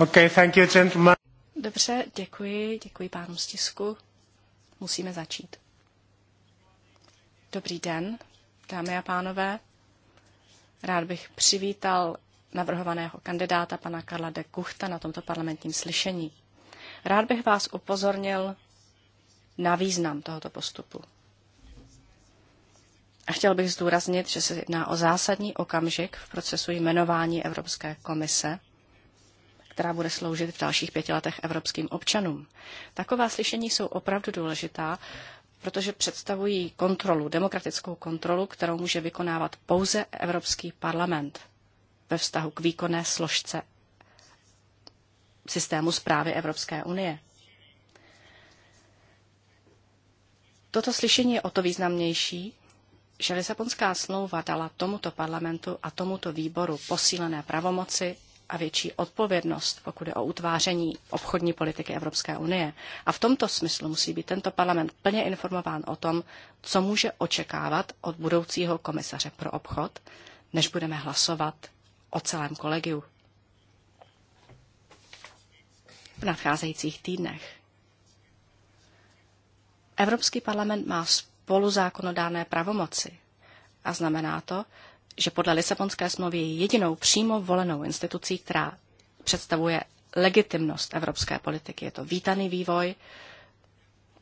Okay, thank you, gentlemen. Dobře, děkuji, děkuji z tisku. Musíme začít. Dobrý den, dámy a pánové. Rád bych přivítal navrhovaného kandidáta pana Karla de Kuchta na tomto parlamentním slyšení. Rád bych vás upozornil na význam tohoto postupu. A chtěl bych zdůraznit, že se jedná o zásadní okamžik v procesu jmenování Evropské komise která bude sloužit v dalších pěti letech evropským občanům. Taková slyšení jsou opravdu důležitá, protože představují kontrolu, demokratickou kontrolu, kterou může vykonávat pouze Evropský parlament ve vztahu k výkonné složce systému zprávy Evropské unie. Toto slyšení je o to významnější, že Lisabonská smlouva dala tomuto parlamentu a tomuto výboru posílené pravomoci a větší odpovědnost, pokud je o utváření obchodní politiky Evropské unie. A v tomto smyslu musí být tento parlament plně informován o tom, co může očekávat od budoucího komisaře pro obchod, než budeme hlasovat o celém kolegiu v nadcházejících týdnech. Evropský parlament má spoluzákonodárné pravomoci a znamená to, že podle Lisabonské smlouvy je jedinou přímo volenou institucí, která představuje legitimnost evropské politiky. Je to vítaný vývoj,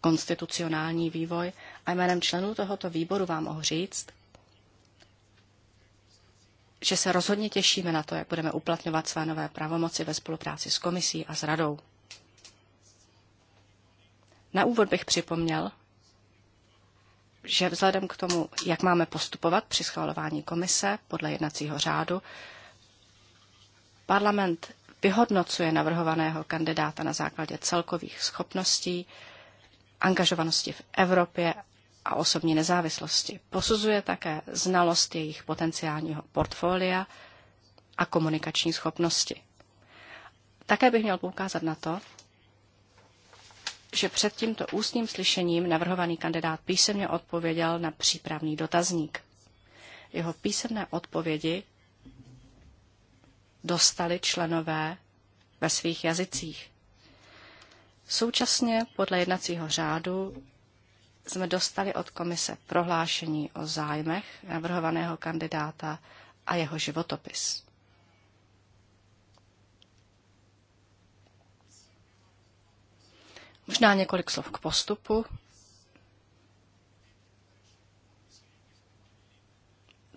konstitucionální vývoj a jménem členů tohoto výboru vám mohu říct, že se rozhodně těšíme na to, jak budeme uplatňovat své nové pravomoci ve spolupráci s komisí a s radou. Na úvod bych připomněl, že vzhledem k tomu, jak máme postupovat při schvalování komise podle jednacího řádu, parlament vyhodnocuje navrhovaného kandidáta na základě celkových schopností, angažovanosti v Evropě a osobní nezávislosti. Posuzuje také znalost jejich potenciálního portfolia a komunikační schopnosti. Také bych měl poukázat na to, že před tímto ústním slyšením navrhovaný kandidát písemně odpověděl na přípravný dotazník. Jeho písemné odpovědi dostali členové ve svých jazycích. Současně podle jednacího řádu jsme dostali od komise prohlášení o zájmech navrhovaného kandidáta a jeho životopis. Možná několik slov k postupu.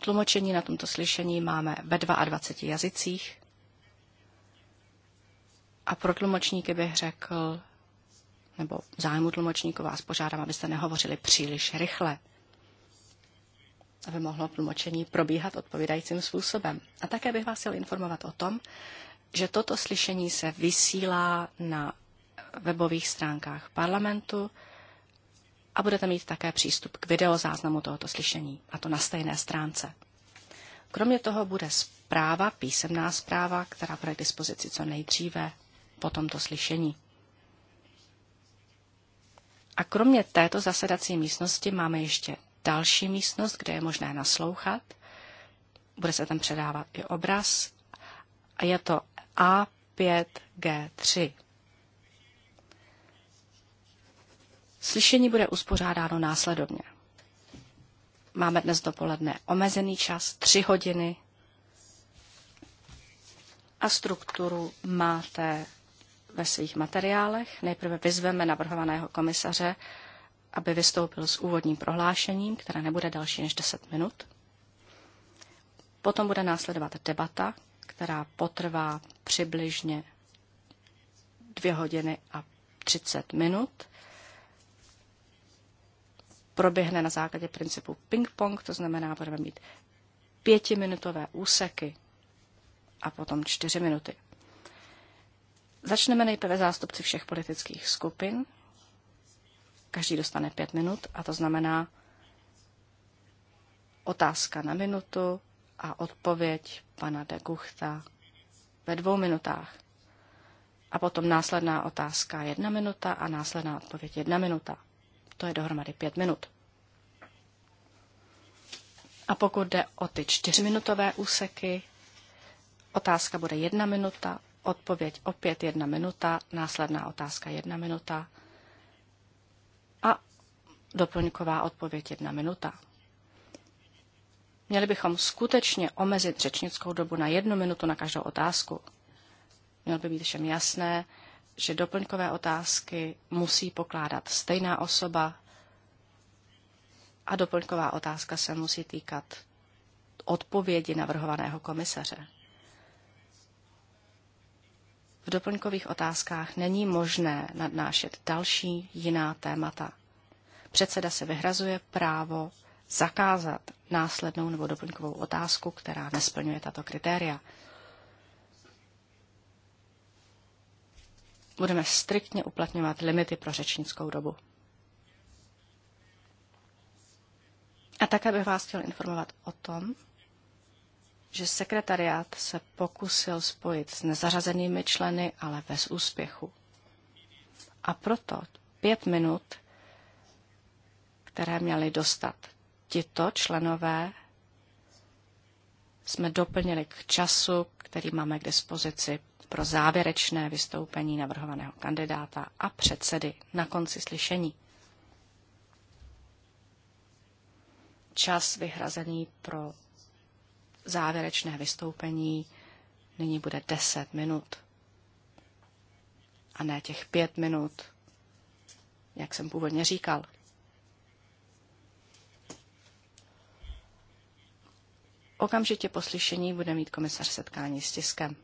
Tlumočení na tomto slyšení máme ve 22 jazycích. A pro tlumočníky bych řekl, nebo zájmu tlumočníků vás požádám, abyste nehovořili příliš rychle, aby mohlo tlumočení probíhat odpovídajícím způsobem. A také bych vás chtěl informovat o tom, že toto slyšení se vysílá na webových stránkách parlamentu a budete mít také přístup k videozáznamu tohoto slyšení, a to na stejné stránce. Kromě toho bude zpráva, písemná zpráva, která bude k dispozici co nejdříve po tomto slyšení. A kromě této zasedací místnosti máme ještě další místnost, kde je možné naslouchat. Bude se tam předávat i obraz. A je to A5G3. Slyšení bude uspořádáno následovně. Máme dnes dopoledne omezený čas, tři hodiny a strukturu máte ve svých materiálech. Nejprve vyzveme navrhovaného komisaře, aby vystoupil s úvodním prohlášením, které nebude další než 10 minut. Potom bude následovat debata, která potrvá přibližně 2 hodiny a 30 minut proběhne na základě principu ping-pong, to znamená, budeme mít pětiminutové úseky a potom čtyři minuty. Začneme nejprve zástupci všech politických skupin. Každý dostane pět minut a to znamená otázka na minutu a odpověď pana de Guchta ve dvou minutách. A potom následná otázka jedna minuta a následná odpověď jedna minuta. To je dohromady pět minut. A pokud jde o ty čtyřminutové úseky, otázka bude jedna minuta, odpověď opět jedna minuta, následná otázka jedna minuta a doplňková odpověď jedna minuta. Měli bychom skutečně omezit řečnickou dobu na jednu minutu na každou otázku. Mělo by být všem jasné, že doplňkové otázky musí pokládat stejná osoba a doplňková otázka se musí týkat odpovědi navrhovaného komisaře. V doplňkových otázkách není možné nadnášet další jiná témata. Předseda se vyhrazuje právo zakázat následnou nebo doplňkovou otázku, která nesplňuje tato kritéria. budeme striktně uplatňovat limity pro řečnickou dobu. A také bych vás chtěl informovat o tom, že sekretariát se pokusil spojit s nezařazenými členy, ale bez úspěchu. A proto pět minut, které měli dostat tito členové, jsme doplnili k času, který máme k dispozici pro závěrečné vystoupení navrhovaného kandidáta a předsedy na konci slyšení. Čas vyhrazený pro závěrečné vystoupení nyní bude 10 minut a ne těch 5 minut, jak jsem původně říkal. Okamžitě po slyšení bude mít komisař setkání s tiskem.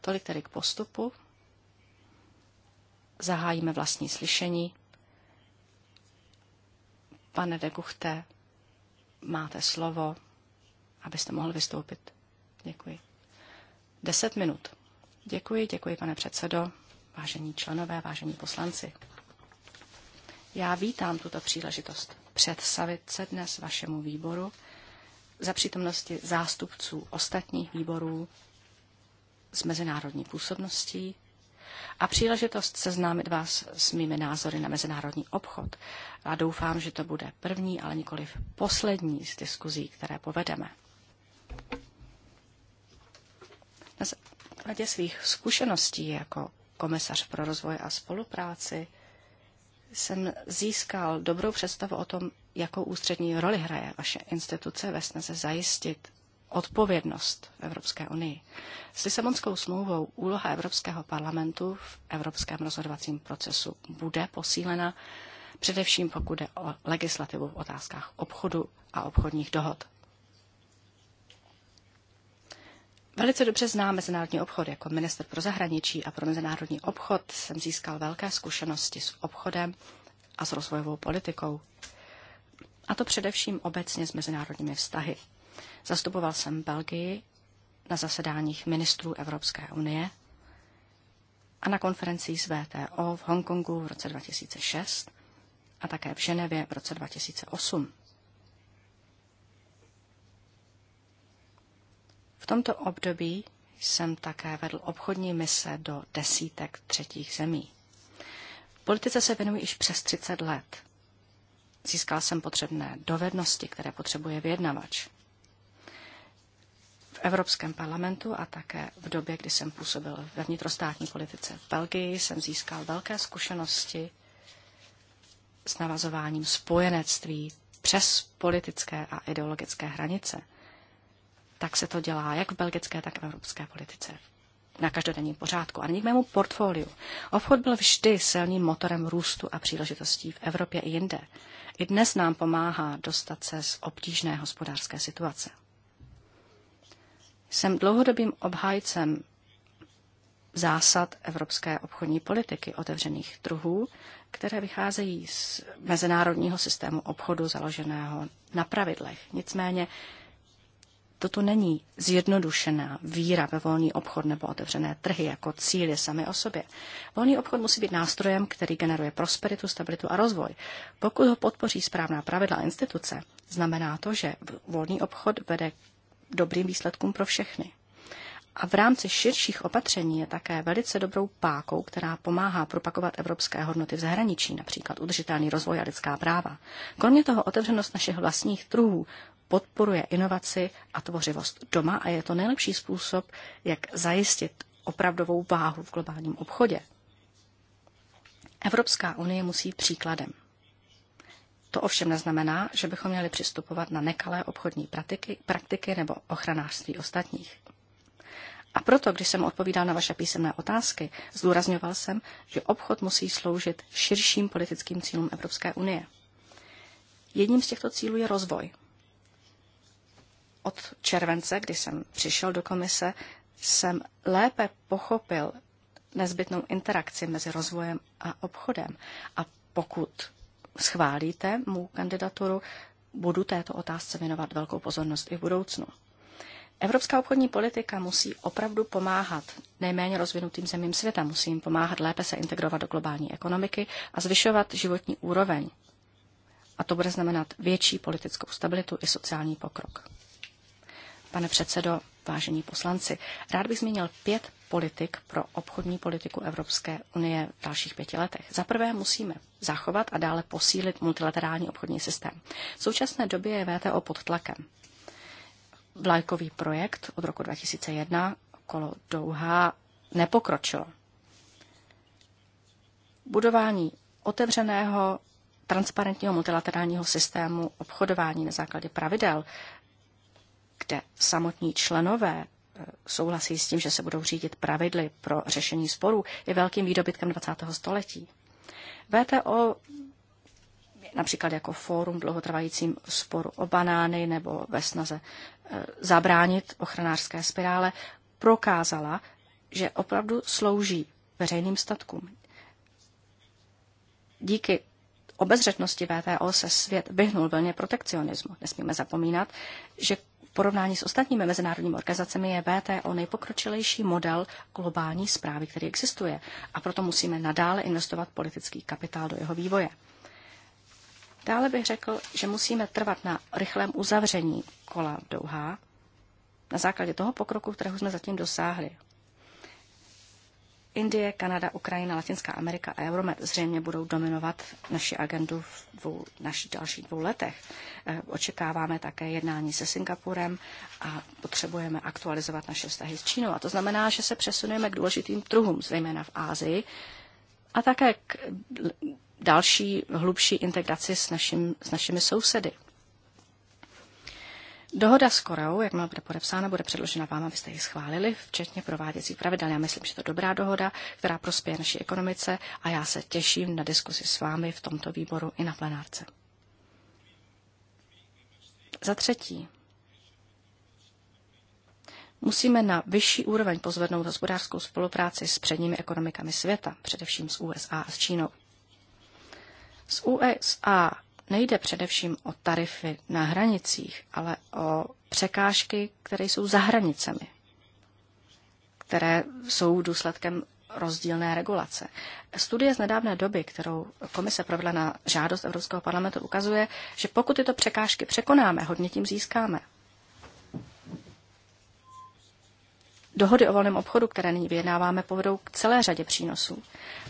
Tolik tedy k postupu. Zahájíme vlastní slyšení. Pane de Guchte, máte slovo, abyste mohl vystoupit. Děkuji. Deset minut. Děkuji, děkuji, pane předsedo, vážení členové, vážení poslanci. Já vítám tuto příležitost představit se dnes vašemu výboru za přítomnosti zástupců ostatních výborů s mezinárodní působností a příležitost seznámit vás s mými názory na mezinárodní obchod. A doufám, že to bude první, ale nikoliv poslední z diskuzí, které povedeme. Na základě svých zkušeností jako komisař pro rozvoj a spolupráci jsem získal dobrou představu o tom, jakou ústřední roli hraje vaše instituce ve snaze zajistit odpovědnost v Evropské unii. S Lisabonskou smlouvou úloha Evropského parlamentu v evropském rozhodovacím procesu bude posílena, především pokud jde o legislativu v otázkách obchodu a obchodních dohod. Velice dobře znám mezinárodní obchod. Jako minister pro zahraničí a pro mezinárodní obchod jsem získal velké zkušenosti s obchodem a s rozvojovou politikou a to především obecně s mezinárodními vztahy. Zastupoval jsem Belgii na zasedáních ministrů Evropské unie a na konferenci z VTO v Hongkongu v roce 2006 a také v Ženevě v roce 2008. V tomto období jsem také vedl obchodní mise do desítek třetích zemí. V politice se věnuji již přes 30 let – Získal jsem potřebné dovednosti, které potřebuje vyjednavač. V Evropském parlamentu a také v době, kdy jsem působil ve vnitrostátní politice v Belgii, jsem získal velké zkušenosti s navazováním spojenectví přes politické a ideologické hranice. Tak se to dělá jak v belgické, tak v evropské politice na každodenním pořádku. Ani k mému portfoliu. Obchod byl vždy silným motorem růstu a příležitostí v Evropě i jinde. I dnes nám pomáhá dostat se z obtížné hospodářské situace. Jsem dlouhodobým obhájcem zásad evropské obchodní politiky otevřených trhů, které vycházejí z mezinárodního systému obchodu založeného na pravidlech. Nicméně Toto není zjednodušená víra ve volný obchod nebo otevřené trhy jako cíly sami o sobě. Volný obchod musí být nástrojem, který generuje prosperitu, stabilitu a rozvoj. Pokud ho podpoří správná pravidla a instituce, znamená to, že volný obchod vede k dobrým výsledkům pro všechny. A v rámci širších opatření je také velice dobrou pákou, která pomáhá propakovat evropské hodnoty v zahraničí, například udržitelný rozvoj a lidská práva. Kromě toho otevřenost našich vlastních trhů podporuje inovaci a tvořivost doma a je to nejlepší způsob, jak zajistit opravdovou váhu v globálním obchodě. Evropská unie musí příkladem. To ovšem neznamená, že bychom měli přistupovat na nekalé obchodní praktiky, praktiky nebo ochranářství ostatních. A proto, když jsem odpovídal na vaše písemné otázky, zdůrazňoval jsem, že obchod musí sloužit širším politickým cílům Evropské unie. Jedním z těchto cílů je rozvoj od července, kdy jsem přišel do komise, jsem lépe pochopil nezbytnou interakci mezi rozvojem a obchodem. A pokud schválíte mou kandidaturu, budu této otázce věnovat velkou pozornost i v budoucnu. Evropská obchodní politika musí opravdu pomáhat nejméně rozvinutým zemím světa, musí jim pomáhat lépe se integrovat do globální ekonomiky a zvyšovat životní úroveň. A to bude znamenat větší politickou stabilitu i sociální pokrok. Pane předsedo, vážení poslanci, rád bych zmínil pět politik pro obchodní politiku Evropské unie v dalších pěti letech. Za prvé musíme zachovat a dále posílit multilaterální obchodní systém. V současné době je VTO pod tlakem. Vlajkový projekt od roku 2001 kolo Douha nepokročilo. Budování otevřeného transparentního multilaterálního systému obchodování na základě pravidel kde samotní členové e, souhlasí s tím, že se budou řídit pravidly pro řešení sporů, je velkým výdobytkem 20. století. VTO například jako fórum dlouhotrvajícím sporu o banány nebo ve snaze e, zabránit ochranářské spirále, prokázala, že opravdu slouží veřejným statkům. Díky obezřetnosti VTO se svět vyhnul vlně protekcionismu. Nesmíme zapomínat, že porovnání s ostatními mezinárodními organizacemi je VTO nejpokročilejší model globální zprávy, který existuje. A proto musíme nadále investovat politický kapitál do jeho vývoje. Dále bych řekl, že musíme trvat na rychlém uzavření kola v Douhá na základě toho pokroku, kterého jsme zatím dosáhli. Indie, Kanada, Ukrajina, Latinská Amerika a Euromed zřejmě budou dominovat naši agendu v dvou, našich dalších dvou letech. Eh, očekáváme také jednání se Singapurem a potřebujeme aktualizovat naše vztahy s Čínou. A to znamená, že se přesuneme k důležitým trhům, zejména v Ázii, a také k další hlubší integraci s, našim, s našimi sousedy. Dohoda s Koreou, jakmile bude podepsána, bude předložena vám, abyste ji schválili, včetně prováděcí pravidel. Já myslím, že to je dobrá dohoda, která prospěje naší ekonomice a já se těším na diskusi s vámi v tomto výboru i na plenárce. Za třetí, musíme na vyšší úroveň pozvednout hospodářskou spolupráci s předními ekonomikami světa, především s USA a s Čínou. s USA nejde především o tarify na hranicích, ale o překážky, které jsou za hranicemi, které jsou důsledkem rozdílné regulace. Studie z nedávné doby, kterou komise provedla na žádost Evropského parlamentu, ukazuje, že pokud tyto překážky překonáme, hodně tím získáme. Dohody o volném obchodu, které nyní vyjednáváme, povedou k celé řadě přínosů.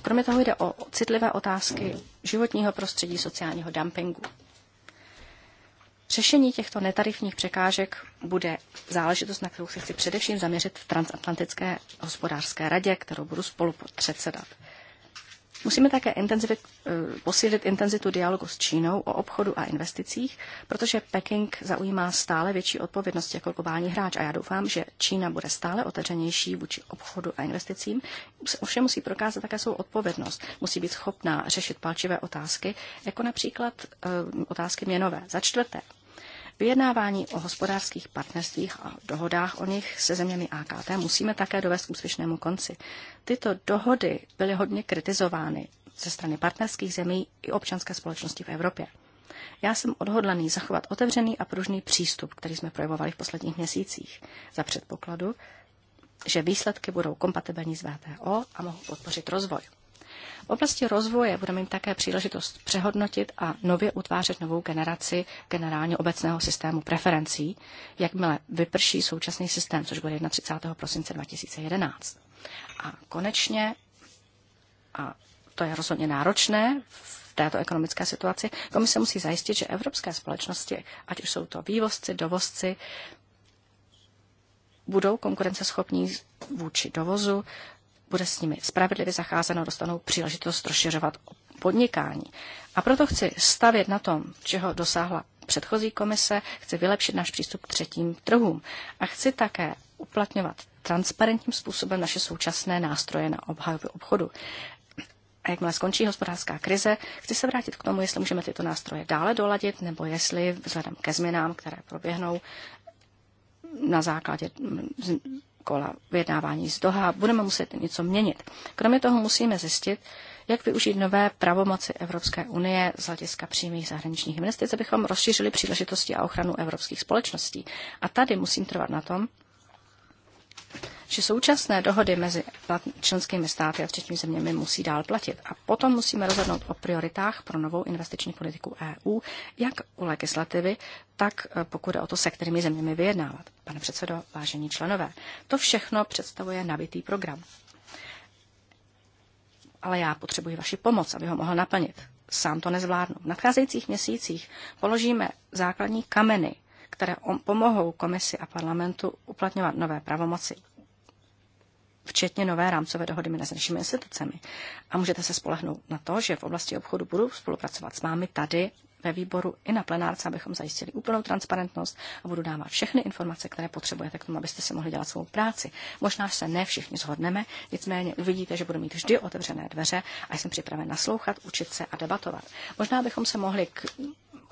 Kromě toho jde o citlivé otázky životního prostředí sociálního dumpingu. Řešení těchto netarifních překážek bude záležitost, na kterou se chci především zaměřit v Transatlantické hospodářské radě, kterou budu spolu předsedat. Musíme také intenzivit, eh, posílit intenzitu dialogu s Čínou o obchodu a investicích, protože Peking zaujímá stále větší odpovědnost jako globální hráč a já doufám, že Čína bude stále otevřenější vůči obchodu a investicím. Ovšem musí prokázat také svou odpovědnost. Musí být schopná řešit palčivé otázky, jako například eh, otázky měnové. Za čtvrté, Vyjednávání o hospodářských partnerstvích a dohodách o nich se zeměmi AKT musíme také dovést k úspěšnému konci. Tyto dohody byly hodně kritizovány ze strany partnerských zemí i občanské společnosti v Evropě. Já jsem odhodlaný zachovat otevřený a pružný přístup, který jsme projevovali v posledních měsících, za předpokladu, že výsledky budou kompatibilní s VTO a mohou podpořit rozvoj. V oblasti rozvoje budeme mít také příležitost přehodnotit a nově utvářet novou generaci generálně obecného systému preferencí, jakmile vyprší současný systém, což bude 31. prosince 2011. A konečně, a to je rozhodně náročné v této ekonomické situaci, komise musí zajistit, že evropské společnosti, ať už jsou to vývozci, dovozci, budou konkurenceschopní vůči dovozu, bude s nimi spravedlivě zacházeno, dostanou příležitost rozšiřovat podnikání. A proto chci stavět na tom, čeho dosáhla předchozí komise, chci vylepšit náš přístup k třetím trhům a chci také uplatňovat transparentním způsobem naše současné nástroje na obhajobu obchodu. A jakmile skončí hospodářská krize, chci se vrátit k tomu, jestli můžeme tyto nástroje dále doladit, nebo jestli vzhledem ke změnám, které proběhnou na základě kola vyjednávání z Doha. Budeme muset něco měnit. Kromě toho musíme zjistit, jak využít nové pravomoci Evropské unie z hlediska přímých zahraničních investic, abychom rozšířili příležitosti a ochranu evropských společností. A tady musím trvat na tom, že současné dohody mezi členskými státy a třetími zeměmi musí dál platit. A potom musíme rozhodnout o prioritách pro novou investiční politiku EU, jak u legislativy, tak eh, pokud je o to, se kterými zeměmi vyjednávat. Pane předsedo, vážení členové, to všechno představuje nabitý program. Ale já potřebuji vaši pomoc, aby ho mohl naplnit. Sám to nezvládnu. V nadcházejících měsících položíme základní kameny které pomohou komisi a parlamentu uplatňovat nové pravomoci včetně nové rámcové dohody mezi našimi institucemi. A můžete se spolehnout na to, že v oblasti obchodu budu spolupracovat s vámi tady ve výboru i na plenárce, abychom zajistili úplnou transparentnost a budu dávat všechny informace, které potřebujete k tomu, abyste si mohli dělat svou práci. Možná se ne všichni shodneme, nicméně uvidíte, že budu mít vždy otevřené dveře a jsem připraven naslouchat, učit se a debatovat. Možná bychom se mohli k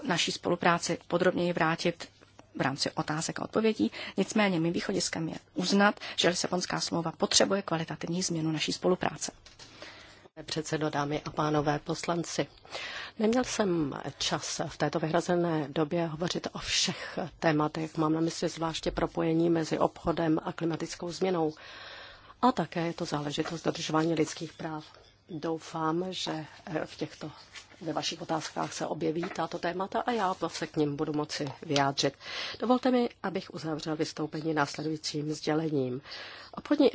naší spolupráci podrobněji vrátit v rámci otázek a odpovědí. Nicméně mým východiskem je uznat, že Lisabonská smlouva potřebuje kvalitativní změnu naší spolupráce. Předsedo, dámy a pánové poslanci, neměl jsem čas v této vyhrazené době hovořit o všech tématech. Mám na mysli zvláště propojení mezi obchodem a klimatickou změnou. A také je to záležitost dodržování lidských práv. Doufám, že eh, v těchto ve vašich otázkách se objeví tato témata a já se k ním budu moci vyjádřit. Dovolte mi, abych uzavřel vystoupení následujícím sdělením. Obchodní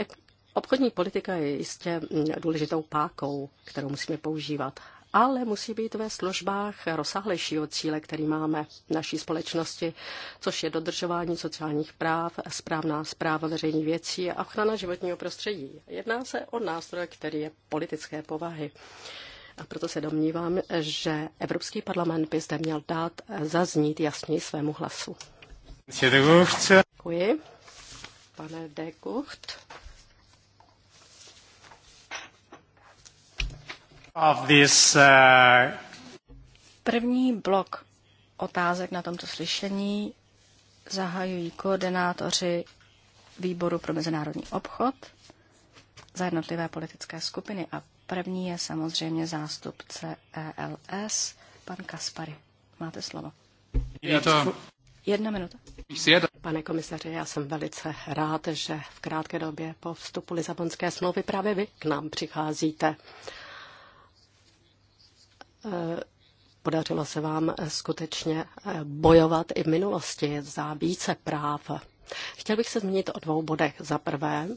Obchodní politika je jistě mm, důležitou pákou, kterou musíme používat ale musí být ve službách rozsáhlejšího cíle, který máme v naší společnosti, což je dodržování sociálních práv, správná zpráva veřejných věcí a ochrana životního prostředí. Jedná se o nástroj, který je politické povahy. A proto se domnívám, že Evropský parlament by zde měl dát zaznít jasněji svému hlasu. Děkuji, pane Dekucht. Of this, uh... První blok otázek na tomto slyšení zahajují koordinátoři výboru pro mezinárodní obchod za jednotlivé politické skupiny a první je samozřejmě zástupce ELS, pan Kaspary. Máte slovo. Je to... Jedna minuta. Pane komisaře, já jsem velice rád, že v krátké době po vstupu Lisabonské smlouvy právě vy k nám přicházíte. Podařilo se vám skutečně bojovat i v minulosti za více práv. Chtěl bych se zmínit o dvou bodech. Za prvé,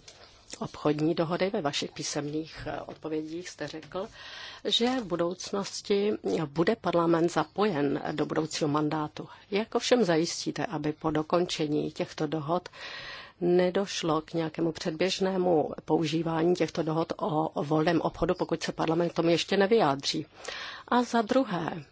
obchodní dohody. Ve vašich písemných odpovědích jste řekl, že v budoucnosti bude parlament zapojen do budoucího mandátu. Jak ovšem zajistíte, aby po dokončení těchto dohod nedošlo k nějakému předběžnému používání těchto dohod o volném obchodu, pokud se parlament k tomu ještě nevyjádří. A za druhé,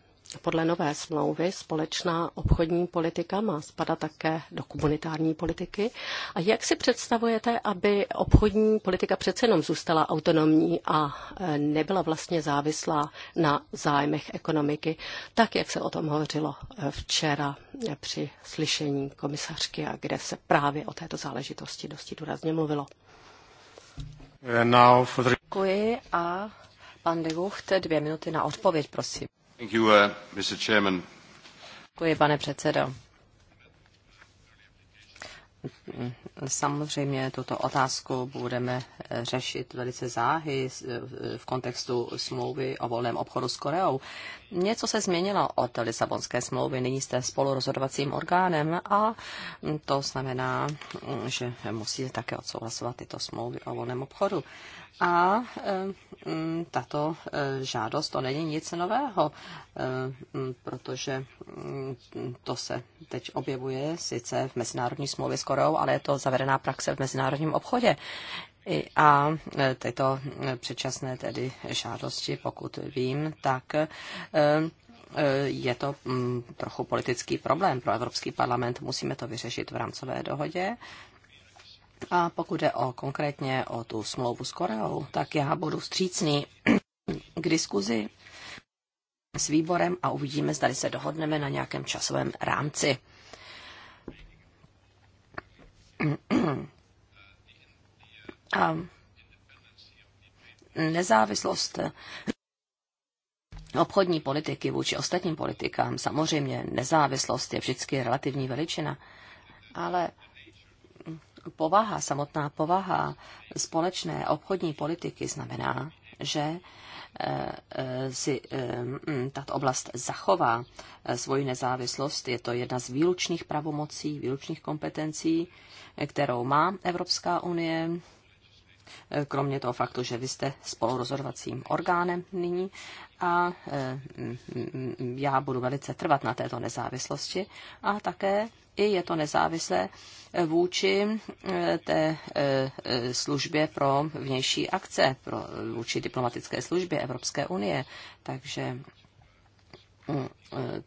podle nové smlouvy společná obchodní politika má spadat také do komunitární politiky. A jak si představujete, aby obchodní politika přece jenom zůstala autonomní a e, nebyla vlastně závislá na zájmech ekonomiky, tak jak se o tom hovořilo e, včera e, při slyšení komisařky a kde se právě o této záležitosti dosti důrazně mluvilo? Děkuji a pan de dvě minuty na odpověď, prosím. Uh, Děkuji, pane předsedo. Samozřejmě tuto otázku budeme eh, řešit velice záhy eh, v kontextu smlouvy o volném obchodu s Koreou. Něco se změnilo od Lisabonské smlouvy, nyní jste spolurozhodovacím orgánem a to znamená, že musíte také odsouhlasovat tyto smlouvy o volném obchodu. A eh, mm, tato eh, žádost to není nic nového, eh, mm, protože mm, to se teď objevuje sice v mezinárodní smlouvě s Koreou, ale je to zavedená praxe v mezinárodním obchodě. A tyto předčasné tedy žádosti, pokud vím, tak je to trochu politický problém pro Evropský parlament. Musíme to vyřešit v rámcové dohodě a pokud jde o konkrétně o tu smlouvu s Koreou, tak já budu vstřícný k diskuzi s výborem a uvidíme, zda se dohodneme na nějakém časovém rámci. A nezávislost obchodní politiky vůči ostatním politikám, samozřejmě nezávislost je vždycky relativní veličina, ale povaha, samotná povaha společné obchodní politiky znamená, že eh, eh, si eh, mm, tato oblast zachová svoji nezávislost. Je to jedna z výlučných pravomocí, výlučných kompetencí, kterou má Evropská unie Eh, kromě toho faktu, že vy jste spolurozhodovacím orgánem nyní a eh, já budu velice trvat na této nezávislosti a také i je to nezávislé eh, vůči té službě pro vnější akce, pro, vůči diplomatické službě Evropské unie. Takže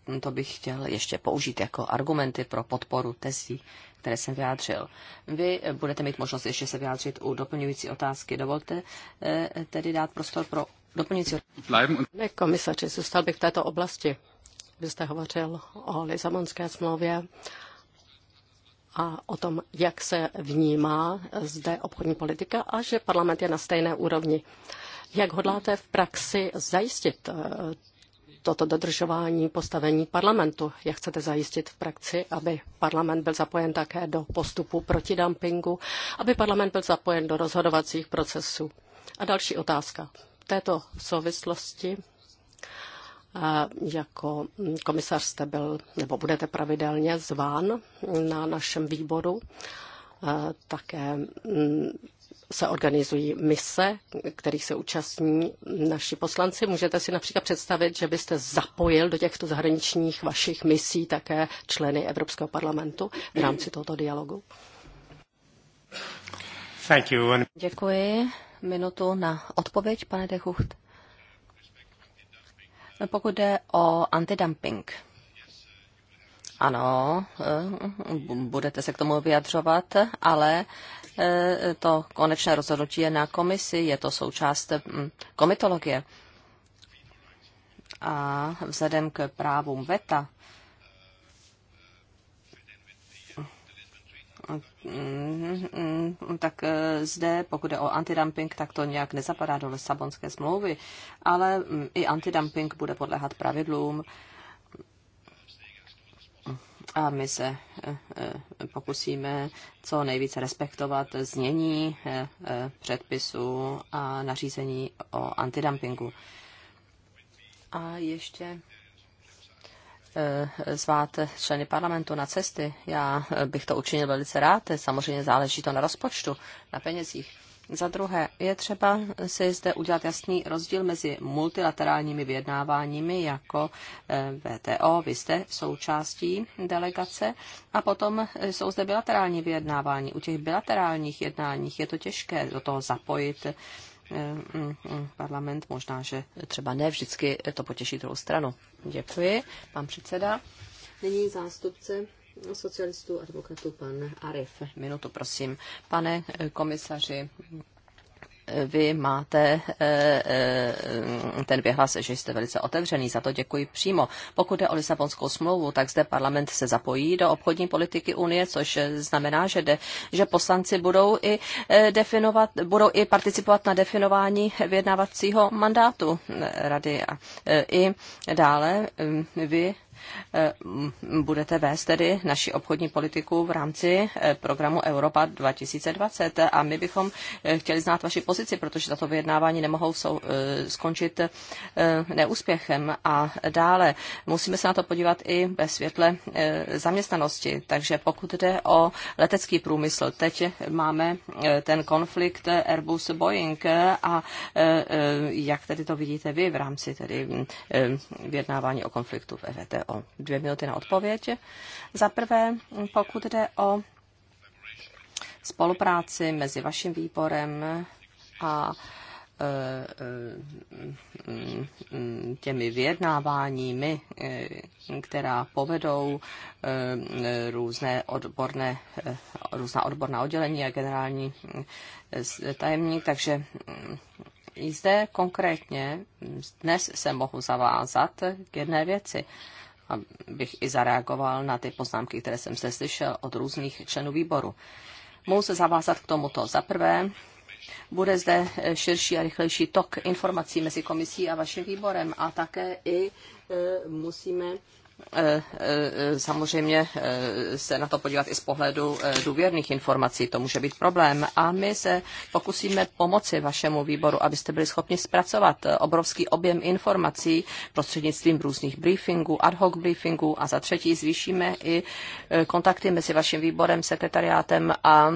mm, to bych chtěl ještě použít jako argumenty pro podporu tezí které jsem vyjádřil. Vy eh, budete mít možnost ještě se vyjádřit u doplňující otázky. Dovolte eh, tedy dát prostor pro doplňující otázky. Ne, komisaři, zůstal bych v této oblasti. Vy jste hovořil o Lisabonské smlouvě a o tom, jak se vnímá zde obchodní politika a že parlament je na stejné úrovni. Jak hodláte v praxi zajistit eh, toto dodržování postavení parlamentu? Jak chcete zajistit v praxi, aby parlament byl zapojen také do postupu proti dumpingu, aby parlament byl zapojen do rozhodovacích procesů? A další otázka. V této souvislosti jako komisař jste byl, nebo budete pravidelně zván na našem výboru. Také mm, se organizují mise, kterých se účastní naši poslanci. Můžete si například představit, že byste zapojil do těchto zahraničních vašich misí také členy Evropského parlamentu v rámci tohoto dialogu? Thank you. Děkuji. Minutu na odpověď, pane Dechucht. Pokud jde o antidumping. Ano, eh, budete se k tomu vyjadřovat, ale eh, to konečné rozhodnutí je na komisi, je to součást hm, komitologie. A vzhledem k právům VETA, hm, tak eh, zde, pokud je o antidumping, tak to nějak nezapadá do Lisabonské smlouvy, ale hm, i antidumping bude podléhat pravidlům a my se eh, eh, pokusíme co nejvíce respektovat znění eh, předpisů a nařízení o antidumpingu. A ještě zvát členy parlamentu na cesty. Já bych to učinil velice rád, samozřejmě záleží to na rozpočtu, na penězích. Za druhé, je třeba si zde udělat jasný rozdíl mezi multilaterálními vyjednáváními jako eh, VTO, vy jste součástí delegace, a potom eh, jsou zde bilaterální vyjednávání. U těch bilaterálních jednáních je to těžké do toho zapojit eh, mm, mm, parlament, možná, že třeba ne vždycky to potěší druhou stranu. Děkuji, pan předseda. Nyní zástupce socialistů a demokratů pan Arif. Minutu, prosím. Pane eh, komisaři, eh, vy máte eh, ten vyhlas, že jste velice otevřený, za to děkuji přímo. Pokud je o Lisabonskou smlouvu, tak zde parlament se zapojí do obchodní politiky Unie, což znamená, že, de, že poslanci budou i, definovat, budou i participovat na definování vyjednávacího mandátu rady. A i dále vy Eh, budete vést tedy naši obchodní politiku v rámci eh, programu Europa 2020 a my bychom eh, chtěli znát vaši pozici, protože tato vyjednávání nemohou sou, skončit neúspěchem a dále musíme se na to podívat i ve světle zaměstnanosti. Takže pokud jde o letecký průmysl, teď máme ten konflikt Airbus-Boeing a jak tedy to vidíte vy v rámci tedy vyjednávání o konfliktu v EVTO? o dvě minuty na odpověď. Za prvé, pokud jde o spolupráci mezi vaším výborem a e, e, těmi vyjednáváními, e, která povedou různé odborné, různá odborná oddělení a generální tajemník. Takže i zde konkrétně dnes se mohu zavázat k jedné věci abych i zareagoval na ty poznámky, které jsem se slyšel od různých členů výboru. Mohu se zavázat k tomuto. Za prvé, bude zde širší a rychlejší tok informací mezi komisí a vaším výborem a také i e, musíme Eh, eh, samozřejmě eh, se na to podívat i z pohledu důvěrných informací. To může být problém. A my se pokusíme pomoci vašemu výboru, abyste byli schopni zpracovat obrovský objem informací prostřednictvím různých briefingů, ad hoc briefingů a za třetí zvýšíme i kontakty mezi vaším výborem, sekretariátem a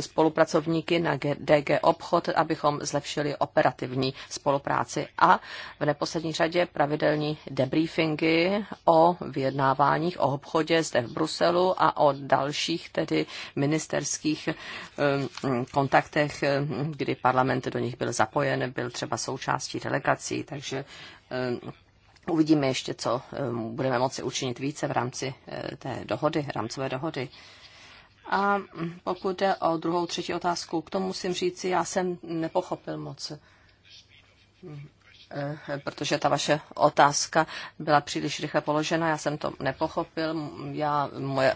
spolupracovníky na DG Obchod, abychom zlepšili operativní spolupráci a v neposlední řadě pravidelní debriefingy o o vyjednáváních o obchodě zde v Bruselu a o dalších tedy ministerských um, um, kontaktech, um, kdy parlament do nich byl zapojen, byl třeba součástí delegací, takže uvidíme ještě, co budeme moci učinit více v rámci uh, té dohody, rámcové dohody. A pokud jde o druhou, třetí otázku, k tomu musím říci, já jsem nepochopil moc Eh, protože ta vaše otázka byla příliš rychle položena, já jsem to nepochopil, já, moje,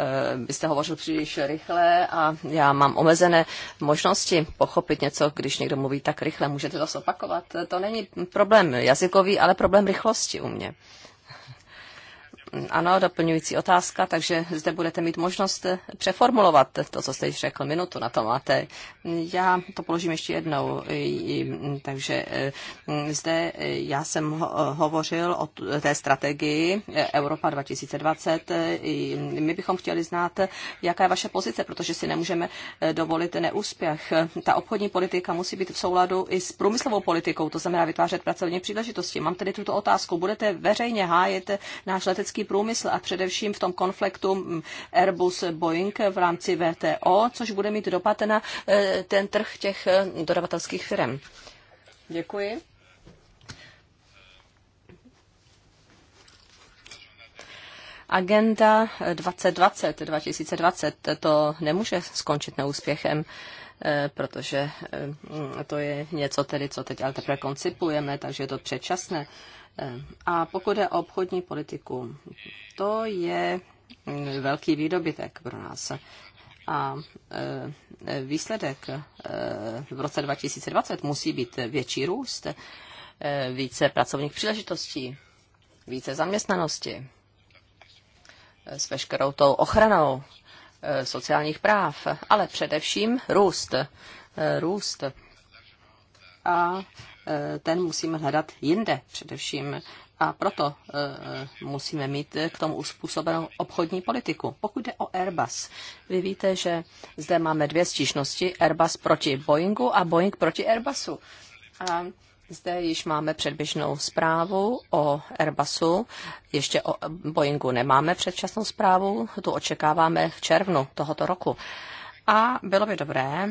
eh, vy jste hovořil příliš rychle a já mám omezené možnosti pochopit něco, když někdo mluví tak rychle, můžete to zopakovat, to není problém jazykový, ale problém rychlosti u mě. Ano, doplňující otázka, takže zde budete mít možnost eh, přeformulovat to, co jste již řekl. Minutu na to máte. Já to položím ještě jednou. Takže eh, zde eh, já jsem hovořil o té strategii Evropa 2020. My bychom chtěli znát, jaká je vaše pozice, protože si nemůžeme dovolit neúspěch. Ta obchodní politika musí být v souladu i s průmyslovou politikou, to znamená vytvářet pracovní příležitosti. Mám tedy tuto otázku. Budete veřejně hájit náš letecký letecký průmysl a především v tom konfliktu mm, Airbus-Boeing v rámci VTO, což bude mít dopad na e, ten trh těch e, dodavatelských firm. Děkuji. Agenda 2020, 2020, to nemůže skončit neúspěchem, e, protože to je něco tedy, co teď ale teprve koncipujeme, takže je to předčasné. A pokud je o obchodní politiku, to je mm, velký výdobytek pro nás. A e, výsledek e, v roce 2020 musí být větší růst, e, více pracovních příležitostí, více zaměstnanosti s veškerou tou ochranou sociálních práv, ale především růst. Růst. A Eh, ten musíme hledat jinde především. A proto eh, musíme mít k tomu uspůsobenou obchodní politiku. Pokud jde o Airbus, vy víte, že zde máme dvě stížnosti, Airbus proti Boeingu a Boeing proti Airbusu. A zde již máme předběžnou zprávu o Airbusu, ještě o Boeingu nemáme předčasnou zprávu, tu očekáváme v červnu tohoto roku. A bylo by dobré,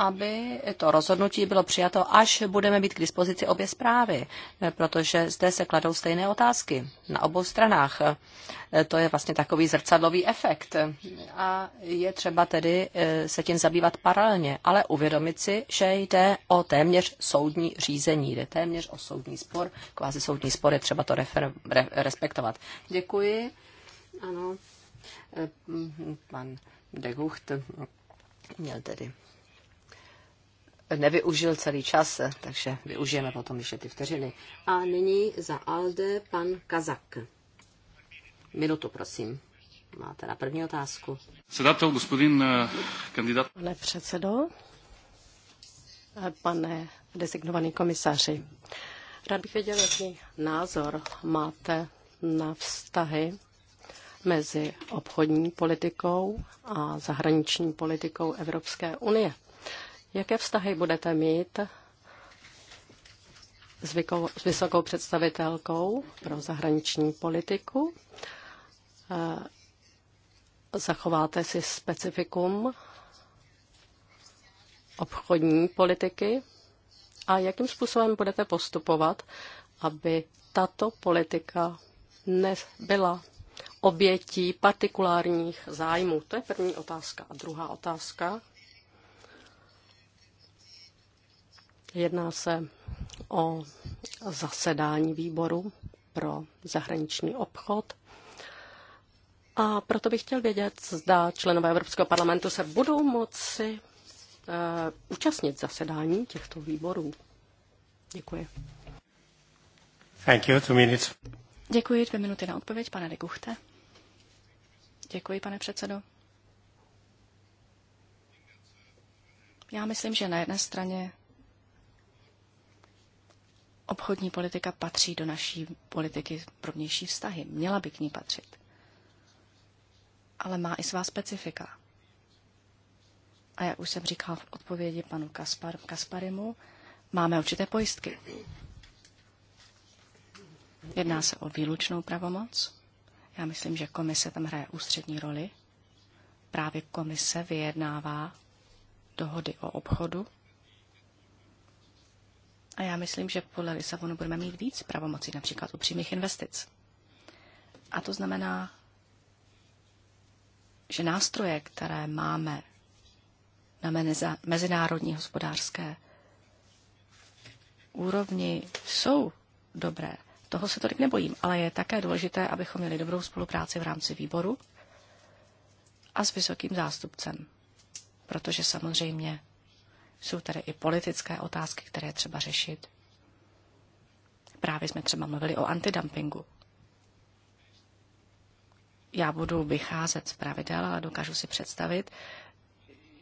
aby to rozhodnutí bylo přijato, až budeme mít k dispozici obě zprávy, eh, protože zde se kladou stejné otázky na obou stranách. Eh, to je vlastně takový zrcadlový efekt a je třeba tedy eh, se tím zabývat paralelně, ale uvědomit si, že jde o téměř soudní řízení, jde téměř o soudní spor, kvázi soudní spor je třeba to refer, re, respektovat. Děkuji. Ano, pan Degucht měl tedy nevyužil celý čas, takže využijeme potom ještě ty vteřiny. A nyní za Alde pan Kazak. Minutu, prosím. Máte na první otázku. Sedatel, gospodin eh, kandidát. Pane předsedo, pane designovaný komisaři, rád bych věděl, jaký názor máte na vztahy mezi obchodní politikou a zahraniční politikou Evropské unie. Jaké vztahy budete mít s, vyko- s vysokou představitelkou pro zahraniční politiku? Eh, zachováte si specifikum obchodní politiky? A jakým způsobem budete postupovat, aby tato politika nebyla obětí partikulárních zájmů? To je první otázka. A druhá otázka. Jedná se o zasedání výboru pro zahraniční obchod. A proto bych chtěl vědět, zda členové Evropského parlamentu se budou moci uh, účastnit zasedání těchto výborů. Děkuji. Thank you, two minutes. Děkuji, dvě minuty na odpověď, pane Deguchte. Děkuji, pane předsedo. Já myslím, že na jedné straně Obchodní politika patří do naší politiky pro vnější vztahy. Měla by k ní patřit. Ale má i svá specifika. A jak už jsem říkal v odpovědi panu Kaspar, Kasparimu, máme určité pojistky. Jedná se o výlučnou pravomoc. Já myslím, že komise tam hraje ústřední roli. Právě komise vyjednává dohody o obchodu a já myslím, že podle Lisabonu budeme mít víc pravomocí, například u přímých investic. A to znamená, že nástroje, které máme na mezinárodní hospodářské úrovni, jsou dobré. Toho se tolik nebojím, ale je také důležité, abychom měli dobrou spolupráci v rámci výboru a s vysokým zástupcem. Protože samozřejmě jsou tady i politické otázky, které třeba řešit. Právě jsme třeba mluvili o antidumpingu. Já budu vycházet z pravidel, ale dokážu si představit,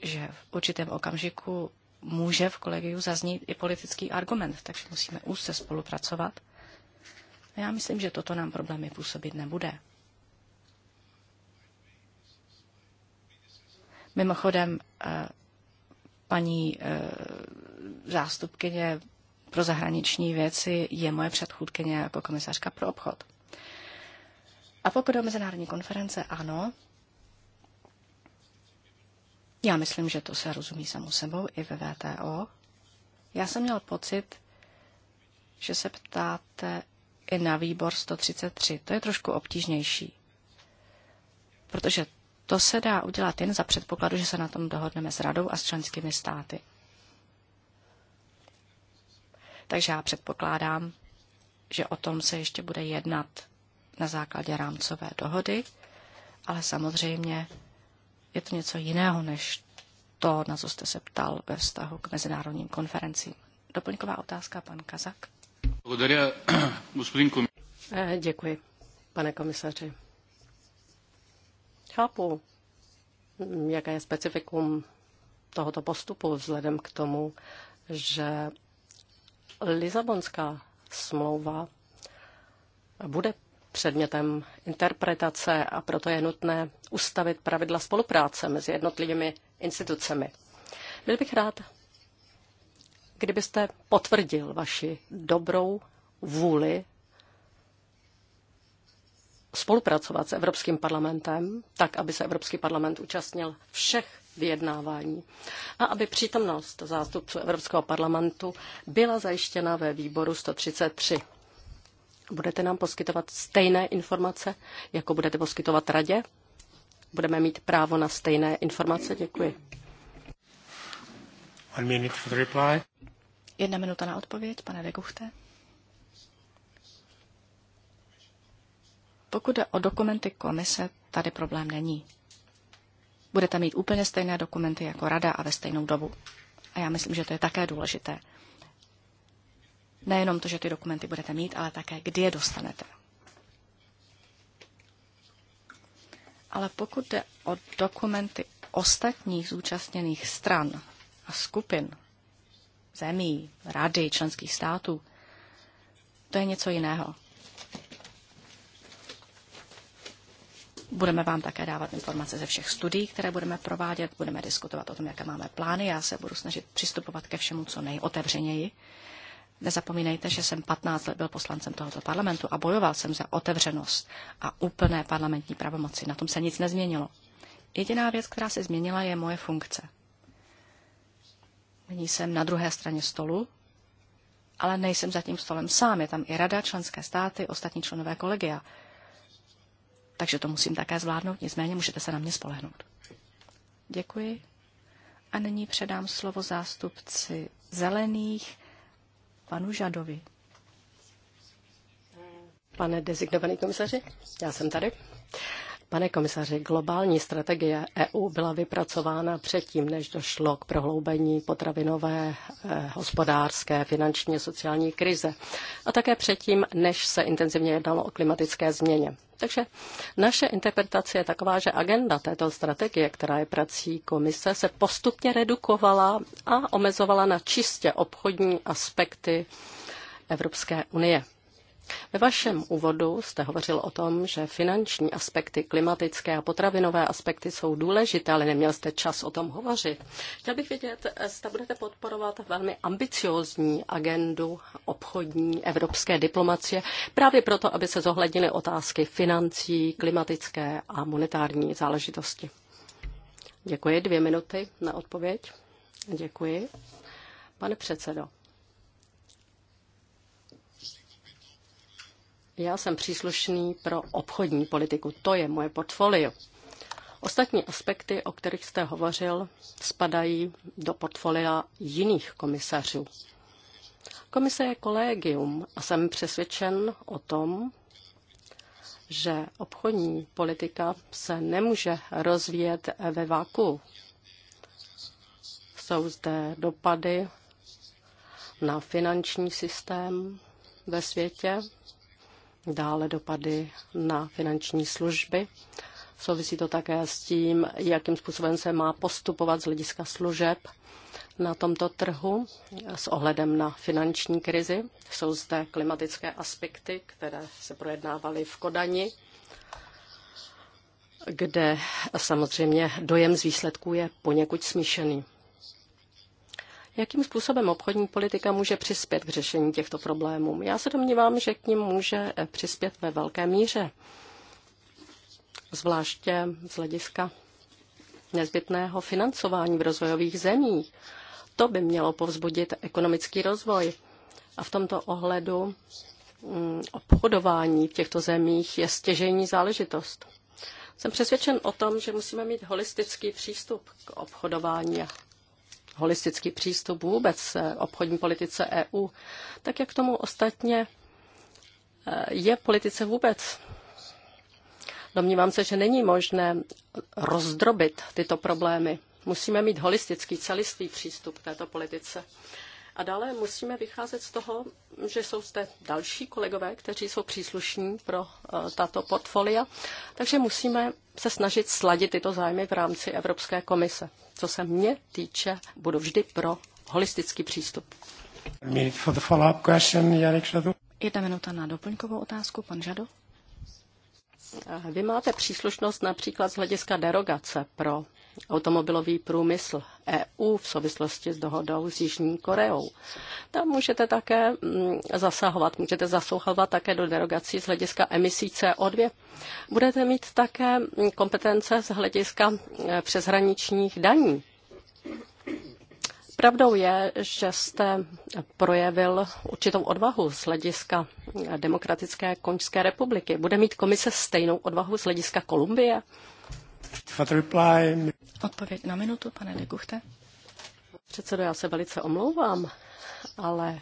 že v určitém okamžiku může v kolegiu zaznít i politický argument, takže musíme úzce spolupracovat. A já myslím, že toto nám problémy působit nebude. Mimochodem, eh, paní eh, zástupkyně pro zahraniční věci je moje předchůdkyně jako komisařka pro obchod. A pokud o mezinárodní konference, ano, já myslím, že to se rozumí samou sebou i ve VTO. Já jsem měl pocit, že se ptáte i na výbor 133. To je trošku obtížnější, protože to se dá udělat jen za předpokladu, že se na tom dohodneme s radou a s členskými státy. Takže já předpokládám, že o tom se ještě bude jednat na základě rámcové dohody, ale samozřejmě je to něco jiného než to, na co jste se ptal ve vztahu k mezinárodním konferencím. Doplňková otázka, pan Kazak. Eh, děkuji, pane komisaři nechápu, mm, jaké je specifikum tohoto postupu vzhledem k tomu, že Lizabonská smlouva bude předmětem interpretace a proto je nutné ustavit pravidla spolupráce mezi jednotlivými institucemi. Byl bych rád, kdybyste potvrdil vaši dobrou vůli spolupracovat s Evropským parlamentem, tak aby se Evropský parlament účastnil všech vyjednávání a aby přítomnost zástupců Evropského parlamentu byla zajištěna ve výboru 133. Budete nám poskytovat stejné informace, jako budete poskytovat radě? Budeme mít právo na stejné informace? Děkuji. Jedna minuta na odpověď, pane Deguchte. Pokud jde o dokumenty komise, tady problém není. Budete mít úplně stejné dokumenty jako rada a ve stejnou dobu. A já myslím, že to je také důležité. Nejenom to, že ty dokumenty budete mít, ale také kdy je dostanete. Ale pokud jde o dokumenty ostatních zúčastněných stran a skupin, zemí, rady, členských států, to je něco jiného. Budeme vám také dávat informace ze všech studií, které budeme provádět, budeme diskutovat o tom, jaké máme plány. Já se budu snažit přistupovat ke všemu co nejotevřeněji. Nezapomínejte, že jsem 15 let byl poslancem tohoto parlamentu a bojoval jsem za otevřenost a úplné parlamentní pravomoci. Na tom se nic nezměnilo. Jediná věc, která se změnila, je moje funkce. Nyní jsem na druhé straně stolu, ale nejsem za tím stolem sám. Je tam i rada, členské státy, ostatní členové kolegia takže to musím také zvládnout, nicméně můžete se na mě spolehnout. Děkuji. A nyní předám slovo zástupci zelených, panu Žadovi. Pane designovaný komisaři, já jsem tady. Pane komisaři, globální strategie EU byla vypracována předtím, než došlo k prohloubení potravinové, eh, hospodářské, finanční a sociální krize. A také předtím, než se intenzivně jednalo o klimatické změně. Takže naše interpretace je taková, že agenda této strategie, která je prací komise, se postupně redukovala a omezovala na čistě obchodní aspekty Evropské unie. Ve vašem úvodu jste hovořil o tom, že finanční aspekty, klimatické a potravinové aspekty jsou důležité, ale neměl jste čas o tom hovořit. Chtěl bych vědět, zda budete podporovat velmi ambiciózní agendu obchodní evropské diplomacie právě proto, aby se zohlednily otázky financí, klimatické a monetární záležitosti. Děkuji, dvě minuty na odpověď. Děkuji. Pane předsedo, Já jsem příslušný pro obchodní politiku, to je moje portfolio. Ostatní aspekty, o kterých jste hovořil, spadají do portfolia jiných komisařů. Komise je kolegium a jsem přesvědčen o tom, že obchodní politika se nemůže rozvíjet ve váku. Jsou zde dopady na finanční systém ve světě, dále dopady na finanční služby. Souvisí to také s tím, jakým způsobem se má postupovat z hlediska služeb na tomto trhu s ohledem na finanční krizi. Jsou zde klimatické aspekty, které se projednávaly v Kodani, kde samozřejmě dojem z výsledků je poněkud smíšený. Jakým způsobem obchodní politika může přispět k řešení těchto problémů? Já se domnívám, že k ním může eh, přispět ve velké míře, zvláště z hlediska nezbytného financování v rozvojových zemích. To by mělo povzbudit ekonomický rozvoj. A v tomto ohledu mm, obchodování v těchto zemích je stěžejní záležitost. Jsem přesvědčen o tom, že musíme mít holistický přístup k obchodování a holistický přístup vůbec eh, obchodní politice EU, tak jak tomu ostatně eh, je politice vůbec. Domnívám se, že není možné rozdrobit tyto problémy. Musíme mít holistický, celistvý přístup k této politice. A dále musíme vycházet z toho, že jsou zde další kolegové, kteří jsou příslušní pro eh, tato portfolia, takže musíme se snažit sladit tyto zájmy v rámci Evropské komise. Co se mě týče, budu vždy pro holistický přístup. Jedna minuta na doplňkovou otázku, pan Žado. Eh, vy máte příslušnost například z hlediska derogace pro automobilový průmysl EU v souvislosti s dohodou s Jižní Koreou. Tam můžete také mm, zasahovat, můžete zasouhovat také do derogací z hlediska emisí CO2. Budete mít také mm, kompetence z hlediska e, přeshraničních daní. Pravdou je, že jste projevil určitou odvahu z hlediska e, Demokratické Končské republiky. Bude mít komise stejnou odvahu z hlediska Kolumbie? Odpověď na minutu, pane Deguchte. Předsedo, já se velice omlouvám, ale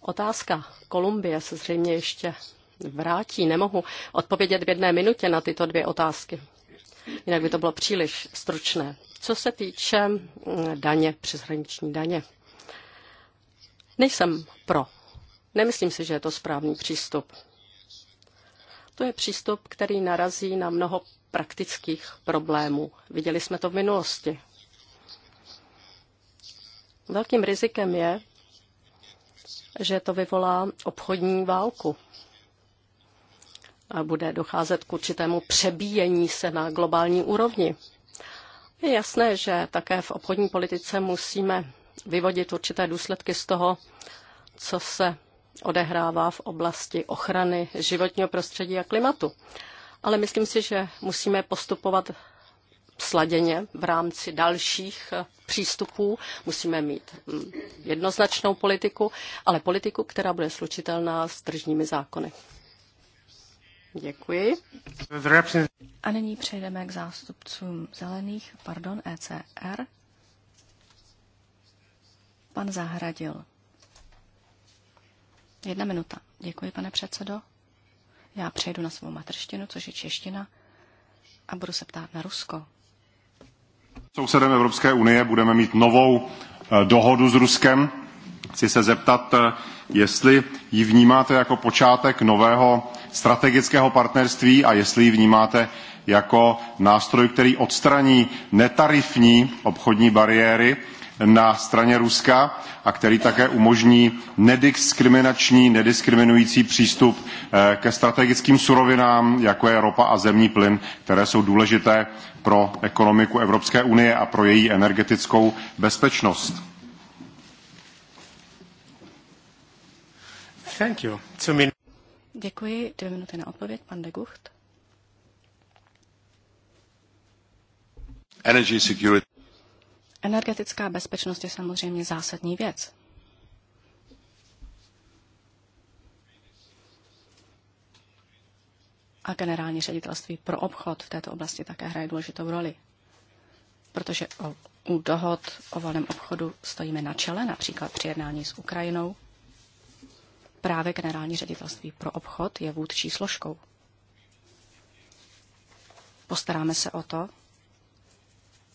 otázka Kolumbie se zřejmě ještě vrátí. Nemohu odpovědět v jedné minutě na tyto dvě otázky. Jinak by to bylo příliš stručné. Co se týče mm, daně, přeshraniční daně, nejsem pro. Nemyslím si, že je to správný přístup. To je přístup, který narazí na mnoho praktických problémů. Viděli jsme to v minulosti. Velkým rizikem je, že to vyvolá obchodní válku. A bude docházet k určitému přebíjení se na globální úrovni. Je jasné, že také v obchodní politice musíme vyvodit určité důsledky z toho, co se odehrává v oblasti ochrany životního prostředí a klimatu ale myslím si, že musíme postupovat sladěně v rámci dalších eh, přístupů. Musíme mít hm, jednoznačnou politiku, ale politiku, která bude slučitelná s tržními zákony. Děkuji. A nyní přejdeme k zástupcům zelených, pardon, ECR. Pan Zahradil. Jedna minuta. Děkuji, pane předsedo. Já přejdu na svou materštinu, což je čeština, a budu se ptát na Rusko. Sousedem Evropské unie budeme mít novou eh, dohodu s Ruskem. Chci se zeptat, eh, jestli ji vnímáte jako počátek nového strategického partnerství a jestli ji vnímáte jako nástroj, který odstraní netarifní obchodní bariéry na straně Ruska a který také umožní nediskriminační, nediskriminující přístup eh, ke strategickým surovinám, jako je ropa a zemní plyn, které jsou důležité pro ekonomiku Evropské unie a pro její energetickou bezpečnost. Thank you. Děkuji. Dvě minuty na odpověď. Pan de Gucht. Energy security. Energetická bezpečnost je samozřejmě zásadní věc. A generální ředitelství pro obchod v této oblasti také hraje důležitou roli, protože o, u dohod o volném obchodu stojíme na čele, například při jednání s Ukrajinou. Právě generální ředitelství pro obchod je vůdčí složkou. Postaráme se o to,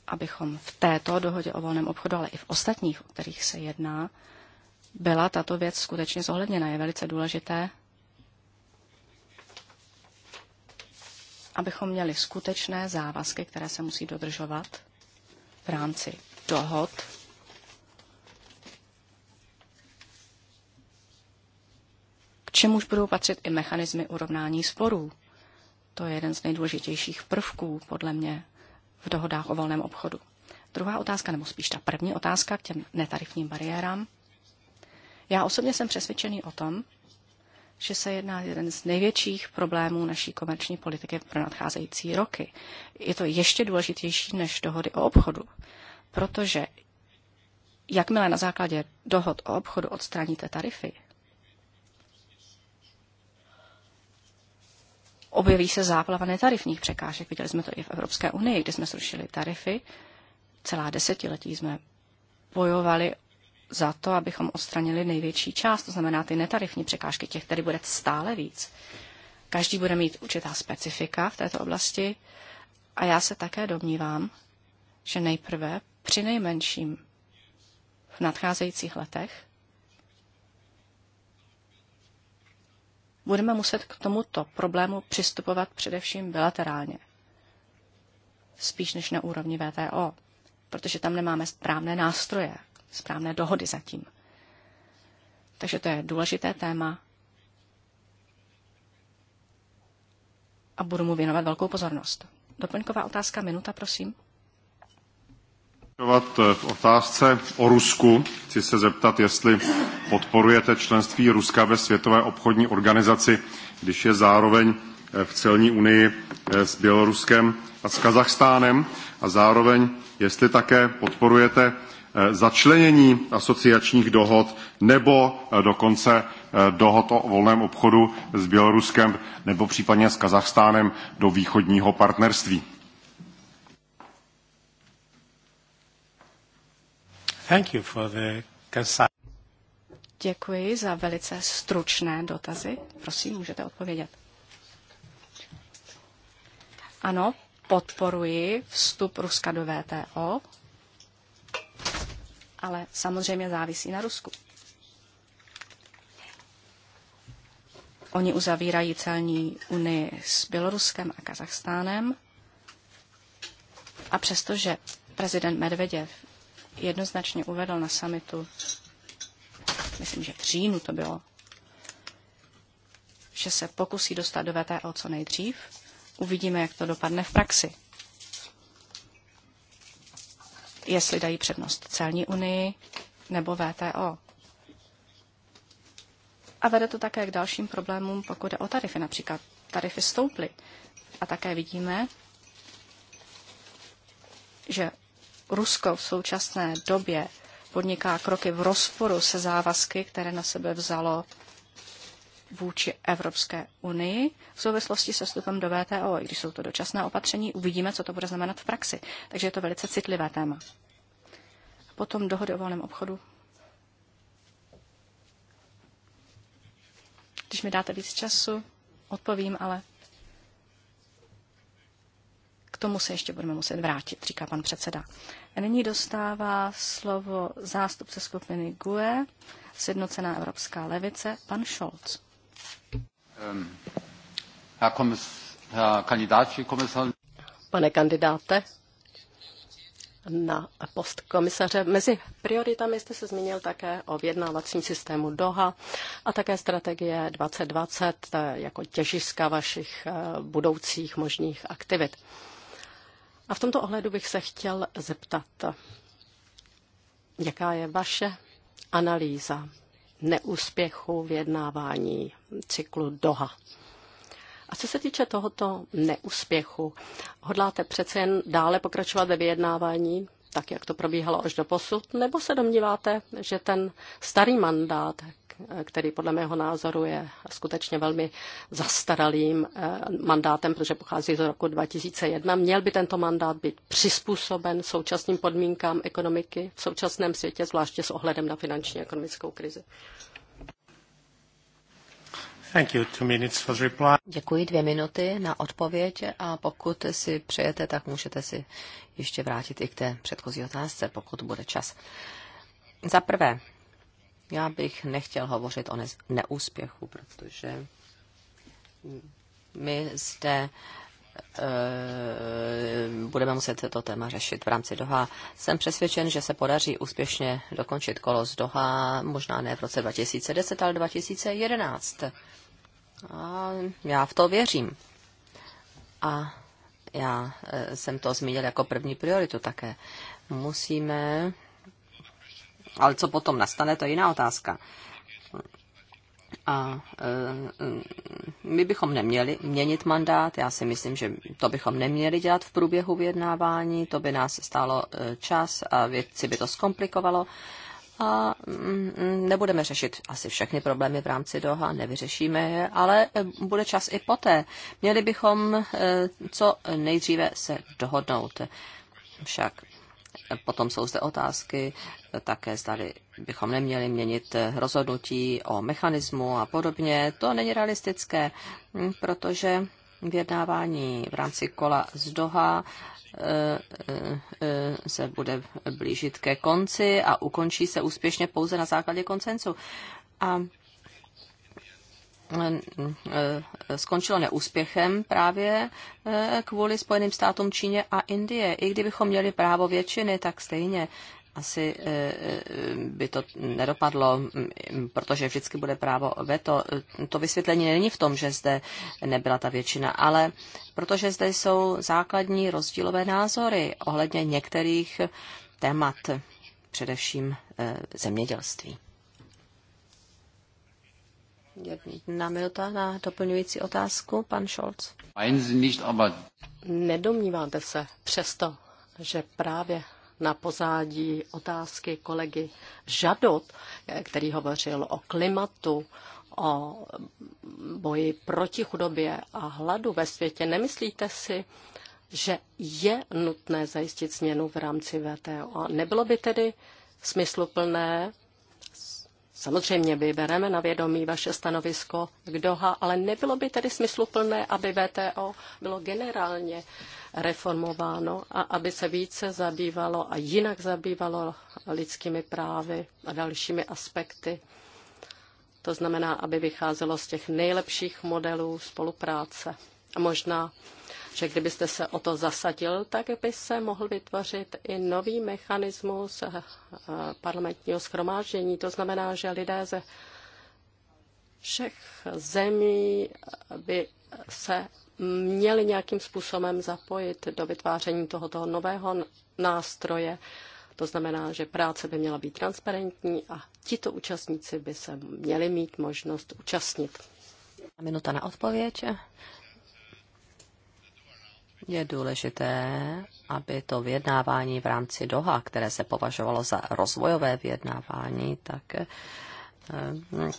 abychom v této dohodě o volném obchodu, ale i v ostatních, o kterých se jedná, byla tato věc skutečně zohledněna. Je velice důležité, abychom měli skutečné závazky, které se musí dodržovat v rámci dohod čemuž budou patřit i mechanismy urovnání sporů. To je jeden z nejdůležitějších prvků, podle mě, v dohodách o volném obchodu. Druhá otázka, nebo spíš ta první otázka k těm netarifním bariérám. Já osobně jsem přesvědčený o tom, že se jedná jeden z největších problémů naší komerční politiky pro nadcházející roky. Je to ještě důležitější než dohody o obchodu, protože jakmile na základě dohod o obchodu odstraníte tarify, objeví se záplava netarifních překážek. Viděli jsme to i v Evropské unii, kde jsme zrušili tarify. Celá desetiletí jsme bojovali za to, abychom odstranili největší část, to znamená ty netarifní překážky, těch tady bude stále víc. Každý bude mít určitá specifika v této oblasti a já se také domnívám, že nejprve při nejmenším v nadcházejících letech budeme muset k tomuto problému přistupovat především bilaterálně, spíš než na úrovni VTO, protože tam nemáme správné nástroje, správné dohody zatím. Takže to je důležité téma a budu mu věnovat velkou pozornost. Doplňková otázka, minuta, prosím. Eh, v otázce o Rusku chci se zeptat, jestli podporujete členství Ruska ve Světové obchodní organizaci, když je zároveň eh, v celní unii eh, s Běloruskem a s Kazachstánem a zároveň, jestli také podporujete začlenění asociačních dohod nebo dokonce dohod o volném obchodu s Běloruskem nebo případně s Kazachstánem do východního partnerství. Thank you for the Děkuji za velice stručné dotazy. Prosím, můžete odpovědět. Ano, podporuji vstup Ruska do VTO, ale samozřejmě závisí na Rusku. Oni uzavírají celní unii s Běloruskem a Kazachstánem. A přestože prezident Medvedev jednoznačně uvedl na samitu, myslím, že v říjnu to bylo, že se pokusí dostat do VTO co nejdřív. Uvidíme, jak to dopadne v praxi. Jestli dají přednost celní unii nebo VTO. A vede to také k dalším problémům, pokud jde o tarify. Například tarify stouply. A také vidíme, že Rusko v současné době podniká kroky v rozporu se závazky, které na sebe vzalo vůči Evropské unii v souvislosti se vstupem do VTO. I když jsou to dočasná opatření, uvidíme, co to bude znamenat v praxi. Takže je to velice citlivé téma. Potom dohody o volném obchodu. Když mi dáte víc času, odpovím, ale k tomu se ještě budeme muset vrátit, říká pan předseda. Nyní dostává slovo zástupce skupiny GUE, Sjednocená evropská levice, pan Scholz. Ehm, Pane kandidáte, na post komisaře. Mezi prioritami jste se zmínil také o vyjednávacím systému Doha a také strategie 2020 jako těžiska vašich eh, budoucích možných aktivit. A v tomto ohledu bych se chtěl zeptat, jaká je vaše analýza neúspěchu vyjednávání cyklu Doha. A co se týče tohoto neúspěchu, hodláte přece jen dále pokračovat ve vyjednávání, tak jak to probíhalo až do posud, nebo se domníváte, že ten starý mandát, který podle mého názoru je skutečně velmi zastaralým eh, mandátem, protože pochází z roku 2001. Měl by tento mandát být přizpůsoben současným podmínkám ekonomiky v současném světě, zvláště s ohledem na finanční a ekonomickou krizi. Děkuji dvě minuty na odpověď a pokud si přejete, tak můžete si ještě vrátit i k té předchozí otázce, pokud bude čas. Za prvé, já bych nechtěl hovořit o neúspěchu, protože my zde eh, budeme muset to téma řešit v rámci Doha. Jsem přesvědčen, že se podaří úspěšně dokončit kolo z Doha, možná ne v roce 2010, ale 2011. A já v to věřím. A já eh, jsem to zmínil jako první prioritu také. Musíme ale co potom nastane, to je jiná otázka. A e, e, my bychom neměli měnit mandát, já si myslím, že to bychom neměli dělat v průběhu vyjednávání, to by nás stálo e, čas a věci by to zkomplikovalo. A mm, mm, nebudeme řešit asi všechny problémy v rámci Doha, nevyřešíme je, ale bude čas i poté. Měli bychom co nejdříve se dohodnout. Však Potom jsou zde otázky také, zdali bychom neměli měnit rozhodnutí o mechanismu a podobně. To není realistické, hm, protože vyjednávání v rámci kola z Doha eh, eh, se bude blížit ke konci a ukončí se úspěšně pouze na základě koncensu. A Eh, skončilo neúspěchem právě eh, kvůli Spojeným státům Číně a Indie. I kdybychom měli právo většiny, tak stejně asi eh, by to nedopadlo, mm, protože vždycky bude právo veto. To vysvětlení není v tom, že zde nebyla ta většina, ale protože zde jsou základní rozdílové názory ohledně některých témat, především zemědělství. Jedna minuta na doplňující otázku, pan Scholz. Nedomníváte se přesto, že právě na pozádí otázky kolegy Žadot, který hovořil o klimatu, o boji proti chudobě a hladu ve světě, nemyslíte si, že je nutné zajistit změnu v rámci VTO? Nebylo by tedy smysluplné Samozřejmě vybereme na vědomí vaše stanovisko k Doha, ale nebylo by tedy smysluplné, aby VTO bylo generálně reformováno a aby se více zabývalo a jinak zabývalo lidskými právy a dalšími aspekty. To znamená, aby vycházelo z těch nejlepších modelů spolupráce. A možná že kdybyste se o to zasadil, tak by se mohl vytvořit i nový mechanismus eh, eh, parlamentního schromáždění. To znamená, že lidé ze všech zemí by se měli nějakým způsobem zapojit do vytváření tohoto nového nástroje. To znamená, že práce by měla být transparentní a tito účastníci by se měli mít možnost účastnit. Minuta na odpověď je důležité, aby to vyjednávání v rámci Doha, které se považovalo za rozvojové vyjednávání, tak eh, eh,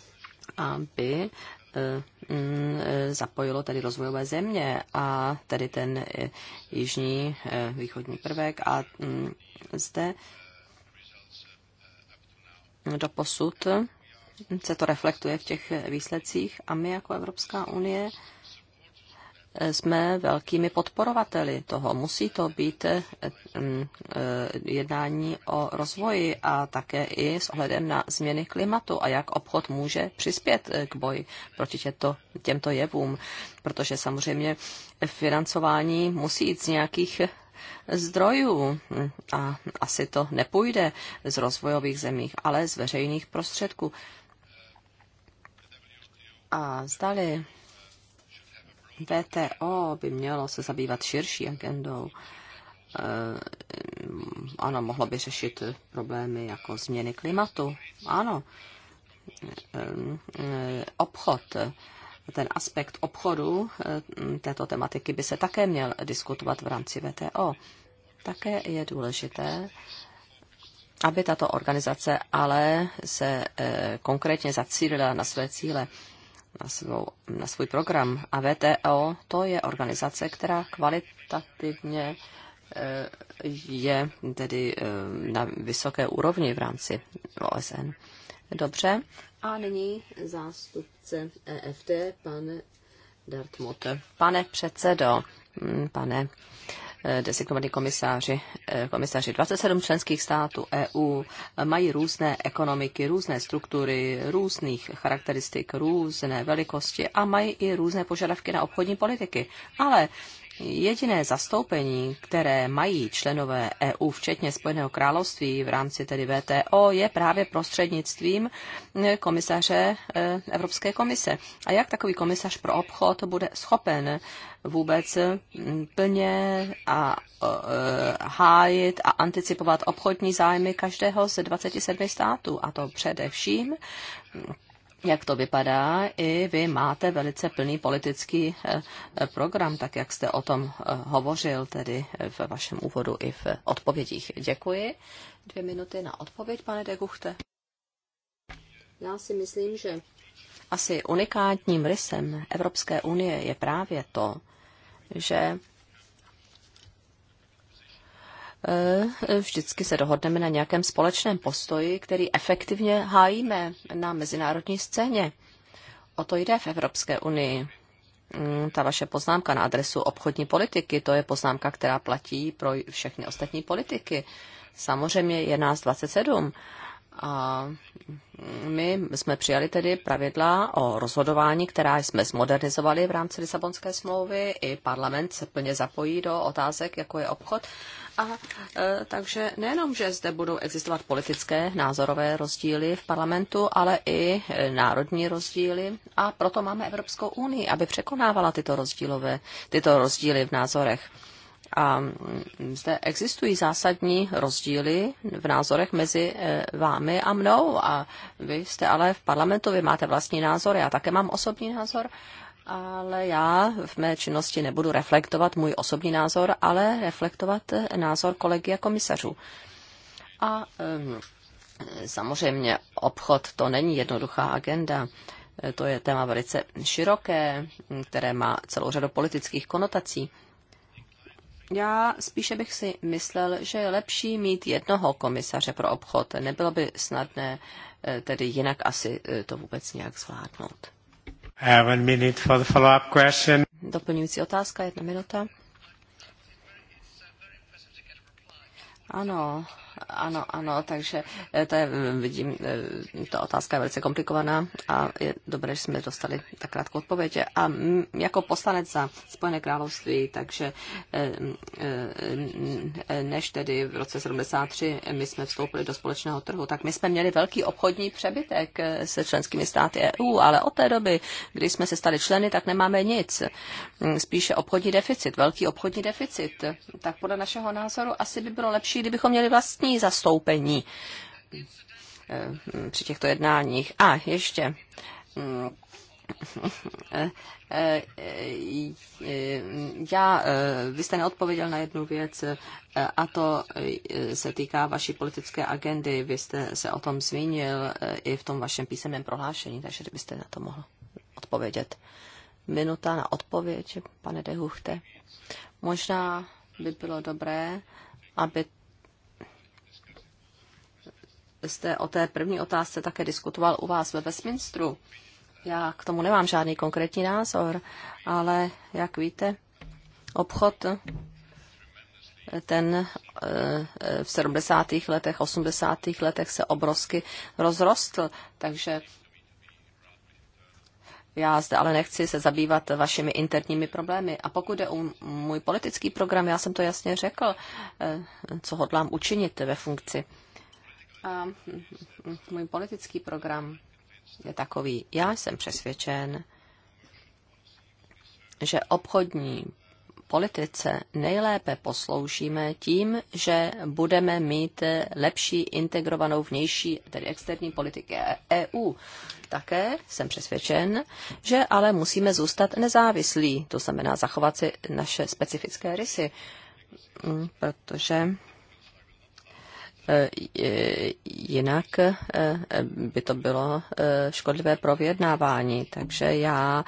aby eh, mm, zapojilo tedy rozvojové země a tedy ten jižní východní prvek a mm, zde do posud se to reflektuje v těch výsledcích a my jako Evropská unie jsme velkými podporovateli toho. Musí to být eh, mm, eh, jednání o rozvoji a také i s ohledem na změny klimatu a jak obchod může přispět eh, k boji proti těto, těmto jevům, protože samozřejmě financování musí jít z nějakých zdrojů hm, a asi to nepůjde z rozvojových zemích, ale z veřejných prostředků. A zdali VTO by mělo se zabývat širší agendou. Eh, ano, mohlo by řešit problémy jako změny klimatu. Ano, eh, eh, obchod, ten aspekt obchodu této tematiky by se také měl diskutovat v rámci VTO. Také je důležité, aby tato organizace ale se konkrétně zacílila na své cíle na, svou, na svůj program. A VTO to je organizace, která kvalitativně eh, je tedy eh, na vysoké úrovni v rámci OSN. Dobře. A nyní zástupce EFT, pan Dartmouth. Pane předsedo, hm, pane Eh, designovaní komisáři, eh, komisáři 27 členských států EU eh, mají různé ekonomiky, různé struktury, různých charakteristik, různé velikosti a mají i různé požadavky na obchodní politiky. Ale Jediné zastoupení, které mají členové EU, včetně Spojeného království v rámci tedy VTO, je právě prostřednictvím eh, komisaře eh, Evropské komise. A jak takový komisař pro obchod bude schopen vůbec eh, plně a, a, a hájit a anticipovat obchodní zájmy každého z 27 států, a to především jak to vypadá. I vy máte velice plný politický eh, eh, program, tak jak jste o tom eh, hovořil tedy v vašem úvodu i v odpovědích. Děkuji. Dvě minuty na odpověď, pane Deguchte. Já si myslím, že asi unikátním rysem Evropské unie je právě to, že Eh, vždycky se dohodneme na nějakém společném postoji, který efektivně hájíme na mezinárodní scéně. O to jde v Evropské unii. Mm, ta vaše poznámka na adresu obchodní politiky, to je poznámka, která platí pro všechny ostatní politiky. Samozřejmě je nás 27 a my jsme přijali tedy pravidla o rozhodování, která jsme zmodernizovali v rámci Lisabonské smlouvy. I parlament se plně zapojí do otázek, jako je obchod. A e, takže nejenom, že zde budou existovat politické názorové rozdíly v parlamentu, ale i e, národní rozdíly. A proto máme Evropskou unii, aby překonávala tyto, rozdílové, tyto rozdíly v názorech. A zde existují zásadní rozdíly v názorech mezi eh, vámi a mnou. A vy jste ale v parlamentu, vy máte vlastní názor, já také mám osobní názor, ale já v mé činnosti nebudu reflektovat můj osobní názor, ale reflektovat eh, názor kolegy a komisařů. A eh, samozřejmě obchod to není jednoduchá agenda. To je téma velice široké, které má celou řadu politických konotací. Já spíše bych si myslel, že je lepší mít jednoho komisaře pro obchod. Nebylo by snadné, eh, tedy jinak asi eh, to vůbec nějak zvládnout. minute for the follow-up question. Doplňující otázka, jedna minuta. Ano, ano, ano, takže eh, to je, eh, vidím, eh, ta otázka je velice komplikovaná a je dobré, že jsme dostali tak krátkou odpověď. A jako poslanec za Spojené království, takže než tedy v roce 73 my jsme vstoupili do společného trhu, tak my jsme měli velký obchodní přebytek se členskými státy EU, ale od té doby, kdy jsme se stali členy, tak nemáme nic. Mm, spíše obchodní deficit, velký obchodní deficit. Tak podle našeho názoru asi by bylo lepší, kdybychom měli vlastní státní zastoupení eh, při těchto jednáních. A ještě mm, eh, eh, já, vy jste neodpověděl na jednu věc a to se týká vaší politické agendy. Vy jste se o tom zmínil i v tom vašem písemném prohlášení, takže byste na to mohl odpovědět. Minuta na odpověď, pane Dehuchte. Možná by bylo dobré, aby jste o té první otázce také diskutoval u vás ve Westminsteru. Já k tomu nemám žádný konkrétní názor, ale jak víte, obchod ten eh, v 70. letech, 80. letech se obrovsky rozrostl, takže já zde ale nechci se zabývat vašimi interními problémy. A pokud je o můj politický program, já jsem to jasně řekl, eh, co hodlám učinit ve funkci. A hm, hm, hm, můj politický program je takový. Já jsem přesvědčen, že obchodní politice nejlépe posloužíme tím, že budeme mít lepší integrovanou vnější, tedy externí politiky EU. E Také jsem přesvědčen, že ale musíme zůstat nezávislí, to znamená zachovat si naše specifické rysy, protože E, jinak e, by to bylo e, škodlivé pro vyjednávání. Takže já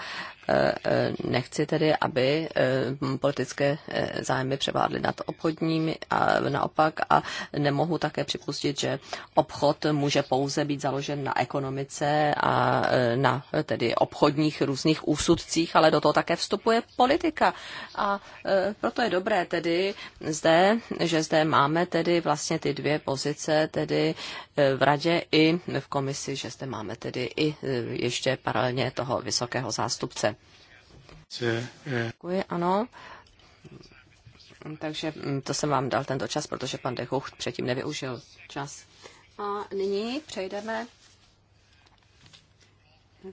Eh, eh, nechci tedy, aby eh, politické zájmy převádly nad obchodními a naopak a nemohu také připustit, že obchod může pouze být založen na ekonomice a na tedy obchodních různých úsudcích, ale do toho také vstupuje politika. A proto je dobré tedy zde, že zde máme tedy vlastně ty dvě pozice, tedy v radě i v komisi, že zde máme tedy i ještě paralelně toho vysokého zástupce. Děkuji, ano. Takže mm, to jsem vám dal tento čas, protože pan Dechucht předtím nevyužil čas. A nyní přejdeme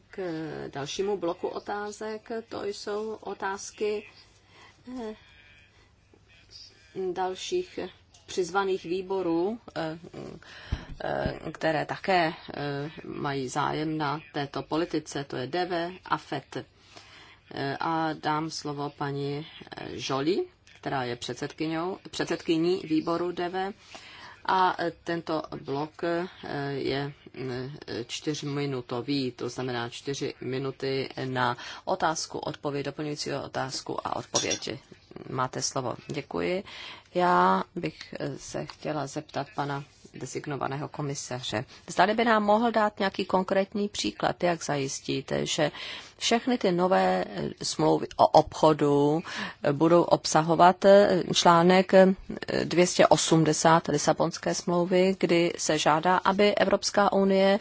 k dalšímu bloku otázek. To jsou otázky eh, dalších přizvaných výborů, eh, eh, které také mají zájem na této politice, to je DV a FET a dám slovo paní eh, Žoli, která je předsedkyní výboru DV. A eh, tento blok eh, je čtyřminutový, to znamená čtyři minuty na otázku, odpověď, doplňující otázku a odpověď. Máte slovo. Děkuji. Já bych se chtěla zeptat pana designovaného komisaře. Zdali by nám mohl dát nějaký konkrétní příklad, jak zajistíte, že všechny ty nové eh, smlouvy o obchodu eh, budou obsahovat eh, článek 280 Lisabonské smlouvy, kdy se žádá, aby Evropská unie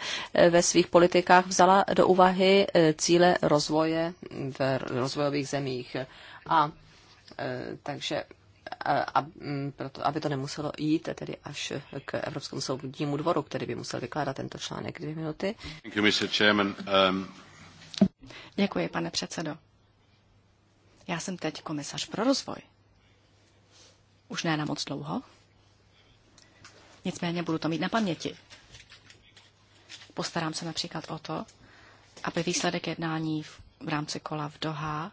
ve svých politikách vzala do úvahy cíle rozvoje v rozvojových zemích. A takže Mm, aby to nemuselo jít tedy až k Evropskému soudnímu dvoru, který by musel vykládat tento článek dvě minuty. Um, Děkuji, pane předsedo. Já jsem teď komisař pro rozvoj. Už ne na moc dlouho. Nicméně budu to mít na paměti. Postarám se například o to, aby výsledek jednání v, v rámci kola v Doha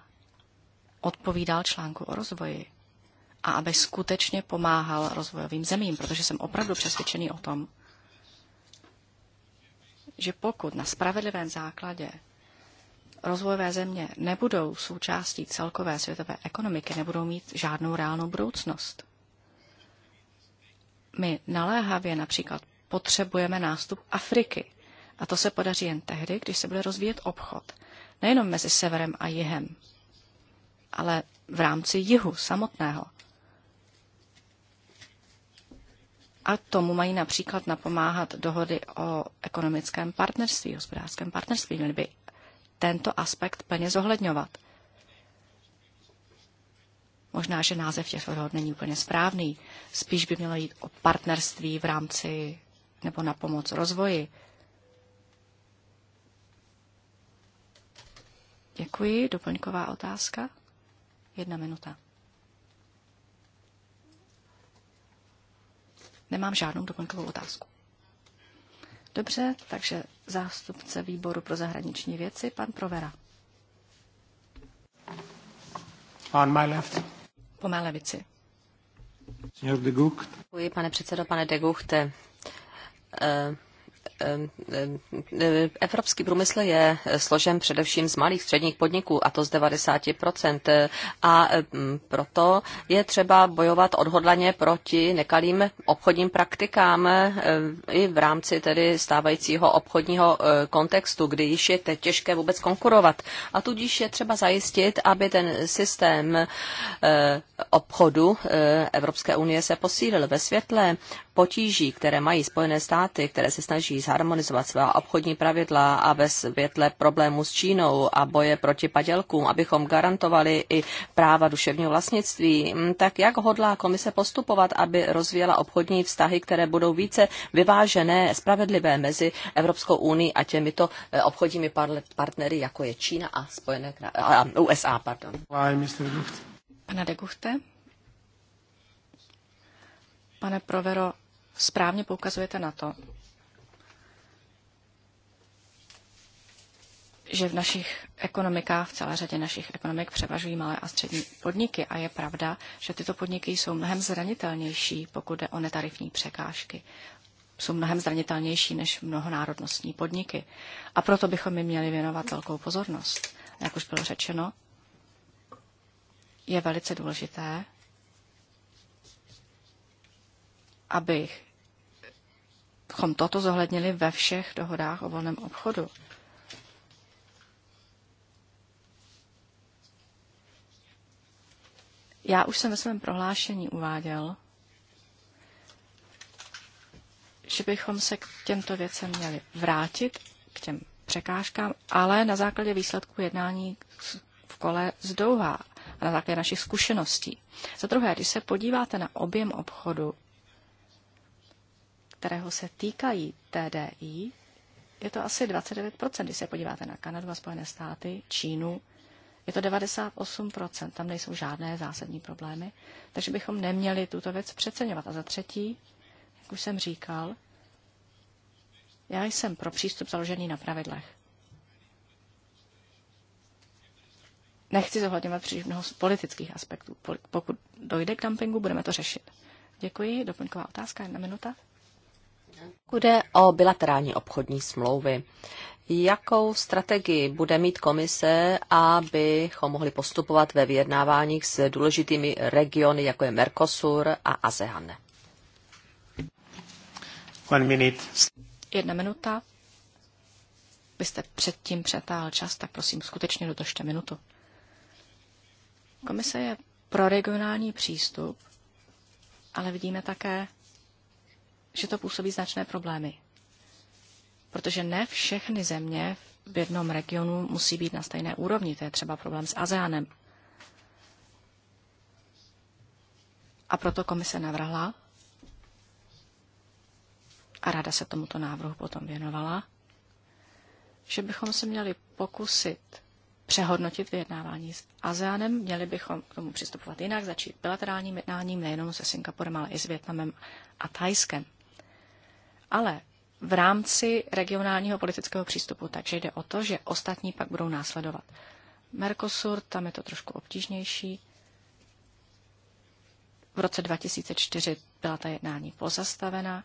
odpovídal článku o rozvoji a aby skutečně pomáhal rozvojovým zemím, protože jsem opravdu přesvědčený o tom, že pokud na spravedlivém základě rozvojové země nebudou součástí celkové světové ekonomiky, nebudou mít žádnou reálnou budoucnost. My naléhavě například potřebujeme nástup Afriky. A to se podaří jen tehdy, když se bude rozvíjet obchod. Nejenom mezi severem a jihem, ale v rámci jihu samotného. A tomu mají například napomáhat dohody o ekonomickém partnerství, hospodářském partnerství. Měli by tento aspekt plně zohledňovat. Možná, že název těch dohod není úplně správný. Spíš by mělo jít o partnerství v rámci nebo na pomoc rozvoji. Děkuji. Doplňková otázka. Jedna minuta. Nemám žádnou doplňkovou otázku. Dobře, takže zástupce výboru pro zahraniční věci, pan Provera. On my left. Po mé levici. Děkuji, pane předsedo, pane de Guchte. Eh, Evropský průmysl je složen především z malých středních podniků, a to z 90%. A proto je třeba bojovat odhodlaně proti nekalým obchodním praktikám i v rámci tedy stávajícího obchodního e, kontextu, kdy již je teď těžké vůbec konkurovat. A tudíž je třeba zajistit, aby ten systém e, obchodu e, Evropské unie se posílil ve světle potíží, které mají Spojené státy, které se snaží zharmonizovat svá obchodní pravidla a ve světle problémů s Čínou a boje proti padělkům, abychom garantovali i práva duševního vlastnictví, mm, tak jak hodlá komise postupovat, aby rozvíjela obchodní vztahy, které budou více vyvážené, spravedlivé mezi Evropskou unii a těmito eh, obchodními partnery, jako je Čína a Spojené a USA. Pardon. Pane de Pane Provero, správně poukazujete na to, že v našich ekonomikách, v celé řadě našich ekonomik převažují malé a střední podniky a je pravda, že tyto podniky jsou mnohem zranitelnější, pokud jde o netarifní překážky. Jsou mnohem zranitelnější než mnohonárodnostní podniky. A proto bychom jim měli věnovat velkou pozornost. Jak už bylo řečeno, je velice důležité, aby bychom toto zohlednili ve všech dohodách o volném obchodu. Já už jsem ve svém prohlášení uváděl, že bychom se k těmto věcem měli vrátit, k těm překážkám, ale na základě výsledků jednání v kole z Douha a na základě našich zkušeností. Za druhé, když se podíváte na objem obchodu, kterého se týkají TDI, je to asi 29%, když se podíváte na Kanadu a Spojené státy, Čínu, je to 98%, tam nejsou žádné zásadní problémy, takže bychom neměli tuto věc přeceňovat. A za třetí, jak už jsem říkal, já jsem pro přístup založený na pravidlech. Nechci zohledňovat příliš mnoho politických aspektů. Pokud dojde k dumpingu, budeme to řešit. Děkuji. Doplňková otázka, jedna minuta. Kde o bilaterální obchodní smlouvy. Jakou strategii bude mít komise, abychom mohli postupovat ve vyjednáváních s důležitými regiony, jako je Mercosur a ASEAN? One minute. Jedna minuta. Vy jste předtím přetáhl čas, tak prosím, skutečně dotožte minutu. Komise je pro regionální přístup, ale vidíme také, že to působí značné problémy. Protože ne všechny země v jednom regionu musí být na stejné úrovni. To je třeba problém s ASEANem. A proto komise navrhla a rada se tomuto návrhu potom věnovala, že bychom se měli pokusit přehodnotit vyjednávání s ASEANem, měli bychom k tomu přistupovat jinak, začít bilaterálním jednáním nejenom se Singapurem, ale i s Větnamem a Tajskem ale v rámci regionálního politického přístupu. Takže jde o to, že ostatní pak budou následovat. Mercosur, tam je to trošku obtížnější. V roce 2004 byla ta jednání pozastavena.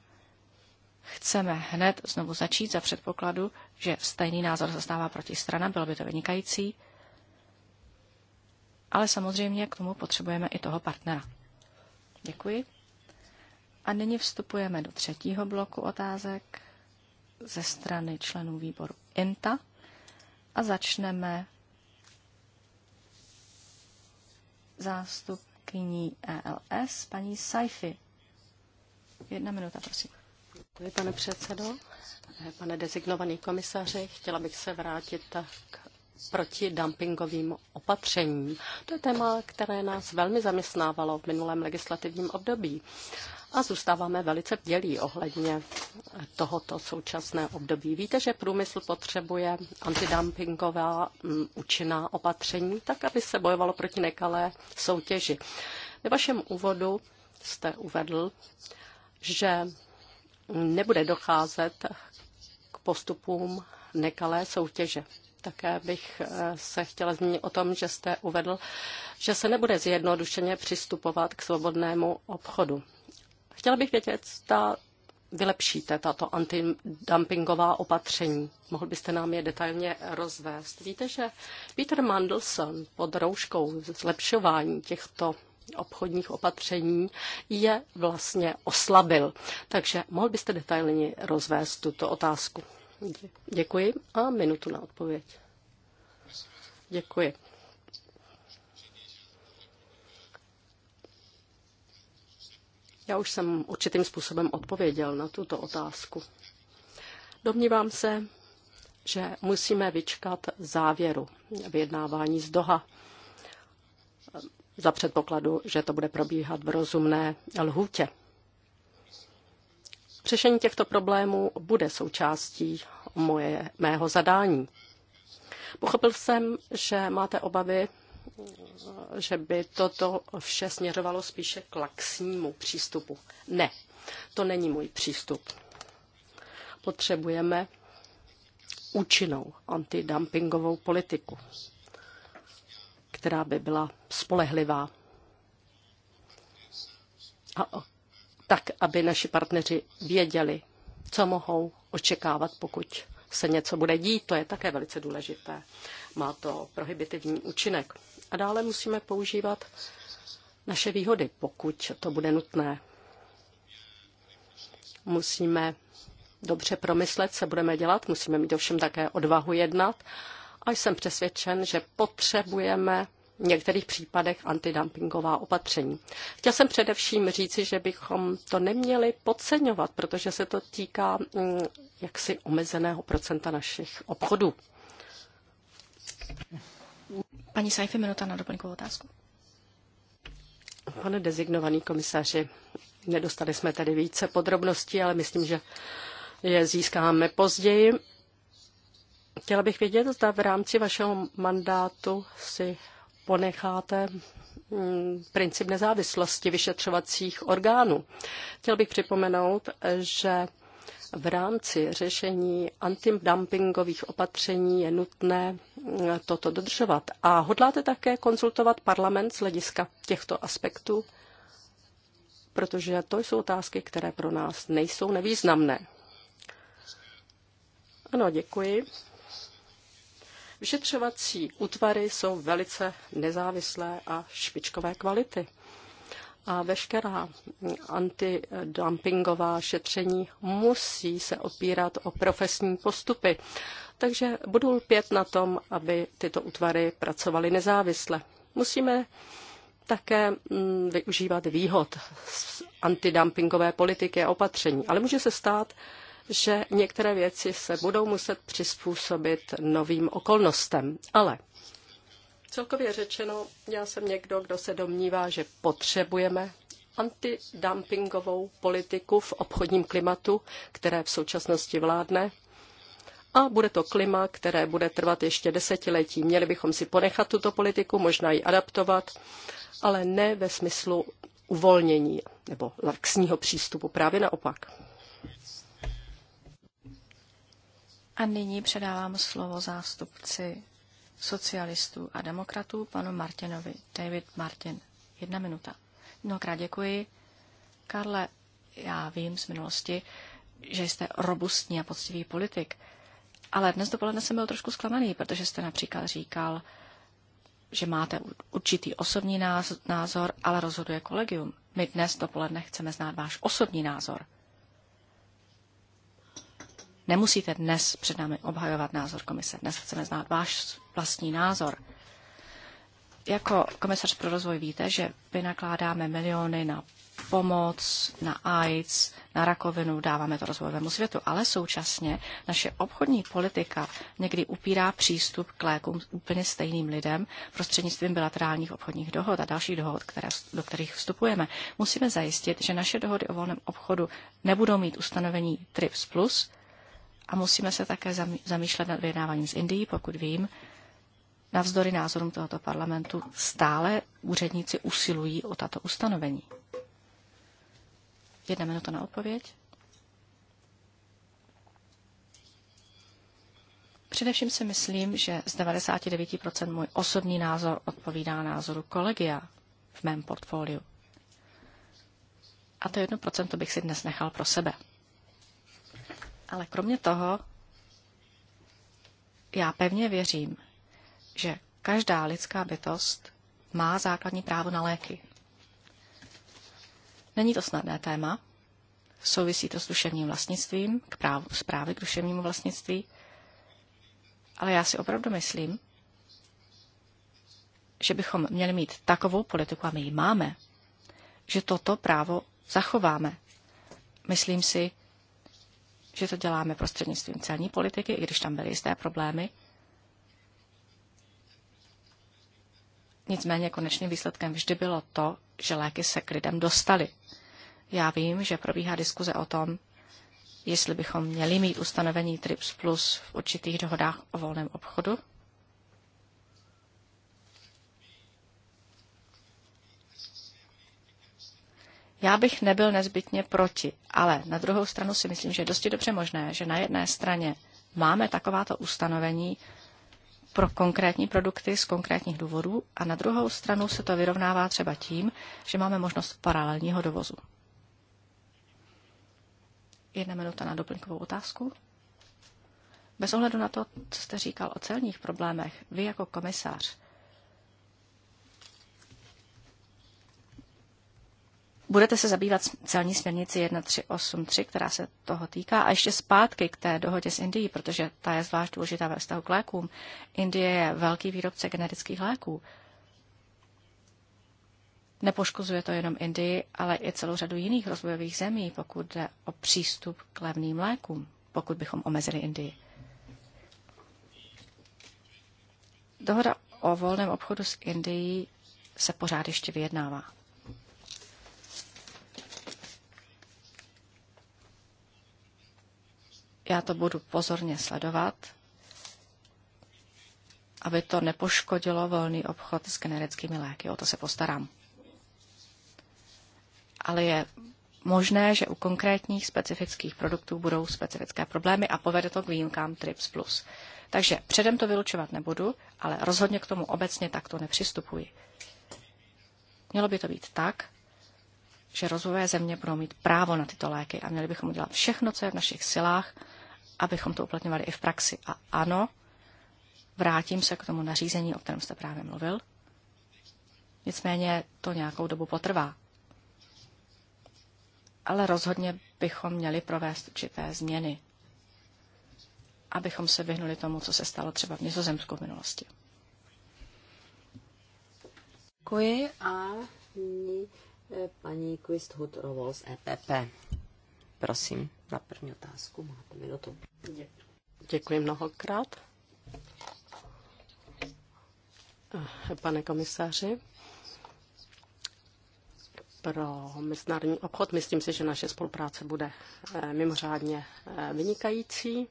Chceme hned znovu začít za předpokladu, že stejný názor zastává protistrana, bylo by to vynikající. Ale samozřejmě k tomu potřebujeme i toho partnera. Děkuji. A nyní vstupujeme do třetího bloku otázek ze strany členů výboru INTA a začneme zástupkyní ELS, paní Saifi. Jedna minuta, prosím. Děkuji, pane předsedo. Pane designovaný komisaři, chtěla bych se vrátit k proti dumpingovým opatřením. To je téma, které nás velmi zaměstnávalo v minulém legislativním období a zůstáváme velice bdělí ohledně tohoto současné období. Víte, že průmysl potřebuje antidumpingová mm, účinná opatření, tak aby se bojovalo proti nekalé soutěži. Ve vašem úvodu jste uvedl, že nebude docházet k postupům nekalé soutěže. Také bych eh, se chtěla zmínit o tom, že jste uvedl, že se nebude zjednodušeně přistupovat k svobodnému obchodu. Chtěla bych vědět, zda vylepšíte tato antidumpingová opatření. Mohl byste nám je detailně rozvést. Víte, že Peter Mandelson pod rouškou zlepšování těchto obchodních opatření je vlastně oslabil. Takže mohl byste detailně rozvést tuto otázku. Děkuji a minutu na odpověď. Děkuji. Já už jsem určitým způsobem odpověděl na tuto otázku. Domnívám se, že musíme vyčkat závěru vyjednávání z Doha za předpokladu, že to bude probíhat v rozumné lhůtě. Řešení těchto problémů bude součástí moje, mého zadání. Pochopil jsem, že máte obavy že by toto vše směřovalo spíše k laxnímu přístupu. Ne, to není můj přístup. Potřebujeme účinnou antidumpingovou politiku, která by byla spolehlivá a tak, aby naši partneři věděli, co mohou očekávat, pokud se něco bude dít. To je také velice důležité. Má to prohibitivní účinek. A dále musíme používat naše výhody, pokud to bude nutné. Musíme dobře promyslet, co budeme dělat, musíme mít ovšem také odvahu jednat a jsem přesvědčen, že potřebujeme v některých případech antidumpingová opatření. Chtěl jsem především říci, že bychom to neměli podceňovat, protože se to týká mm, jaksi omezeného procenta našich obchodů. Paní Sajfi, minuta na doplňkovou otázku. Pane dezignovaný komisaři, nedostali jsme tady více podrobností, ale myslím, že je získáme později. Chtěla bych vědět, zda v rámci vašeho mandátu si ponecháte mm, princip nezávislosti vyšetřovacích orgánů. Chtěl bych připomenout, že v rámci řešení antidumpingových opatření je nutné eh, toto dodržovat. A hodláte také konzultovat parlament z hlediska těchto aspektů? Protože to jsou otázky, které pro nás nejsou nevýznamné. Ano, děkuji. Vyšetřovací útvary jsou velice nezávislé a špičkové kvality a veškerá antidumpingová šetření musí se opírat o profesní postupy. Takže budu lpět na tom, aby tyto útvary pracovaly nezávisle. Musíme také mm, využívat výhod z antidumpingové politiky a opatření. Ale může se stát, že některé věci se budou muset přizpůsobit novým okolnostem. Ale Celkově řečeno, já jsem někdo, kdo se domnívá, že potřebujeme antidumpingovou politiku v obchodním klimatu, které v současnosti vládne. A bude to klima, které bude trvat ještě desetiletí. Měli bychom si ponechat tuto politiku, možná ji adaptovat, ale ne ve smyslu uvolnění nebo laxního přístupu, právě naopak. A nyní předávám slovo zástupci socialistů a demokratů, panu Martinovi. David Martin, jedna minuta. Mnohokrát děkuji. Karle, já vím z minulosti, že jste robustní a poctivý politik, ale dnes dopoledne jsem byl trošku zklamaný, protože jste například říkal, že máte určitý osobní názor, ale rozhoduje kolegium. My dnes dopoledne chceme znát váš osobní názor. Nemusíte dnes před námi obhajovat názor komise. Dnes chceme znát váš vlastní názor. Jako komisař pro rozvoj víte, že vynakládáme miliony na pomoc, na AIDS, na rakovinu, dáváme to rozvojovému světu, ale současně naše obchodní politika někdy upírá přístup k lékům úplně stejným lidem prostřednictvím bilaterálních obchodních dohod a dalších dohod, které, do kterých vstupujeme. Musíme zajistit, že naše dohody o volném obchodu nebudou mít ustanovení TRIPS+, plus, a musíme se také zamýšlet nad vyjednáváním s Indií, pokud vím. Navzdory názorům tohoto parlamentu stále úředníci usilují o tato ustanovení. Jedna minuta na odpověď. Především si myslím, že z 99% můj osobní názor odpovídá názoru kolegia v mém portfoliu. A to 1% bych si dnes nechal pro sebe. Ale kromě toho, já pevně věřím, že každá lidská bytost má základní právo na léky. Není to snadné téma, souvisí to s duševním vlastnictvím, k právu zprávy k duševnímu vlastnictví, ale já si opravdu myslím, že bychom měli mít takovou politiku, a my ji máme, že toto právo zachováme. Myslím si, že to děláme prostřednictvím celní politiky, i když tam byly jisté problémy. Nicméně konečným výsledkem vždy bylo to, že léky se k lidem dostaly. Já vím, že probíhá diskuze o tom, jestli bychom měli mít ustanovení TRIPS Plus v určitých dohodách o volném obchodu, Já bych nebyl nezbytně proti, ale na druhou stranu si myslím, že je dosti dobře možné, že na jedné straně máme takováto ustanovení pro konkrétní produkty z konkrétních důvodů a na druhou stranu se to vyrovnává třeba tím, že máme možnost paralelního dovozu. Jedna minuta na doplňkovou otázku. Bez ohledu na to, co jste říkal o celních problémech, vy jako komisař budete se zabývat celní směrnici 1383, která se toho týká. A ještě zpátky k té dohodě s Indií, protože ta je zvlášť důležitá ve vztahu k lékům. Indie je velký výrobce generických léků. Nepoškozuje to jenom Indii, ale i celou řadu jiných rozvojových zemí, pokud jde o přístup k levným lékům, pokud bychom omezili Indii. Dohoda o volném obchodu s Indií se pořád ještě vyjednává. Já to budu pozorně sledovat, aby to nepoškodilo volný obchod s generickými léky. O to se postarám. Ale je možné, že u konkrétních specifických produktů budou specifické problémy a povede to k výjimkám TRIPS+. plus. Takže předem to vylučovat nebudu, ale rozhodně k tomu obecně takto nepřistupuji. Mělo by to být tak, že rozvojové země budou mít právo na tyto léky a měli bychom udělat všechno, co je v našich silách, abychom to uplatňovali i v praxi. A ano, vrátím se k tomu nařízení, o kterém jste právě mluvil. Nicméně to nějakou dobu potrvá. Ale rozhodně bychom měli provést určité změny, abychom se vyhnuli tomu, co se stalo třeba v Nizozemsku v minulosti. Děkuji a nyní eh, paní Quist Hutrovol z EPP. Prosím, na první otázku máte minutu. Děkuji mnohokrát. Pane komisaři, pro mezinárodní obchod. Myslím si, že naše spolupráce bude eh, mimořádně eh, vynikající.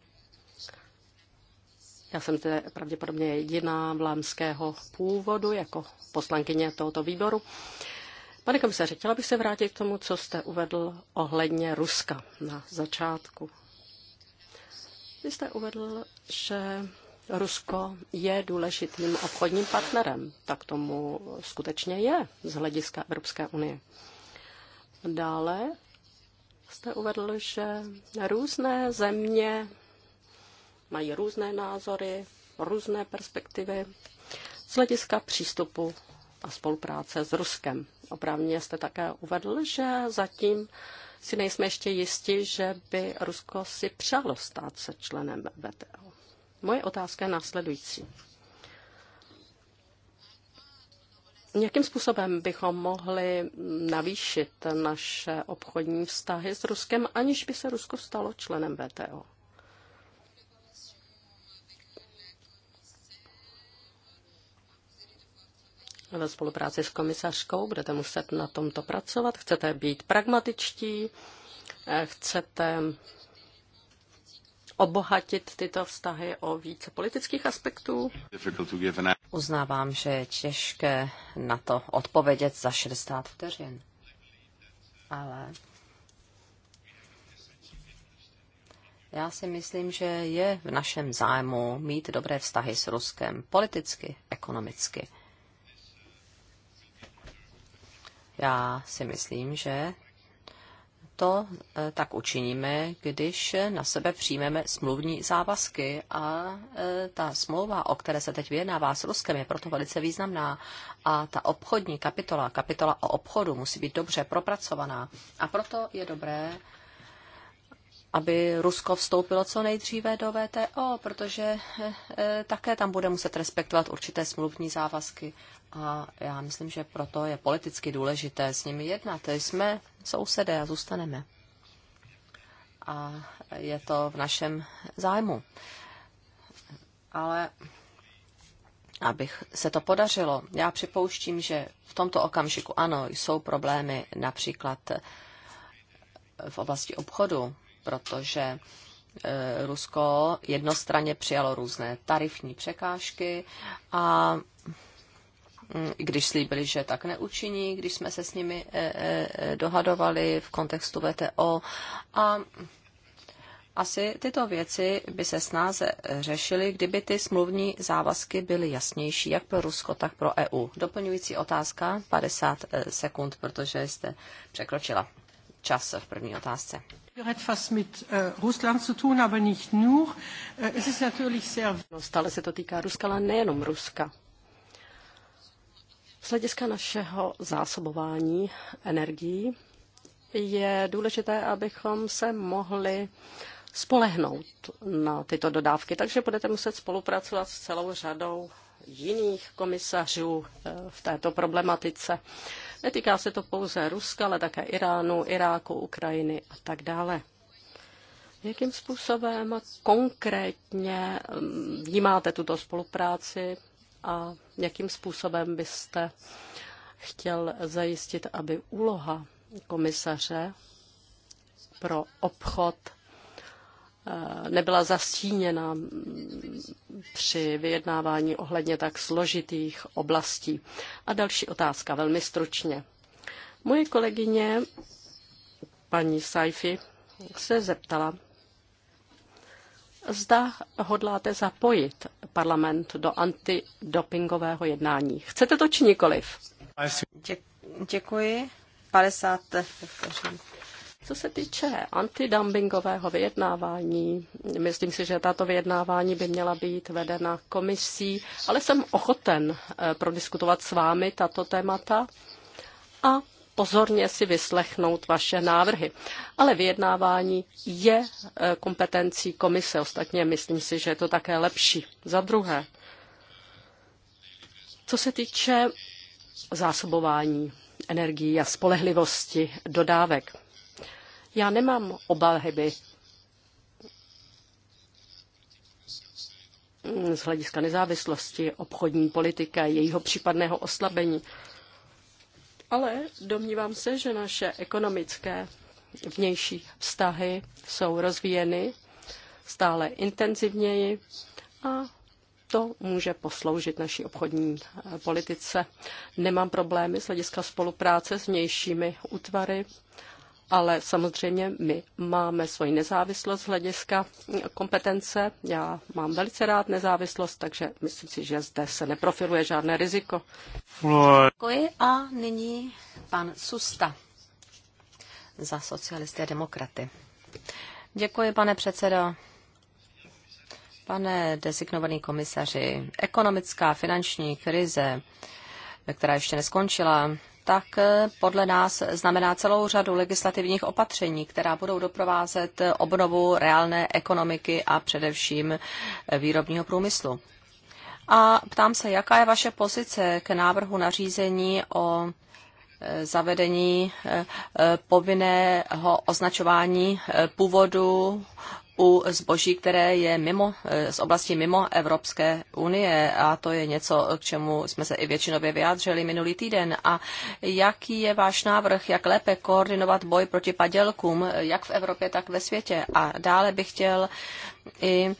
Já jsem tedy pravděpodobně jediná vlámského původu jako poslankyně tohoto výboru. Pane komisaře, chtěla bych se vrátit k tomu, co jste uvedl ohledně Ruska na začátku. Vy jste uvedl, že Rusko je důležitým obchodním partnerem. Tak tomu skutečně je z hlediska Evropské unie. Dále jste uvedl, že různé země mají různé názory, různé perspektivy z hlediska přístupu a spolupráce s Ruskem oprávně jste také uvedl, že zatím si nejsme ještě jisti, že by Rusko si přálo stát se členem VTO. Moje otázka je následující. Jakým způsobem bychom mohli navýšit naše obchodní vztahy s Ruskem, aniž by se Rusko stalo členem VTO? ve spolupráci s komisařkou. Budete muset na tomto pracovat. Chcete být pragmatičtí, eh, chcete obohatit tyto vztahy o více politických aspektů? Uznávám, že je těžké na to odpovědět za 60 vteřin. Ale já si myslím, že je v našem zájmu mít dobré vztahy s Ruskem politicky, ekonomicky. Já si myslím, že to eh, tak učiníme, když na sebe přijmeme smluvní závazky a eh, ta smlouva, o které se teď vyjednává s Ruskem, je proto velice významná a ta obchodní kapitola, kapitola o obchodu musí být dobře propracovaná a proto je dobré aby Rusko vstoupilo co nejdříve do VTO, protože eh, eh, také tam bude muset respektovat určité smluvní závazky. A já myslím, že proto je politicky důležité s nimi jednat. Jsme sousedé a zůstaneme. A je to v našem zájmu. Ale abych se to podařilo, já připouštím, že v tomto okamžiku ano, jsou problémy například v oblasti obchodu, protože e, Rusko jednostranně přijalo různé tarifní překážky a mm, když slíbili, že tak neučiní, když jsme se s nimi e, e, dohadovali v kontextu VTO. A asi tyto věci by se snáze řešily, kdyby ty smluvní závazky byly jasnější, jak pro Rusko, tak pro EU. Doplňující otázka, 50 sekund, protože jste překročila čas v první otázce. Äh, äh, no, stále se to týká Ruska, ale nejenom Ruska. Z hlediska našeho zásobování energií je důležité, abychom se mohli spolehnout na tyto dodávky, takže budete muset spolupracovat s celou řadou jiných komisařů eh, v této problematice. Netýká se to pouze Ruska, ale také Iránu, Iráku, Ukrajiny a tak dále. Jakým způsobem konkrétně mm, vnímáte tuto spolupráci a jakým způsobem byste chtěl zajistit, aby úloha komisaře pro obchod Eh, nebyla zastíněna při vyjednávání ohledně tak složitých oblastí. A další otázka, velmi stručně. Moje kolegyně, paní Saifi, se zeptala, zda hodláte zapojit parlament do antidopingového jednání. Chcete to či nikoliv? Děkuji. 50 co se týče antidumpingového vyjednávání, myslím si, že tato vyjednávání by měla být vedena komisí, ale jsem ochoten eh, prodiskutovat s vámi tato témata a pozorně si vyslechnout vaše návrhy. Ale vyjednávání je eh, kompetencí komise, ostatně myslím si, že je to také lepší. Za druhé, co se týče zásobování energií a spolehlivosti dodávek. Já nemám obavy z hlediska nezávislosti obchodní politiky jejího případného oslabení. Ale domnívám se, že naše ekonomické vnější vztahy jsou rozvíjeny stále intenzivněji a to může posloužit naší obchodní politice. Nemám problémy z hlediska spolupráce s vnějšími útvary ale samozřejmě my máme svoji nezávislost z hlediska kompetence. Já mám velice rád nezávislost, takže myslím si, že zde se neprofiluje žádné riziko. Děkuji a nyní pan Susta za socialisty a demokraty. Děkuji, pane předsedo. Pane designovaný komisaři, ekonomická finanční krize, která ještě neskončila, tak podle nás znamená celou řadu legislativních opatření, která budou doprovázet obnovu reálné ekonomiky a především výrobního průmyslu. A ptám se, jaká je vaše pozice k návrhu nařízení o e, zavedení e, e, povinného označování původu u zboží, které je mimo, eh, z oblasti mimo Evropské unie a to je něco, k čemu jsme se i většinově vyjádřili minulý týden. A jaký je váš návrh, jak lépe koordinovat boj proti padělkům, eh, jak v Evropě, tak ve světě? A dále bych chtěl i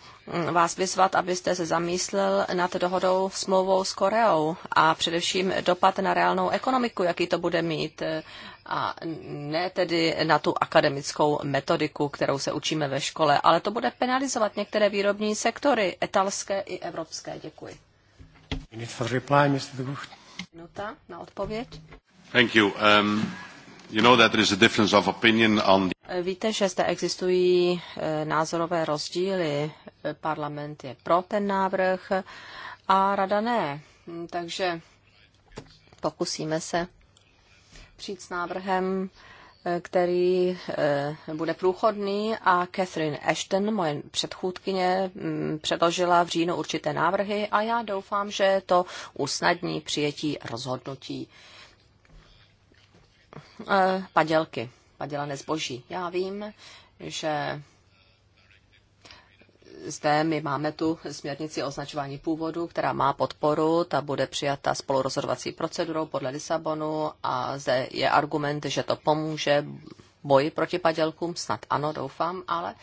mm, vás vyzvat, abyste se zamyslel nad dohodou smlouvou s Koreou a především dopad na reálnou ekonomiku, jaký to bude mít eh, a ne tedy na tu akademickou metodiku, kterou se učíme ve škole, ale to bude penalizovat některé výrobní sektory, italské i evropské. Děkuji. Minuta na odpověď. Thank you. Um, you know that there is a difference of opinion on the... Eh, víte, že zde existují eh, názorové rozdíly. Eh, parlament je pro ten návrh a rada ne. Hm, takže pokusíme se přijít s návrhem, eh, který eh, bude průchodný a Catherine Ashton, moje předchůdkyně, mm, předložila v říjnu určité návrhy a já doufám, že to usnadní přijetí rozhodnutí eh, padělky, padělané zboží. Já vím, že zde my máme tu směrnici o označování původu, která má podporu, ta bude přijata spolurozhodovací procedurou podle Lisabonu a zde je argument, že to pomůže boji proti padělkům, snad ano, doufám, ale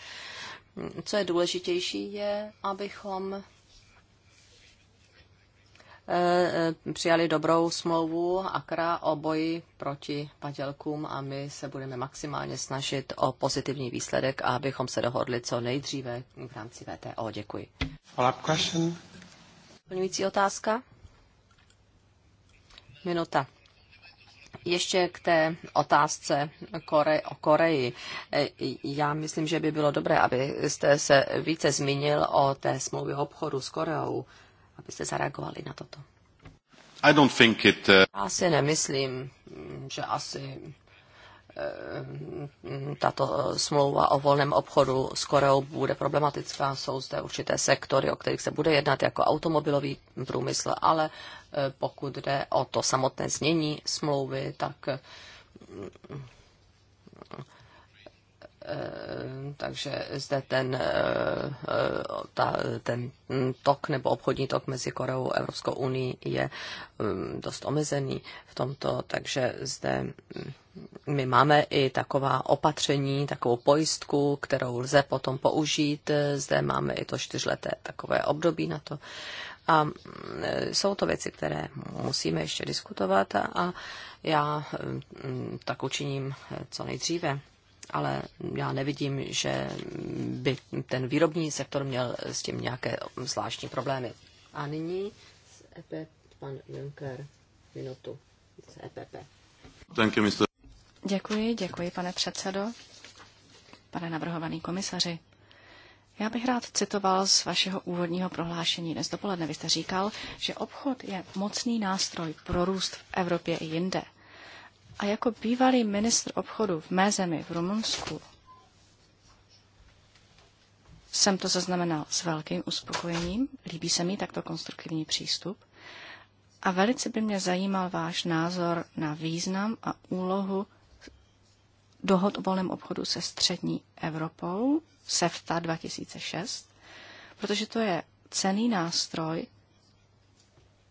co je důležitější je, abychom Eh, eh, přijali dobrou smlouvu AKRA o boji proti padělkům a my se budeme maximálně snažit o pozitivní výsledek a abychom se dohodli co nejdříve v rámci VTO. Děkuji. Plňující otázka? Minuta. Ještě k té otázce Kore, o Koreji. Eh, já myslím, že by bylo dobré, abyste se více zmínil o té smlouvě obchodu s Koreou abyste zareagovali na toto. I don't think it, uh... Já si nemyslím, že asi eh, tato smlouva o volném obchodu s Koreou bude problematická. Jsou zde určité sektory, o kterých se bude jednat jako automobilový průmysl, ale eh, pokud jde o to samotné znění smlouvy, tak Eh, takže zde ten, eh, ta, ten tok nebo obchodní tok mezi Koreou a Evropskou unii je mm, dost omezený v tomto, takže zde mm, my máme i taková opatření, takovou pojistku, kterou lze potom použít. Zde máme i to čtyřleté takové období na to. A mm, jsou to věci, které musíme ještě diskutovat a já tak učiním eh, co nejdříve ale já nevidím, že by ten výrobní sektor měl s tím nějaké zvláštní problémy. A nyní z EP pan Juncker minutu z EPP. Děkuji, děkuji, pane předsedo, pane navrhovaný komisaři. Já bych rád citoval z vašeho úvodního prohlášení dnes dopoledne. Vy jste říkal, že obchod je mocný nástroj pro růst v Evropě i jinde. A jako bývalý ministr obchodu v mé zemi, v Rumunsku, jsem to zaznamenal s velkým uspokojením. Líbí se mi takto konstruktivní přístup. A velice by mě zajímal váš názor na význam a úlohu dohod o volném obchodu se střední Evropou, SEFTA 2006, protože to je cený nástroj,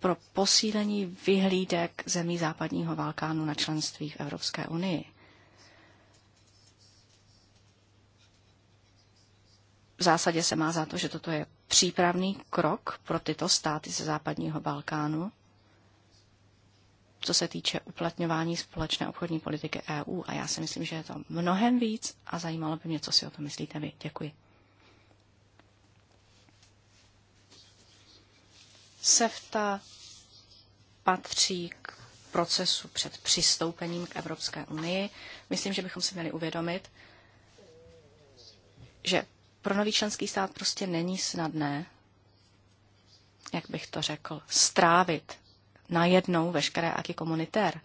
pro posílení vyhlídek zemí západního Balkánu na členství v Evropské unii. V zásadě se má za to, že toto je přípravný krok pro tyto státy ze západního Balkánu, co se týče uplatňování společné obchodní politiky EU. A já si myslím, že je to mnohem víc a zajímalo by mě, co si o to myslíte vy. Děkuji. SEFTA patří k procesu před přistoupením k Evropské unii. Myslím, že bychom si měli uvědomit, že pro nový členský stát prostě není snadné, jak bych to řekl, strávit najednou veškeré aky komunitér.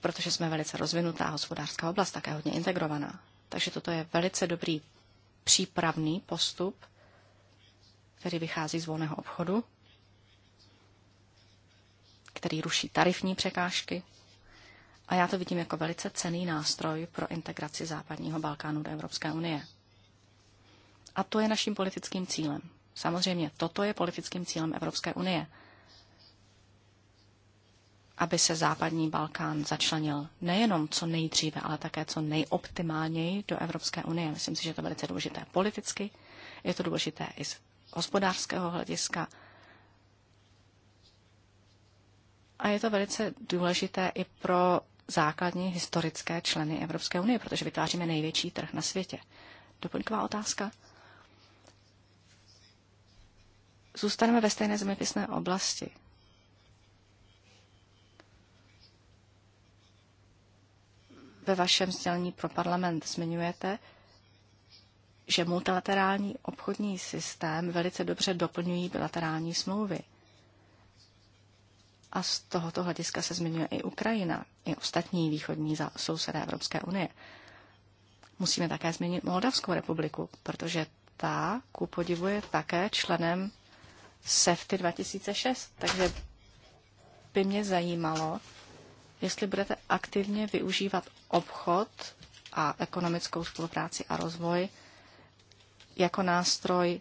Protože jsme velice rozvinutá hospodářská oblast, také hodně integrovaná. Takže toto je velice dobrý přípravný postup, který vychází z volného obchodu, který ruší tarifní překážky. A já to vidím jako velice cený nástroj pro integraci západního Balkánu do Evropské unie. A to je naším politickým cílem. Samozřejmě toto je politickým cílem Evropské unie, aby se západní Balkán začlenil nejenom co nejdříve, ale také co nejoptimálněji do Evropské unie. Myslím si, že to je velice důležité politicky, je to důležité i z hospodářského hlediska. A je to velice důležité i pro základní historické členy Evropské unie, protože vytváříme největší trh na světě. Doplňková otázka. Zůstaneme ve stejné zeměpisné oblasti. Ve vašem sdělení pro parlament zmiňujete, že multilaterální obchodní systém velice dobře doplňují bilaterální smlouvy. A z tohoto hlediska se zmiňuje i Ukrajina, i ostatní východní sousedé Evropské unie. Musíme také změnit Moldavskou republiku, protože ta, ku podivu, je také členem SEFTY 2006. Takže by mě zajímalo, jestli budete aktivně využívat obchod a ekonomickou spolupráci a rozvoj jako nástroj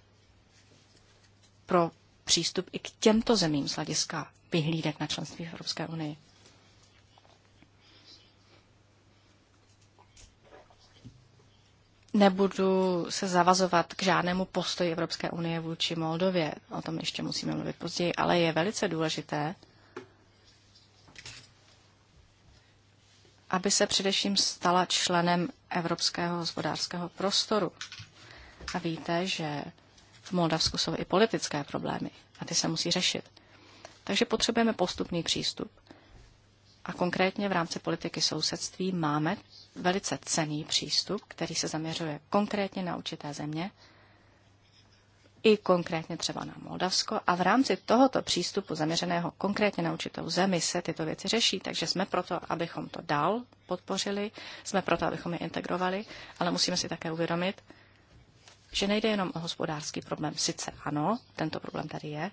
pro přístup i k těmto zemím z hlediska vyhlídek na členství v Evropské unii. Nebudu se zavazovat k žádnému postoji Evropské unie vůči Moldově, o tom ještě musíme mluvit později, ale je velice důležité, aby se především stala členem Evropského hospodářského prostoru. A víte, že v Moldavsku jsou i politické problémy a ty se musí řešit. Takže potřebujeme postupný přístup. A konkrétně v rámci politiky sousedství máme velice cený přístup, který se zaměřuje konkrétně na určité země, i konkrétně třeba na Moldavsko. A v rámci tohoto přístupu zaměřeného konkrétně na určitou zemi se tyto věci řeší. Takže jsme proto, abychom to dál podpořili, jsme proto, abychom je integrovali, ale musíme si také uvědomit, že nejde jenom o hospodářský problém. Sice ano, tento problém tady je.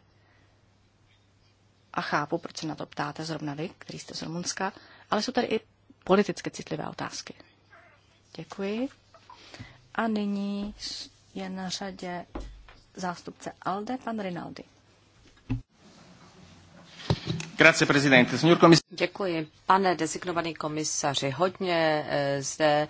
A chápu, proč se na to ptáte zrovna vy, který jste z Rumunska, ale jsou tady i politicky citlivé otázky. Děkuji. A nyní je na řadě zástupce ALDE, pan Rinaldi. Děkuji. Pane designovaný komisaři, hodně eh, zde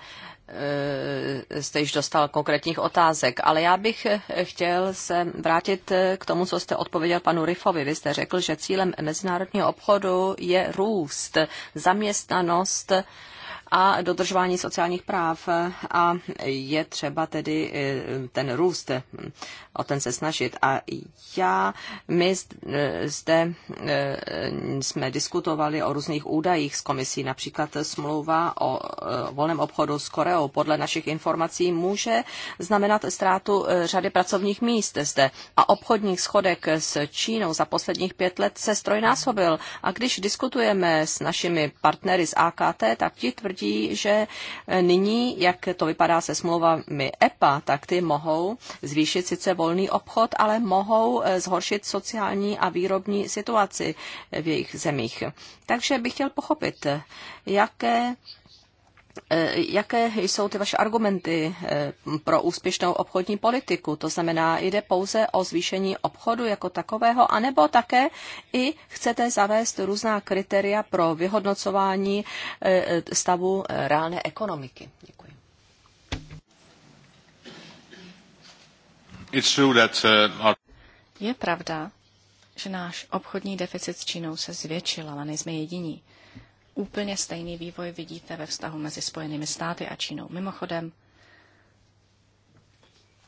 eh, jste již dostal konkrétních otázek, ale já bych eh, chtěl se vrátit k tomu, co jste odpověděl panu Rifovi. Vy jste řekl, že cílem mezinárodního obchodu je růst, zaměstnanost, a dodržování sociálních práv. A je třeba tedy eh, ten růst, eh, o ten se snažit. A já, my eh, zde jsme diskutovali o různých údajích s komisí, například smlouva o volném obchodu s Koreou podle našich informací může znamenat ztrátu řady pracovních míst zde. A obchodních schodek s Čínou za posledních pět let se strojnásobil. A když diskutujeme s našimi partnery z AKT, tak ti tvrdí, tvrdí, že nyní, jak to vypadá se smlouvami EPA, tak ty mohou zvýšit sice volný obchod, ale mohou eh, zhoršit sociální a výrobní situaci v jejich zemích. Takže bych chtěl pochopit, jaké E, jaké jsou ty vaše argumenty e, pro úspěšnou obchodní politiku? To znamená, jde pouze o zvýšení obchodu jako takového, anebo také i chcete zavést různá kritéria pro vyhodnocování e, stavu reálné ekonomiky? Děkuji. Uh, Je pravda, že náš obchodní deficit s Čínou se zvětšil, ale nejsme jediní. Úplně stejný vývoj vidíte ve vztahu mezi Spojenými státy a Čínou. Mimochodem,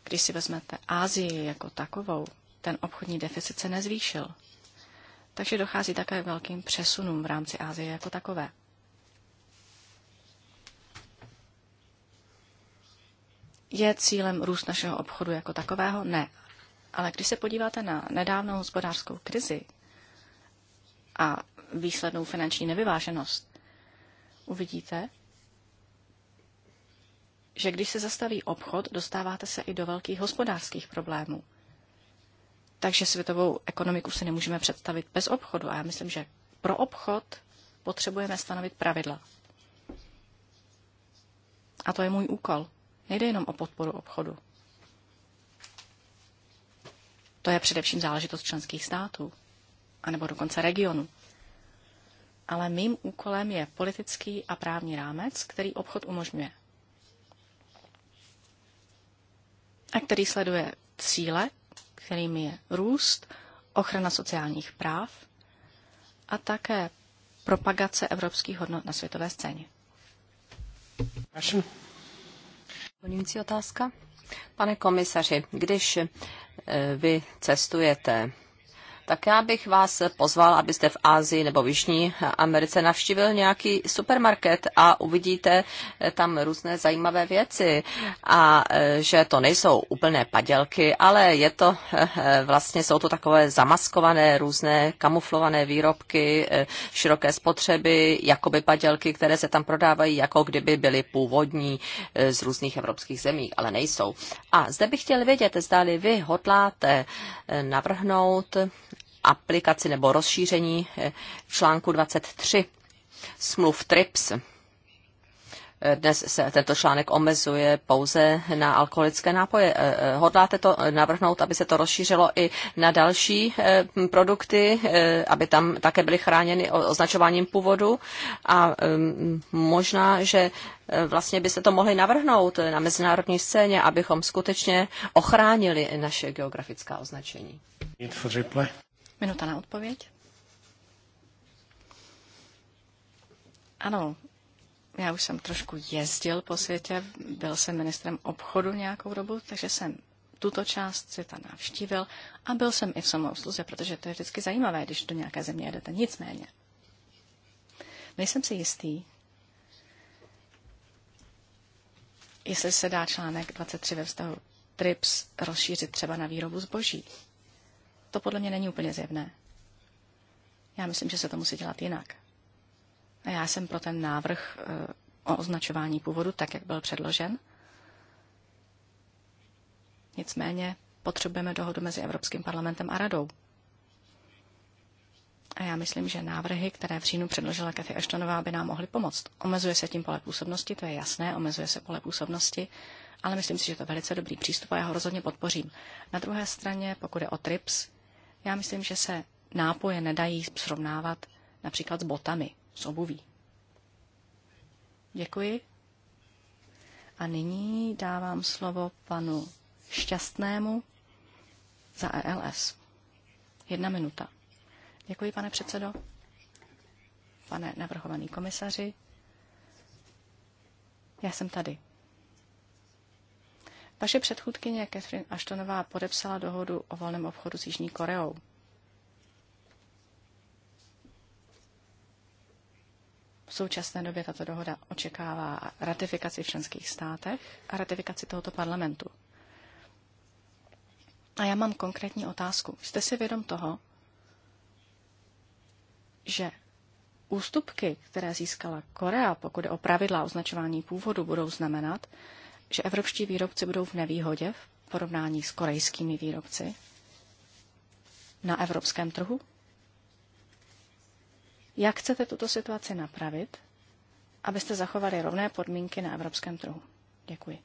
když si vezmete Ázii jako takovou, ten obchodní deficit se nezvýšil. Takže dochází také k velkým přesunům v rámci Ázie jako takové. Je cílem růst našeho obchodu jako takového? Ne. Ale když se podíváte na nedávnou hospodářskou krizi a výslednou finanční nevyváženost, uvidíte, že když se zastaví obchod, dostáváte se i do velkých hospodářských problémů. Takže světovou ekonomiku si nemůžeme představit bez obchodu. A já myslím, že pro obchod potřebujeme stanovit pravidla. A to je můj úkol. Nejde jenom o podporu obchodu. To je především záležitost členských států, anebo dokonce regionu ale mým úkolem je politický a právní rámec, který obchod umožňuje. A který sleduje cíle, kterými je růst, ochrana sociálních práv a také propagace evropských hodnot na světové scéně. Doplňující otázka. Pane komisaři, když eh, vy cestujete tak já bych vás pozval, abyste v Ázii nebo v Jižní Americe navštívil nějaký supermarket a uvidíte tam různé zajímavé věci a e, že to nejsou úplné padělky, ale je to e, e, vlastně, jsou to takové zamaskované různé kamuflované výrobky široké spotřeby, jakoby padělky, které se tam prodávají, jako kdyby byly původní z různých evropských zemí, ale nejsou. A zde bych chtěl vědět, zdali vy hodláte navrhnout aplikaci nebo rozšíření eh, článku 23 smluv TRIPS. Eh, dnes se tento článek omezuje pouze na alkoholické nápoje. Eh, hodláte to navrhnout, aby se to rozšířilo i na další produkty, aby tam také byly chráněny označováním původu a ehm, možná, že vlastně byste to mohli navrhnout na mezinárodní scéně, abychom skutečně ochránili naše geografická označení. Minuta na odpověď. Ano, já už jsem trošku jezdil po světě, byl jsem ministrem obchodu nějakou dobu, takže jsem tuto část světa navštívil a byl jsem i v samousluze, protože to je vždycky zajímavé, když do nějaké země jedete. Nicméně, nejsem si jistý, jestli se dá článek 23 ve vztahu TRIPS rozšířit třeba na výrobu zboží to podle mě není úplně zjevné. Já myslím, že se to musí dělat jinak. A já jsem pro ten návrh eh, o označování původu, tak jak byl předložen. Nicméně potřebujeme dohodu mezi Evropským parlamentem a radou. A já myslím, že návrhy, které v říjnu předložila Kathy Ashtonová, by nám mohly pomoct. Omezuje se tím pole působnosti, to je jasné, omezuje se pole působnosti, ale myslím si, že to je velice dobrý přístup a já ho rozhodně podpořím. Na druhé straně, pokud je o TRIPS, já myslím, že se nápoje nedají srovnávat například s botami, s obuví. Děkuji. A nyní dávám slovo panu Šťastnému za ELS. Jedna minuta. Děkuji, pane předsedo. Pane navrhovaný komisaři, já jsem tady. Vaše předchůdkyně Catherine Ashtonová podepsala dohodu o volném obchodu s Jižní Koreou. V současné době tato dohoda očekává ratifikaci v členských státech a ratifikaci tohoto parlamentu. A já mám konkrétní otázku. Jste si vědom toho, že ústupky, které získala Korea, pokud je o pravidla označování původu, budou znamenat, že evropští výrobci budou v nevýhodě v porovnání s korejskými výrobci na evropském trhu? Jak chcete tuto situaci napravit, abyste zachovali rovné podmínky na evropském trhu? Děkuji.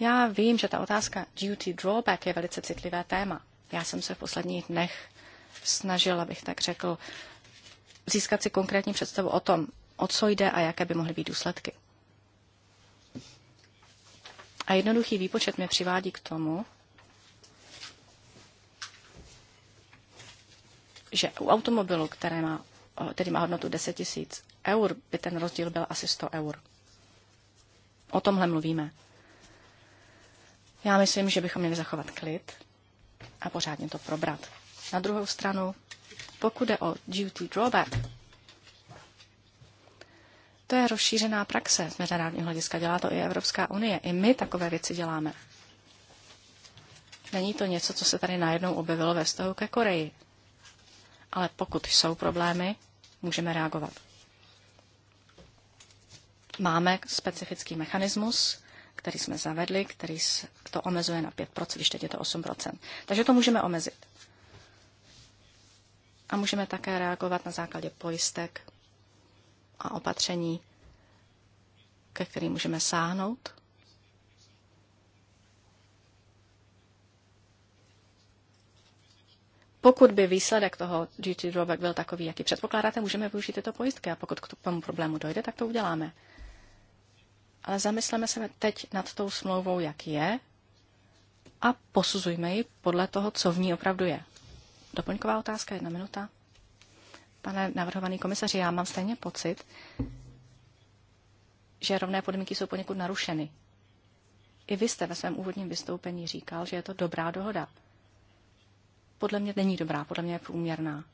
Já vím, že ta otázka duty drawback je velice citlivé téma. Já jsem se v posledních dnech snažila, bych tak řekl, získat si konkrétní představu o tom, o co jde a jaké by mohly být důsledky. A jednoduchý výpočet mě přivádí k tomu, že u automobilu, které má, který má hodnotu 10 000 eur, by ten rozdíl byl asi 100 eur. O tomhle mluvíme. Já myslím, že bychom měli zachovat klid a pořádně to probrat. Na druhou stranu, pokud jde o duty drawback, to je rozšířená praxe z mezinárodního hlediska. Dělá to i Evropská unie. I my takové věci děláme. Není to něco, co se tady najednou objevilo ve vztahu ke Koreji. Ale pokud jsou problémy, můžeme reagovat. Máme specifický mechanismus, který jsme zavedli, který to omezuje na 5%, když teď je to 8%. Takže to můžeme omezit. A můžeme také reagovat na základě pojistek a opatření, ke kterým můžeme sáhnout. Pokud by výsledek toho duty drawback byl takový, jaký předpokládáte, můžeme využít tyto pojistky a pokud k tomu problému dojde, tak to uděláme. Ale zamysleme se teď nad tou smlouvou, jak je, a posuzujme ji podle toho, co v ní opravdu je. Doplňková otázka, jedna minuta. Pane navrhovaný komisaři, já mám stejně pocit, že rovné podmínky jsou poněkud narušeny. I vy jste ve svém úvodním vystoupení říkal, že je to dobrá dohoda. Podle mě není dobrá, podle mě je průměrná.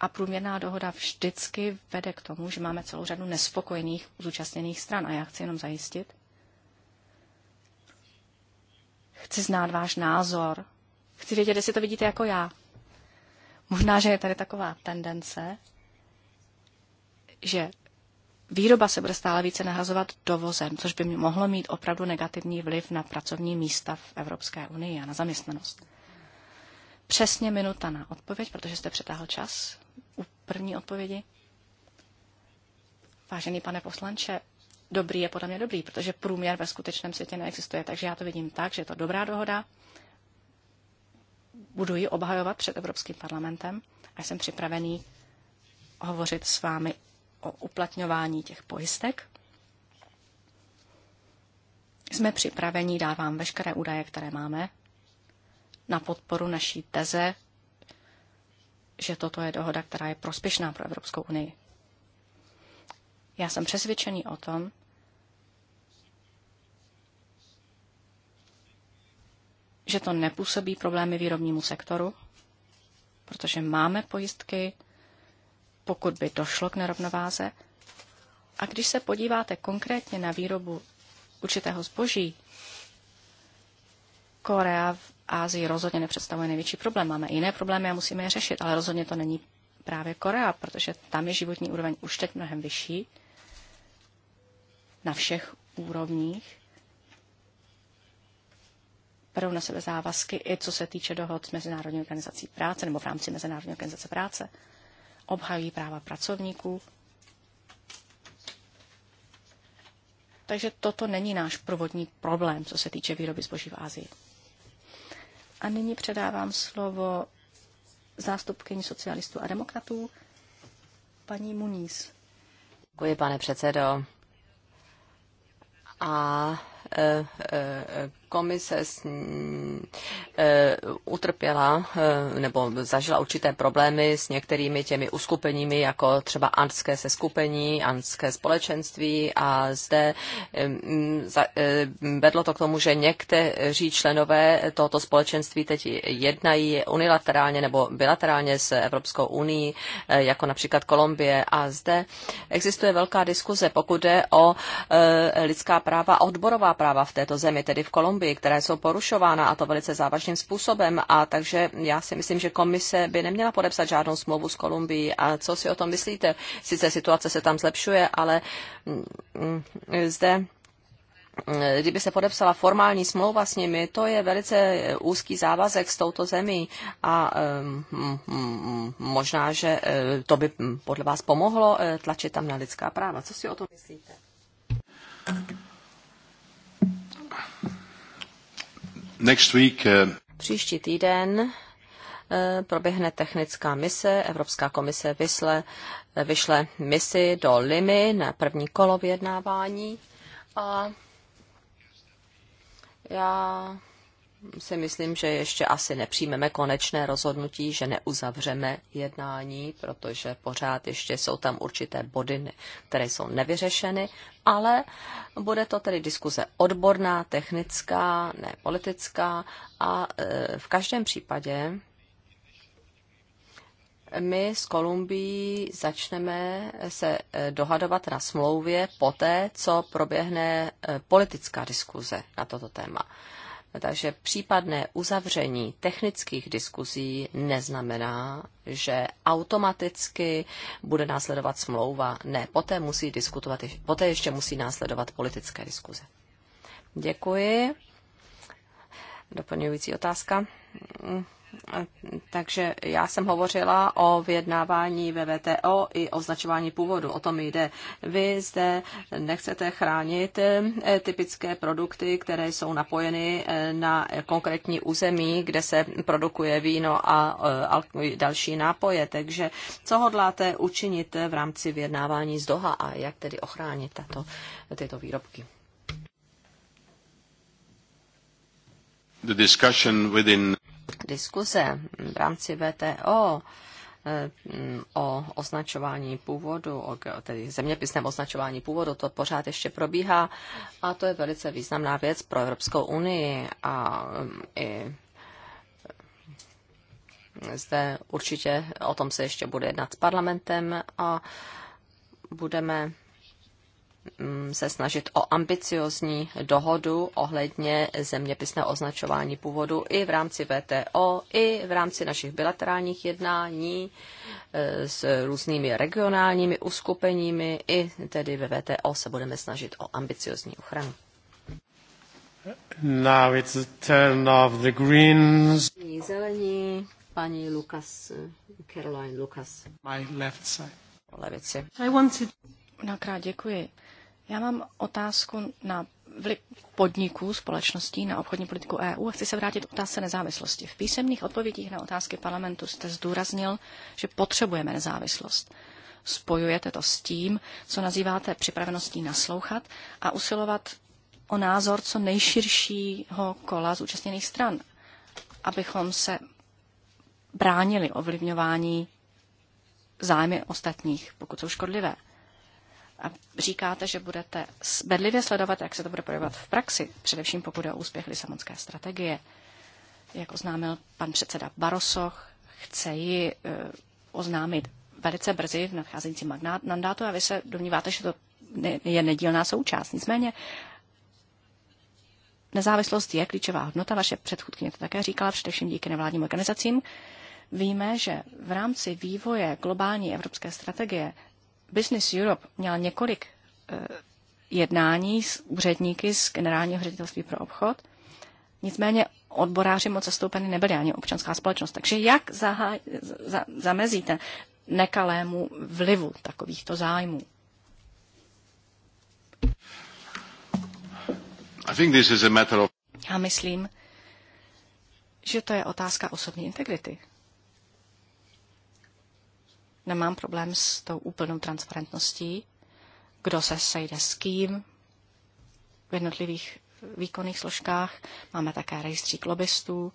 A průměrná dohoda vždycky vede k tomu, že máme celou řadu nespokojených zúčastněných stran. A já chci jenom zajistit. Chci znát váš názor Chci vědět, jestli to vidíte jako já. Možná, že je tady taková tendence, že výroba se bude stále více nahrazovat dovozem, což by mohlo mít opravdu negativní vliv na pracovní místa v Evropské unii a na zaměstnanost. Přesně minuta na odpověď, protože jste přetáhl čas u první odpovědi. Vážený pane poslanče, dobrý je podle mě dobrý, protože průměr ve skutečném světě neexistuje, takže já to vidím tak, že je to dobrá dohoda, budu ji obhajovat před Evropským parlamentem a jsem připravený hovořit s vámi o uplatňování těch pojistek. Jsme připraveni, dávám veškeré údaje, které máme, na podporu naší teze, že toto je dohoda, která je prospěšná pro Evropskou unii. Já jsem přesvědčený o tom, že to nepůsobí problémy výrobnímu sektoru, protože máme pojistky, pokud by došlo k nerovnováze. A když se podíváte konkrétně na výrobu určitého zboží, Korea v Ázii rozhodně nepředstavuje největší problém. Máme jiné problémy a musíme je řešit, ale rozhodně to není právě Korea, protože tam je životní úroveň už teď mnohem vyšší na všech úrovních berou na sebe závazky i co se týče dohod s Mezinárodní organizací práce nebo v rámci Mezinárodní organizace práce. Obhajují práva pracovníků. Takže toto není náš provodní problém, co se týče výroby zboží v Ázii. A nyní předávám slovo zástupkyni socialistů a demokratů, paní Muniz. Děkuji, pane předsedo. A Eh, eh, komise eh, utrpěla nebo zažila určité problémy s některými těmi uskupeními, jako třeba antské seskupení, antské společenství a zde vedlo to k tomu, že někteří členové tohoto společenství teď jednají unilaterálně nebo bilaterálně s Evropskou unii, jako například Kolumbie a zde existuje velká diskuze, pokud jde o lidská práva a odborová práva v této zemi, tedy v Kolumbii, které jsou porušována a to velice závažným způsobem. A takže já si myslím, že komise by neměla podepsat žádnou smlouvu s Kolumbií. A co si o tom myslíte? Sice situace se tam zlepšuje, ale mm, mm, zde mm, kdyby se podepsala formální smlouva s nimi, to je velice eh, úzký závazek s touto zemí a eh, možná, že eh, to by podle vás pomohlo tlačit tam na lidská práva. Co si o tom myslíte? Next week, uh... Příští týden eh, proběhne technická mise. Evropská komise vysle, eh, vyšle misi do Limy na první kolo vyjednávání. A já si myslím, že ještě asi nepřijmeme konečné rozhodnutí, že neuzavřeme jednání, protože pořád ještě jsou tam určité body, které jsou nevyřešeny, ale bude to tedy diskuze odborná, technická, ne politická a e, v každém případě my z Kolumbií začneme se e, dohadovat na smlouvě poté, co proběhne e, politická diskuze na toto téma. Takže případné uzavření technických diskuzí neznamená, že automaticky bude následovat smlouva. Ne, poté musí diskutovat, poté ještě musí následovat politické diskuze. Děkuji. Doplňující otázka. Takže já jsem hovořila o vyjednávání ve VTO i označování původu. O tom jde. Vy zde nechcete chránit eh, typické produkty, které jsou napojeny eh, na konkrétní území, kde se produkuje víno a eh, další nápoje. Takže co hodláte učinit v rámci vyjednávání z Doha a jak tedy ochránit tato, tyto výrobky? The discussion within diskuze v rámci VTO eh, o označování původu, o tedy zeměpisném označování původu, to pořád ještě probíhá a to je velice významná věc pro Evropskou unii a eh, i zde určitě o tom se ještě bude jednat s parlamentem a budeme Mm, se snažit o ambiciozní dohodu ohledně zeměpisného označování původu i v rámci VTO, i v rámci našich bilaterálních jednání e, s různými regionálními uskupeními, i tedy ve VTO se budeme snažit o ambiciozní ochranu. Now it's the turn of the Greens. Zelení, paní Lukas, Caroline Lukas. My left side. Levici. I wanted... Nakrát děkuji. Já mám otázku na vliv podniků, společností na obchodní politiku EU a chci se vrátit k otázce nezávislosti. V písemných odpovědích na otázky parlamentu jste zdůraznil, že potřebujeme nezávislost. Spojujete to s tím, co nazýváte připraveností naslouchat a usilovat o názor co nejširšího kola zúčastněných stran, abychom se bránili ovlivňování zájmy ostatních, pokud jsou škodlivé a říkáte, že budete bedlivě sledovat, jak se to bude projevovat v praxi, především pokud je o úspěch Lisabonské strategie. Jak oznámil pan předseda Barosoch, chce ji e, oznámit velice brzy v nadcházejícím mandátu a vy se domníváte, že to je nedílná součást. Nicméně nezávislost je klíčová hodnota, vaše předchůdkyně to také říkala, především díky nevládním organizacím. Víme, že v rámci vývoje globální evropské strategie Business Europe měl několik eh, jednání s úředníky z Generálního ředitelství pro obchod, nicméně odboráři moc zastoupeny nebyly ani občanská společnost. Takže jak zahá, za, zamezíte nekalému vlivu takovýchto zájmů? I think this is a matter of... Já myslím, že to je otázka osobní integrity. Nemám problém s tou úplnou transparentností, kdo se sejde s kým v jednotlivých výkonných složkách. Máme také rejstřík lobbystů.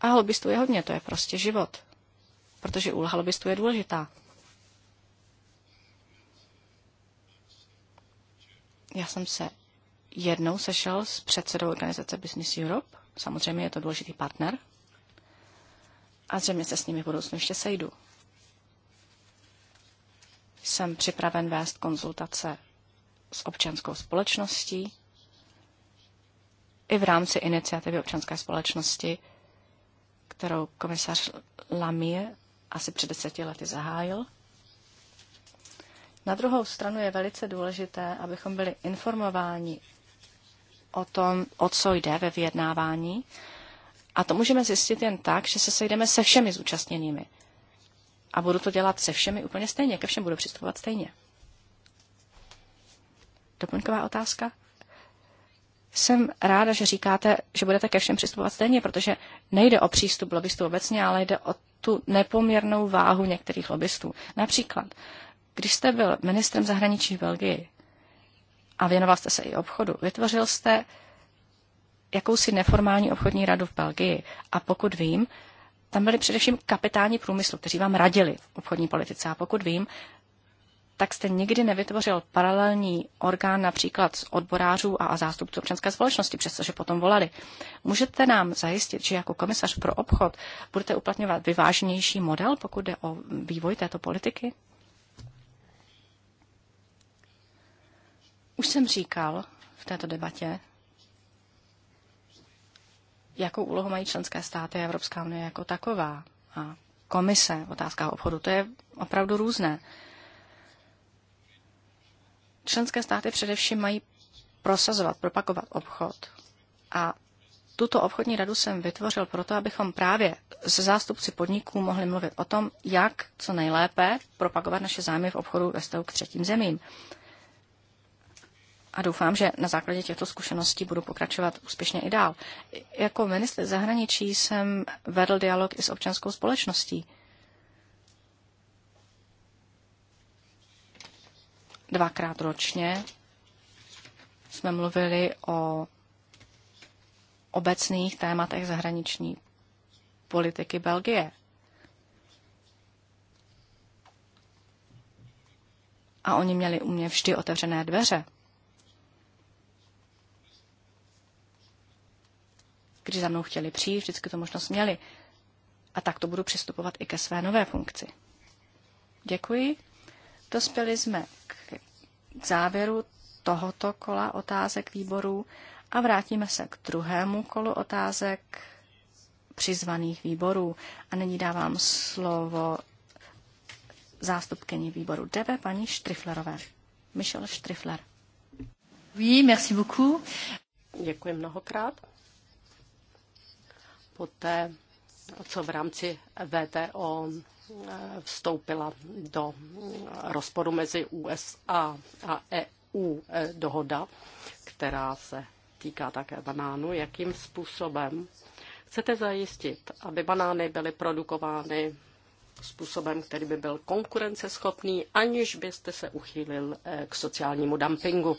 A lobbystů je hodně, to je prostě život. Protože úloha lobbystů je důležitá. Já jsem se jednou sešel s předsedou organizace Business Europe. Samozřejmě je to důležitý partner. A zřejmě se s nimi v budoucnu ještě sejdu. Jsem připraven vést konzultace s občanskou společností i v rámci iniciativy občanské společnosti, kterou komisař Lamie asi před deseti lety zahájil. Na druhou stranu je velice důležité, abychom byli informováni o tom, o co jde ve vyjednávání. A to můžeme zjistit jen tak, že se sejdeme se všemi zúčastněnými a budu to dělat se všemi úplně stejně, ke všem budu přistupovat stejně. Doplňková otázka? Jsem ráda, že říkáte, že budete ke všem přistupovat stejně, protože nejde o přístup lobbystů obecně, ale jde o tu nepoměrnou váhu některých lobbystů. Například, když jste byl ministrem zahraničí v Belgii a věnoval jste se i obchodu, vytvořil jste jakousi neformální obchodní radu v Belgii. A pokud vím, tam byli především kapitáni průmyslu, kteří vám radili v obchodní politice. A pokud vím, tak jste nikdy nevytvořil paralelní orgán například z odborářů a zástupců občanské společnosti, přestože potom volali. Můžete nám zajistit, že jako komisař pro obchod budete uplatňovat vyváženější model, pokud jde o vývoj této politiky? Už jsem říkal v této debatě, jakou úlohu mají členské státy a Evropská unie jako taková a komise v otázkách obchodu. To je opravdu různé. Členské státy především mají prosazovat, propagovat obchod. A tuto obchodní radu jsem vytvořil proto, abychom právě se zástupci podniků mohli mluvit o tom, jak co nejlépe propagovat naše zájmy v obchodu ve vztahu k třetím zemím a doufám, že na základě těchto zkušeností budu pokračovat úspěšně i dál. Jako ministr zahraničí jsem vedl dialog i s občanskou společností. Dvakrát ročně jsme mluvili o obecných tématech zahraniční politiky Belgie. A oni měli u mě vždy otevřené dveře. Když za mnou chtěli přijít, vždycky to možnost měli. A tak to budu přistupovat i ke své nové funkci. Děkuji. Dospěli jsme k závěru tohoto kola otázek výborů a vrátíme se k druhému kolu otázek přizvaných výborů. A nyní dávám slovo zástupkyni výboru DB, paní Štriflerové. Michel Štrifler. Oui, merci beaucoup. Děkuji mnohokrát poté, co v rámci VTO eh, vstoupila do rozporu mezi USA a EU eh, dohoda, která se týká také banánu, jakým způsobem chcete zajistit, aby banány byly produkovány způsobem, který by byl konkurenceschopný, aniž byste se uchýlil eh, k sociálnímu dumpingu.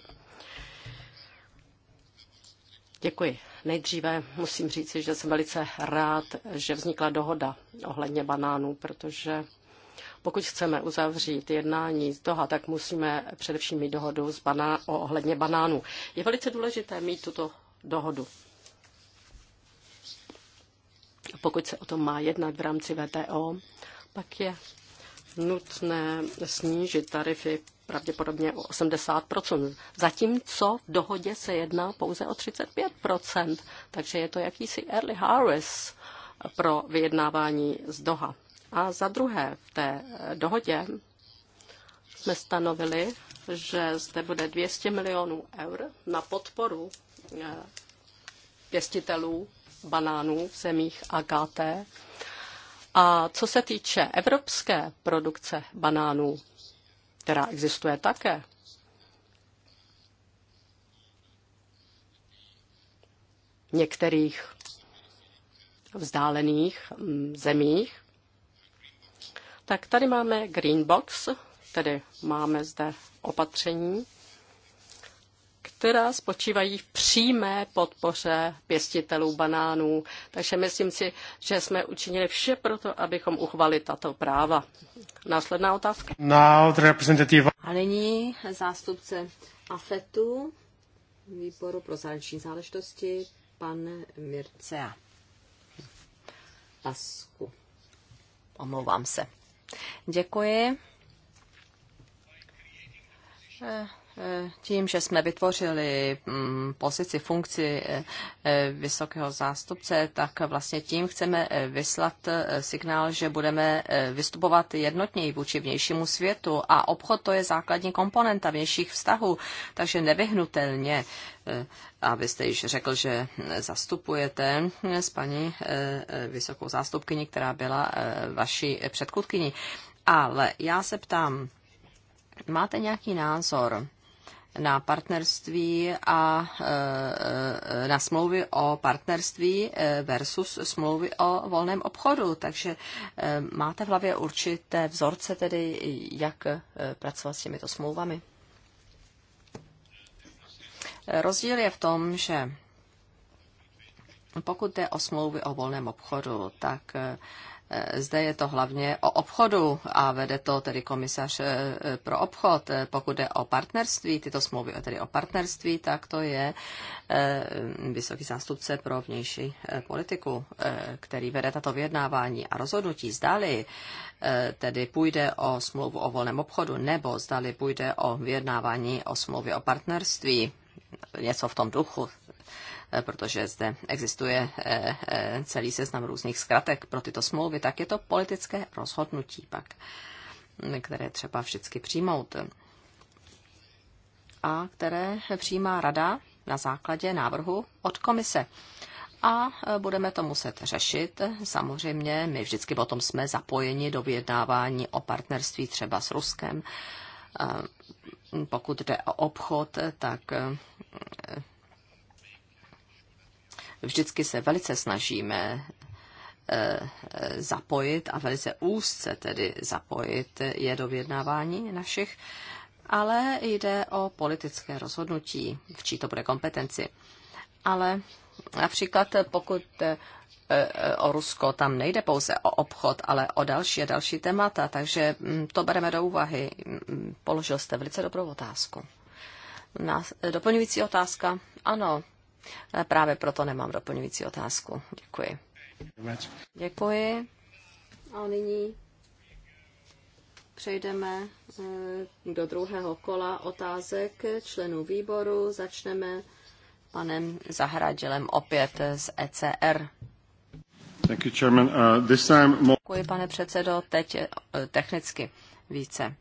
Děkuji. Nejdříve musím říct, že jsem velice rád, že vznikla dohoda ohledně banánů, protože pokud chceme uzavřít jednání z toho, tak musíme především mít dohodu z baná- ohledně banánů. Je velice důležité mít tuto dohodu. Pokud se o tom má jednat v rámci VTO, pak je nutné snížit tarify pravděpodobně o 80%, zatímco v dohodě se jedná pouze o 35%, takže je to jakýsi early harvest pro vyjednávání z Doha. A za druhé, v té dohodě jsme stanovili, že zde bude 200 milionů eur na podporu eh, pěstitelů banánů v zemích AKT. A co se týče evropské produkce banánů, která existuje také. V některých vzdálených mm, zemích. Tak tady máme Green Box, tedy máme zde opatření, která spočívají v přímé podpoře pěstitelů banánů. Takže myslím si, že jsme učinili vše pro to, abychom uchvali tato práva. Následná otázka. A nyní zástupce AFETu, výboru pro zahraniční záležitosti, pan Mircea. Pasku. Omlouvám se. Děkuji. Eh tím, že jsme vytvořili mm, pozici, funkci e, e, vysokého zástupce, tak vlastně tím chceme e, vyslat signál, že budeme vystupovat jednotněji vůči vnějšímu světu a obchod to je základní komponenta vnějších vztahů, takže nevyhnutelně a vy jste již řekl, že zastupujete s paní vysokou zástupkyní, která byla vaší předkudkyní. Ale já se ptám, máte nějaký názor na partnerství a e, e, na smlouvy o partnerství e, versus smlouvy o volném obchodu. Takže máte v hlavě určité vzorce tedy, jak pracovat s těmito smlouvami? Rozdíl je v tom, že pokud jde o smlouvy o volném obchodu, tak Eh, zde je to hlavně o obchodu a vede to tedy komisař eh, pro obchod. Eh, pokud jde o partnerství, tyto smlouvy tedy o partnerství, tak to je vysoký zástupce pro vnější politiku, který vede tato vyjednávání a rozhodnutí. Zdali tedy půjde o smlouvu o volném obchodu nebo zdali půjde o vyjednávání o smlouvě o partnerství, něco v tom duchu, Eh, protože zde existuje eh, eh, celý seznam různých zkratek pro tyto smlouvy, tak je to politické rozhodnutí pak, které třeba vždycky přijmout a které přijímá rada na základě návrhu od komise. A budeme to muset řešit. Samozřejmě, my vždycky potom jsme zapojeni do vyjednávání o partnerství třeba s Ruskem. Pokud jde o obchod, tak vždycky se velice snažíme eh, eh, zapojit a velice úzce tedy zapojit je do vyjednávání našich, ale jde o politické rozhodnutí, v čí to bude kompetenci. Ale například pokud eh, o Rusko, tam nejde pouze o obchod, ale o další a další témata, takže mm, to bereme do úvahy. Mm, položil jste velice dobrou otázku. Nás, doplňující otázka? Ano, ale právě proto nemám doplňující otázku. Děkuji. Děkuji. A nyní přejdeme eh, do druhého kola otázek členů výboru. Začneme panem Zahradilem opět z ECR. Uh, Děkuji, pane předsedo. Teď eh, technicky více.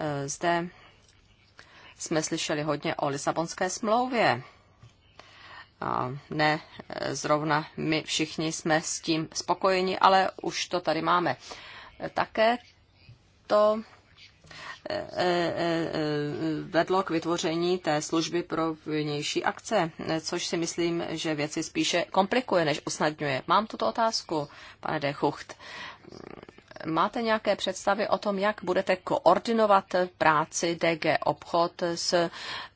Eh, zde jsme slyšeli hodně o Lisabonské smlouvě ne e, zrovna my všichni jsme s tím spokojeni, ale už to tady máme. E, také to e, vedlo k vytvoření té služby pro vnější akce, což si myslím, že věci spíše komplikuje, než usnadňuje. Mám tuto otázku, pane Dechucht máte nějaké představy o tom, jak budete koordinovat práci DG obchod s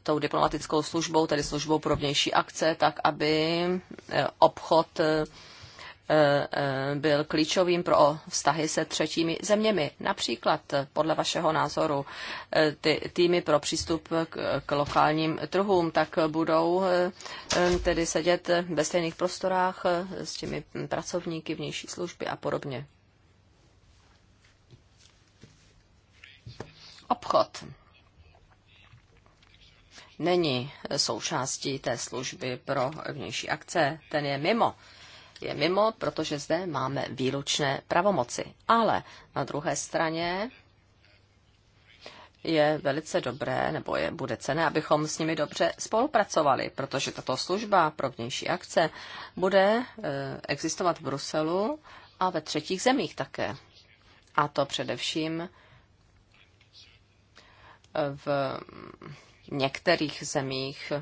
tou diplomatickou službou, tedy službou pro vnější akce, tak aby e, obchod e, e, byl klíčovým pro vztahy se třetími zeměmi. Například, podle vašeho názoru, ty týmy pro přístup k lokálním trhům, tak budou tedy sedět ve stejných prostorách s těmi pracovníky vnější služby a podobně. obchod není součástí té služby pro vnější akce, ten je mimo. Je mimo, protože zde máme výlučné pravomoci. Ale na druhé straně je velice dobré, nebo je, bude cené, abychom s nimi dobře spolupracovali, protože tato služba pro vnější akce bude eh, existovat v Bruselu a ve třetích zemích také. A to především v některých zemích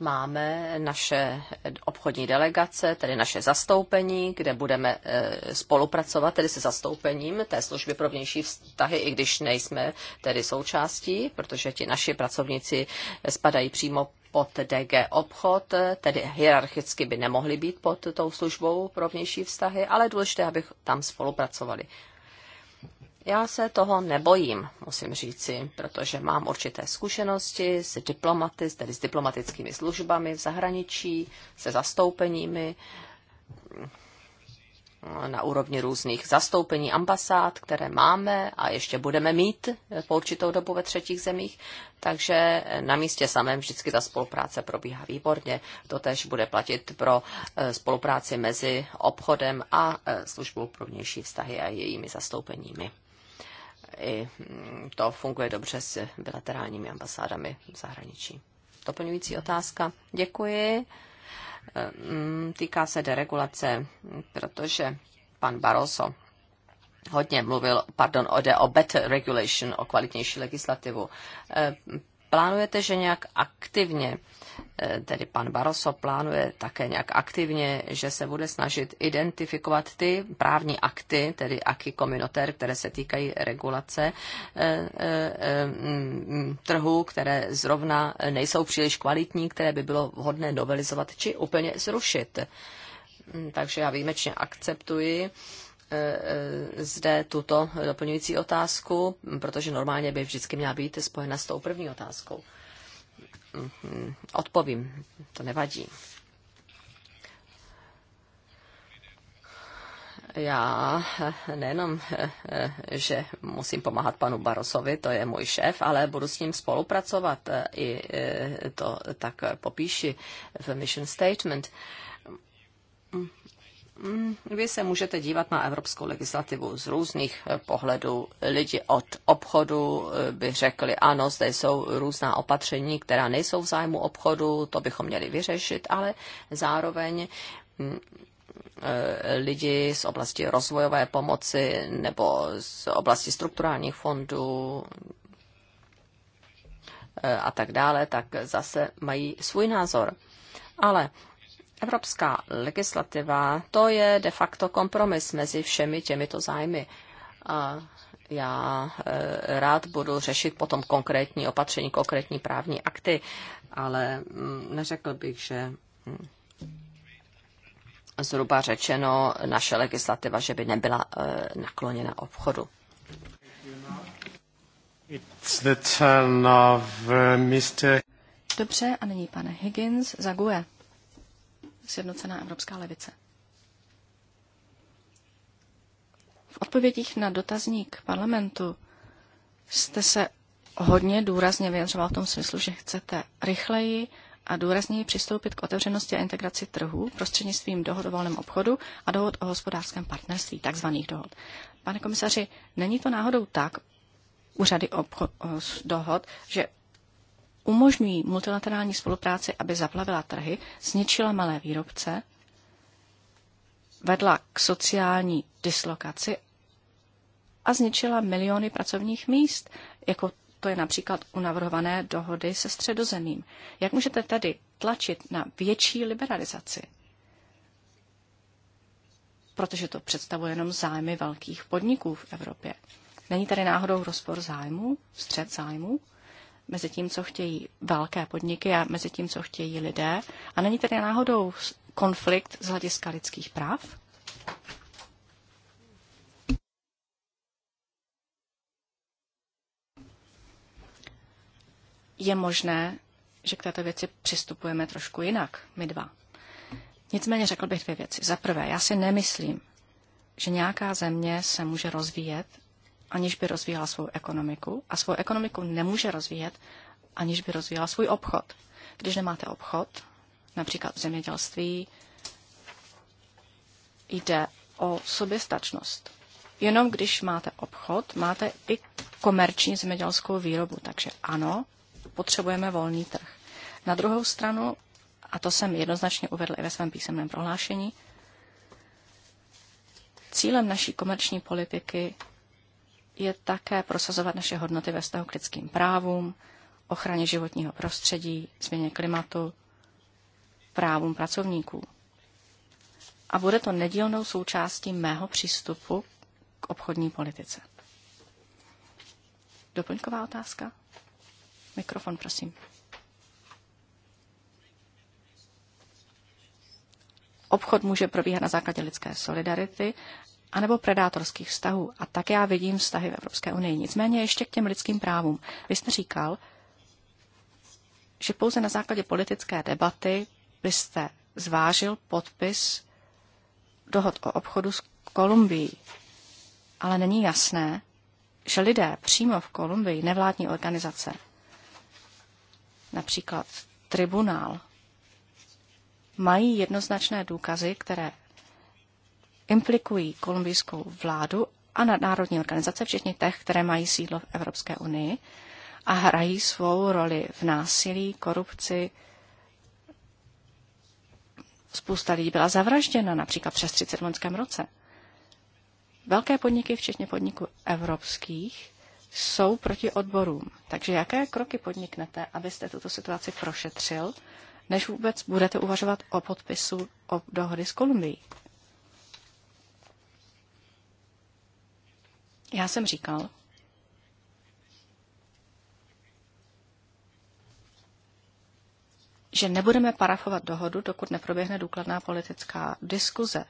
máme naše obchodní delegace, tedy naše zastoupení, kde budeme e, spolupracovat tedy se zastoupením té služby pro vnější vztahy, i když nejsme tedy součástí, protože ti naši pracovníci spadají přímo pod DG obchod, tedy hierarchicky by nemohli být pod tou službou pro vnější vztahy, ale důležité, abych tam spolupracovali. Já se toho nebojím, musím říci, protože mám určité zkušenosti s diplomaty, tedy s diplomatickými službami v zahraničí, se zastoupeními na úrovni různých zastoupení ambasád, které máme a ještě budeme mít po určitou dobu ve třetích zemích. Takže na místě samém vždycky ta spolupráce probíhá výborně. To tež bude platit pro eh, spolupráci mezi obchodem a eh, službou pro vnější vztahy a jejími zastoupeními i mm, to funguje dobře s bilaterálními ambasádami v zahraničí. Doplňující otázka. Děkuji. E, mm, týká se deregulace, protože pan Barroso hodně mluvil, pardon, o, o better regulation, o kvalitnější legislativu. E, plánujete, že nějak aktivně Eh, tedy pan Barroso plánuje také nějak aktivně, že se bude snažit identifikovat ty právní akty, tedy aky kominoter, které se týkají regulace eh, eh, mm, mm, trhu, které zrovna nejsou příliš kvalitní, které by bylo vhodné novelizovat či úplně zrušit. Mm, takže já výjimečně akceptuji zde tuto doplňující otázku, protože normálně by vždycky měla být spojena s tou první otázkou. Mhm. odpovím, to nevadí. já nejenom, že musím pomáhat panu Barosovi, to je můj šéf, ale budu s ním spolupracovat i e, to tak popíši v mission statement. Mm, vy se můžete dívat na evropskou legislativu z různých eh, pohledů. Lidi od obchodu eh, by řekli, ano, zde jsou různá opatření, která nejsou v zájmu obchodu, to bychom měli vyřešit, ale zároveň mm, eh, lidi z oblasti rozvojové pomoci nebo z oblasti strukturálních fondů a tak dále, tak zase mají svůj názor. Ale Evropská legislativa to je de facto kompromis mezi všemi těmito zájmy. A já eh, rád budu řešit potom konkrétní opatření, konkrétní právní akty, ale mm, neřekl bych, že mm, zhruba řečeno naše legislativa, že by nebyla eh, nakloněna obchodu. It's the turn of eh, Mr. Dobře, a nyní pane Higgins za GUE. Sjednocená evropská levice. V odpovědích na dotazník parlamentu jste se hodně důrazně vyjadřoval v tom smyslu, že chcete rychleji a důrazněji přistoupit k otevřenosti a integraci trhu prostřednictvím dohod o volném obchodu a dohod o hospodářském partnerství, takzvaných dohod. Pane komisaři, není to náhodou tak, úřady obcho- dohod, že umožňují multilaterální spolupráci, aby zaplavila trhy, zničila malé výrobce, vedla k sociální dislokaci a zničila miliony pracovních míst, jako to je například u navrhované dohody se středozemím. Jak můžete tedy tlačit na větší liberalizaci? Protože to představuje jenom zájmy velkých podniků v Evropě. Není tady náhodou rozpor zájmů, střed zájmů? mezi tím, co chtějí velké podniky a mezi tím, co chtějí lidé. A není tedy náhodou konflikt z hlediska lidských práv? Je možné, že k této věci přistupujeme trošku jinak, my dva. Nicméně řekl bych dvě věci. Za prvé, já si nemyslím, že nějaká země se může rozvíjet, aniž by rozvíjela svou ekonomiku. A svou ekonomiku nemůže rozvíjet, aniž by rozvíjela svůj obchod. Když nemáte obchod, například v zemědělství, jde o soběstačnost. Jenom když máte obchod, máte i komerční zemědělskou výrobu. Takže ano, potřebujeme volný trh. Na druhou stranu, a to jsem jednoznačně uvedl i ve svém písemném prohlášení, cílem naší komerční politiky je také prosazovat naše hodnoty ve vztahu k lidským právům, ochraně životního prostředí, změně klimatu, právům pracovníků. A bude to nedílnou součástí mého přístupu k obchodní politice. Doplňková otázka? Mikrofon, prosím. Obchod může probíhat na základě lidské solidarity anebo predátorských vztahů. A tak já vidím vztahy v Evropské unii. Nicméně ještě k těm lidským právům. Vy jste říkal, že pouze na základě politické debaty byste zvážil podpis dohod o obchodu s Kolumbií. Ale není jasné, že lidé přímo v Kolumbii, nevládní organizace, například tribunál, mají jednoznačné důkazy, které implikují kolumbijskou vládu a nadnárodní organizace, včetně těch, které mají sídlo v Evropské unii a hrají svou roli v násilí, korupci. Spousta lidí byla zavražděna, například přes 30 loňském roce. Velké podniky, včetně podniků evropských, jsou proti odborům. Takže jaké kroky podniknete, abyste tuto situaci prošetřil, než vůbec budete uvažovat o podpisu o dohody s Kolumbií? Já jsem říkal, že nebudeme parafovat dohodu, dokud neproběhne důkladná politická diskuze.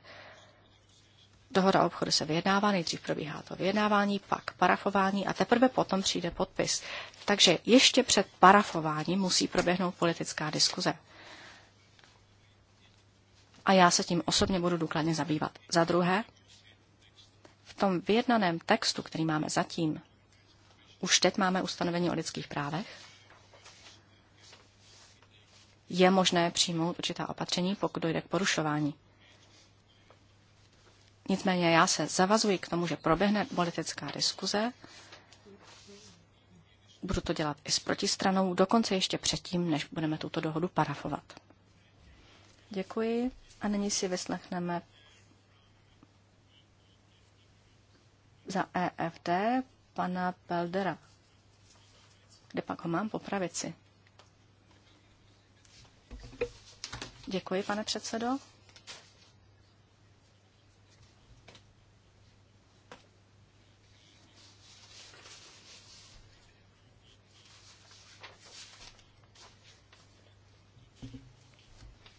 Dohoda o obchodu se vyjednává, nejdřív probíhá to vyjednávání, pak parafování a teprve potom přijde podpis. Takže ještě před parafováním musí proběhnout politická diskuze. A já se tím osobně budu důkladně zabývat. Za druhé, tom vyjednaném textu, který máme zatím, už teď máme ustanovení o lidských právech, je možné přijmout určitá opatření, pokud dojde k porušování. Nicméně já se zavazuji k tomu, že proběhne politická diskuze. Budu to dělat i s protistranou, dokonce ještě předtím, než budeme tuto dohodu parafovat. Děkuji a nyní si vyslechneme za EFT pana Peldera. Kde pak ho mám po pravici? Děkuji, pane předsedo.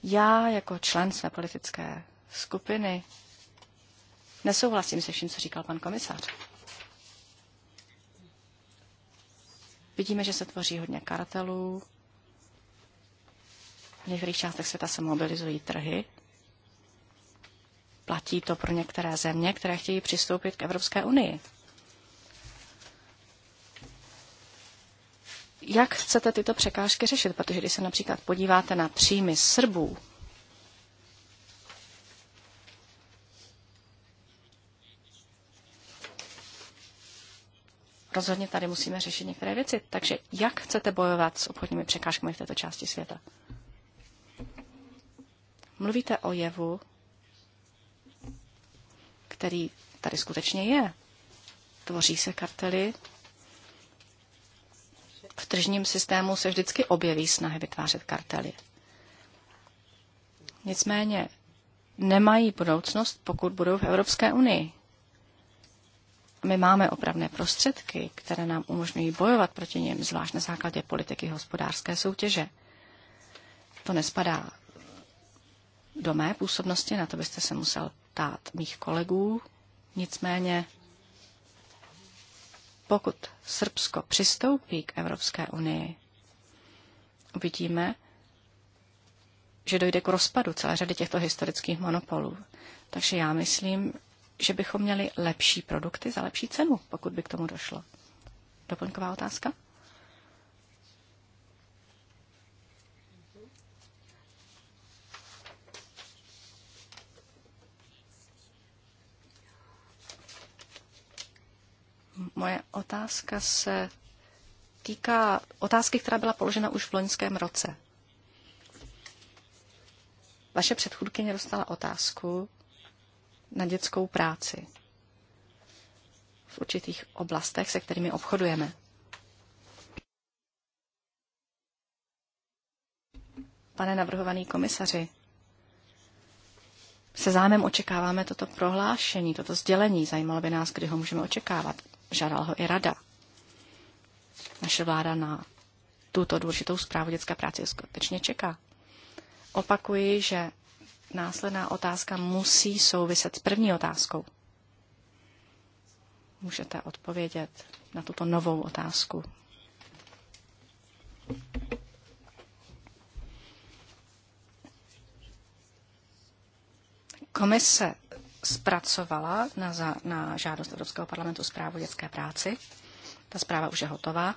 Já jako člen své politické skupiny Nesouhlasím se vším, co říkal pan komisař. Vidíme, že se tvoří hodně kartelů. V některých částech světa se mobilizují trhy. Platí to pro některé země, které chtějí přistoupit k Evropské unii. Jak chcete tyto překážky řešit? Protože když se například podíváte na příjmy Srbů rozhodně tady musíme řešit některé věci. Takže jak chcete bojovat s obchodními překážkami v této části světa? Mluvíte o jevu, který tady skutečně je. Tvoří se kartely. V tržním systému se vždycky objeví snahy vytvářet kartely. Nicméně nemají budoucnost, pokud budou v Evropské unii my máme opravné prostředky, které nám umožňují bojovat proti něm, zvlášť na základě politiky hospodářské soutěže. To nespadá do mé působnosti, na to byste se musel ptát mých kolegů. Nicméně, pokud Srbsko přistoupí k Evropské unii, uvidíme, že dojde k rozpadu celé řady těchto historických monopolů. Takže já myslím, že bychom měli lepší produkty za lepší cenu, pokud by k tomu došlo. Doplňková otázka? Moje otázka se týká otázky, která byla položena už v loňském roce. Vaše předchůdkyně dostala otázku, na dětskou práci v určitých oblastech, se kterými obchodujeme. Pane navrhovaný komisaři, se zájmem očekáváme toto prohlášení, toto sdělení. Zajímalo by nás, kdy ho můžeme očekávat. Žádal ho i rada. Naše vláda na tuto důležitou zprávu dětské práce skutečně čeká. Opakuji, že následná otázka musí souviset s první otázkou. Můžete odpovědět na tuto novou otázku. Komise zpracovala na, za, na žádost Evropského parlamentu zprávu dětské práci. Ta zpráva už je hotová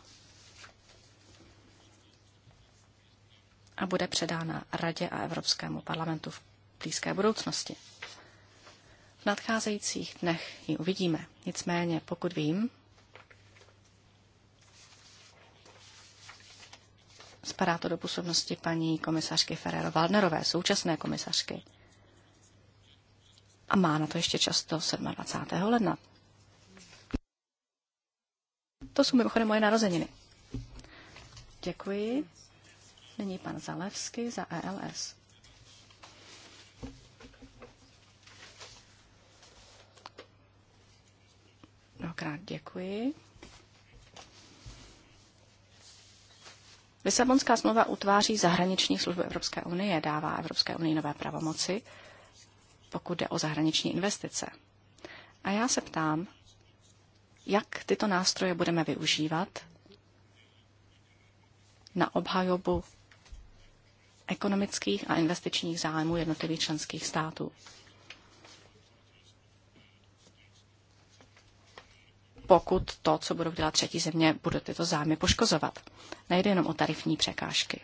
a bude předána Radě a Evropskému parlamentu v blízké budoucnosti. V nadcházejících dnech ji uvidíme. Nicméně, pokud vím, spadá to do působnosti paní komisařky Ferrero Waldnerové, současné komisařky. A má na to ještě často 27. ledna. To jsou mimochodem moje narozeniny. Děkuji. Není pan Zalevsky za ELS. Mnohokrát děkuji. Lisabonská smlouva utváří zahraniční službu Evropské unie, dává Evropské unii nové pravomoci, pokud jde o zahraniční investice. A já se ptám, jak tyto nástroje budeme využívat na obhajobu ekonomických a investičních zájmů jednotlivých členských států. pokud to, co budou dělat třetí země, bude tyto zájmy poškozovat. Nejde jenom o tarifní překážky,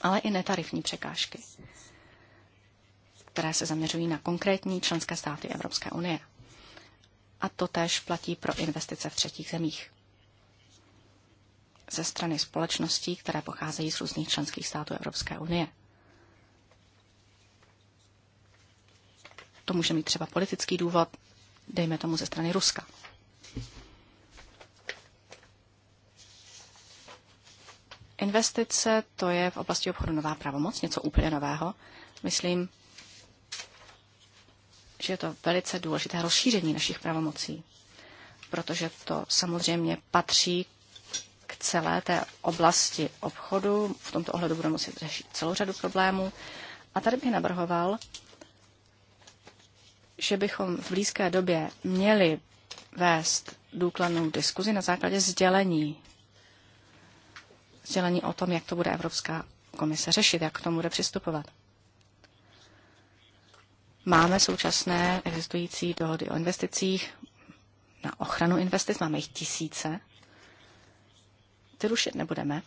ale i netarifní překážky, které se zaměřují na konkrétní členské státy Evropské unie. A to též platí pro investice v třetích zemích. Ze strany společností, které pocházejí z různých členských států Evropské unie. To může mít třeba politický důvod, dejme tomu ze strany Ruska. Investice, to je v oblasti obchodu nová pravomoc, něco úplně nového. Myslím, že je to velice důležité rozšíření našich pravomocí, protože to samozřejmě patří k celé té oblasti obchodu. V tomto ohledu budeme muset řešit celou řadu problémů. A tady bych navrhoval, že bychom v blízké době měli vést důkladnou diskuzi na základě sdělení sdělení o tom, jak to bude Evropská komise řešit, jak k tomu bude přistupovat. Máme současné existující dohody o investicích na ochranu investic, máme jich tisíce. Ty rušit nebudeme.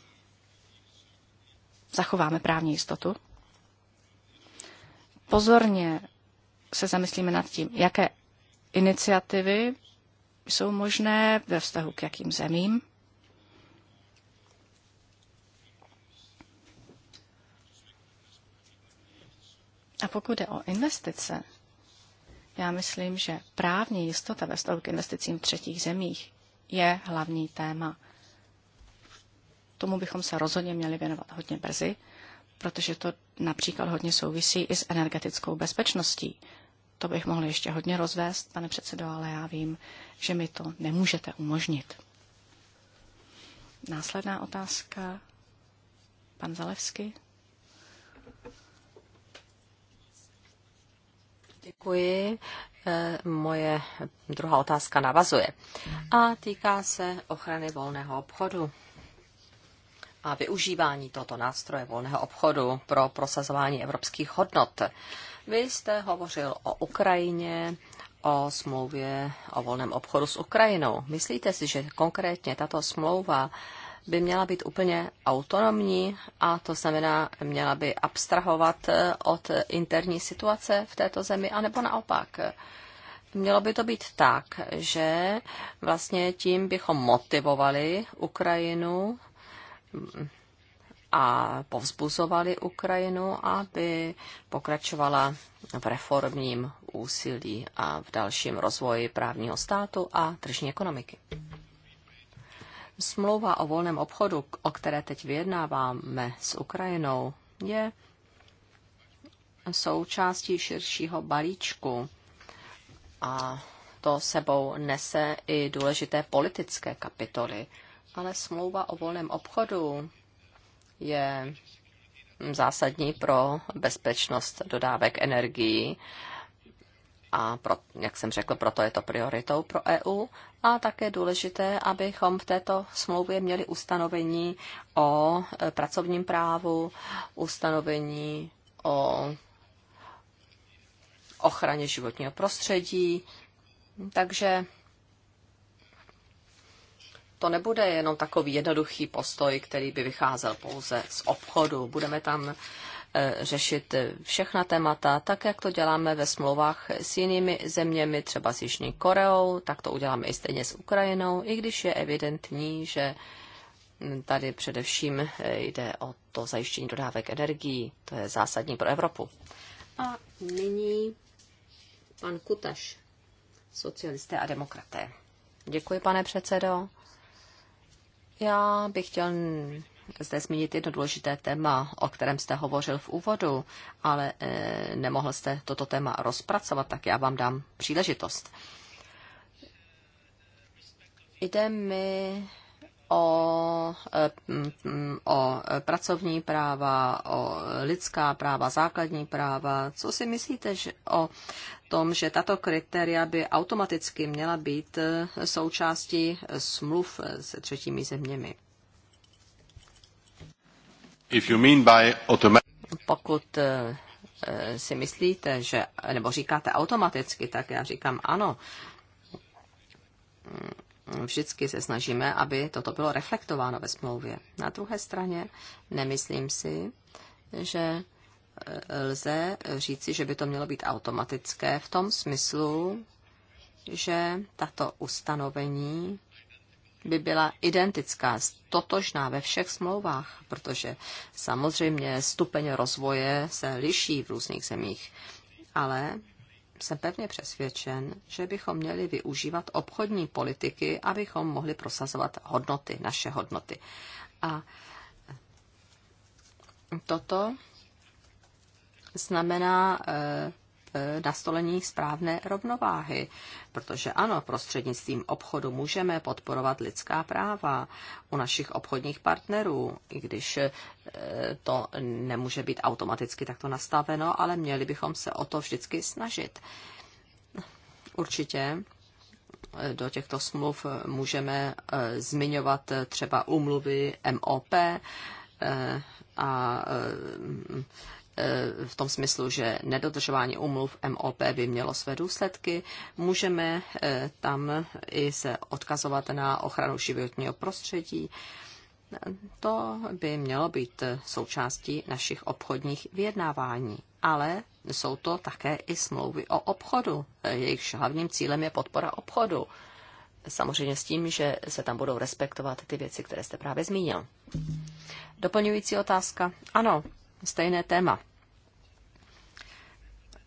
Zachováme právní jistotu. Pozorně se zamyslíme nad tím, jaké iniciativy jsou možné ve vztahu k jakým zemím. A pokud je o investice, já myslím, že právní jistota ve vztahu k investicím v třetích zemích je hlavní téma. Tomu bychom se rozhodně měli věnovat hodně brzy, protože to například hodně souvisí i s energetickou bezpečností. To bych mohl ještě hodně rozvést, pane předsedo, ale já vím, že mi to nemůžete umožnit. Následná otázka. Pan Zalevsky. Děkuji. Eh, moje druhá otázka navazuje a týká se ochrany volného obchodu a využívání tohoto nástroje volného obchodu pro prosazování evropských hodnot. Vy jste hovořil o Ukrajině, o smlouvě o volném obchodu s Ukrajinou. Myslíte si, že konkrétně tato smlouva by měla být úplně autonomní a to znamená, měla by abstrahovat eh, od interní situace v této zemi, anebo naopak. Mělo by to být tak, že vlastně tím bychom motivovali Ukrajinu mm, a povzbuzovali Ukrajinu, aby pokračovala v reformním úsilí a v dalším rozvoji právního státu a tržní ekonomiky. Smlouva o volném obchodu, o které teď vyjednáváme s Ukrajinou, je součástí širšího balíčku a to sebou nese i důležité politické kapitoly. Ale smlouva o volném obchodu je zásadní pro bezpečnost dodávek energií a pro, jak jsem řekl, proto je to prioritou pro EU a také důležité, abychom v této smlouvě měli ustanovení o e, pracovním právu, ustanovení o ochraně životního prostředí, takže to nebude jenom takový jednoduchý postoj, který by vycházel pouze z obchodu. Budeme tam Eh, řešit všechna témata, tak jak to děláme ve smlouvách s jinými zeměmi, třeba s Jižní Koreou, tak to uděláme i stejně s Ukrajinou, i když je evidentní, že tady především eh, jde o to zajištění dodávek energií. To je zásadní pro Evropu. A nyní pan Kutaš, socialisté a demokraté. Děkuji, pane předsedo. Já bych chtěl zde zmínit jedno důležité téma, o kterém jste hovořil v úvodu, ale eh, nemohl jste toto téma rozpracovat, tak já vám dám příležitost. Jde mi o, eh, o pracovní práva, o lidská práva, základní práva. Co si myslíte že o tom, že tato kritéria by automaticky měla být eh, součástí smluv se třetími zeměmi? Pokud eh, eh, si myslíte, že, nebo říkáte automaticky, tak já říkám ano. Mm, vždycky se snažíme, aby toto bylo reflektováno ve smlouvě. Na druhé straně nemyslím si, že eh, lze říci, že by to mělo být automatické v tom smyslu, že tato ustanovení by byla identická, totožná ve všech smlouvách, protože samozřejmě stupeň rozvoje se liší v různých zemích. Ale jsem pevně přesvědčen, že bychom měli využívat obchodní politiky, abychom mohli prosazovat hodnoty, naše hodnoty. A toto znamená eh, Eh, nastolení správné rovnováhy. Protože ano, prostřednictvím obchodu můžeme podporovat lidská práva u našich obchodních partnerů, i když eh, to nemůže být automaticky takto nastaveno, ale měli bychom se o to vždycky snažit. Určitě eh, do těchto smluv můžeme zmiňovat třeba umluvy MOP a Eh, v tom smyslu, že nedodržování umluv MOP by mělo své důsledky. Můžeme eh, tam i se odkazovat na ochranu životního prostředí. To by mělo být eh, součástí našich obchodních vyjednávání, ale jsou to také i smlouvy o obchodu. Jejich hlavním cílem je podpora obchodu. Samozřejmě s tím, že se tam budou respektovat ty věci, které jste právě zmínil. Doplňující otázka. Ano, stejné téma.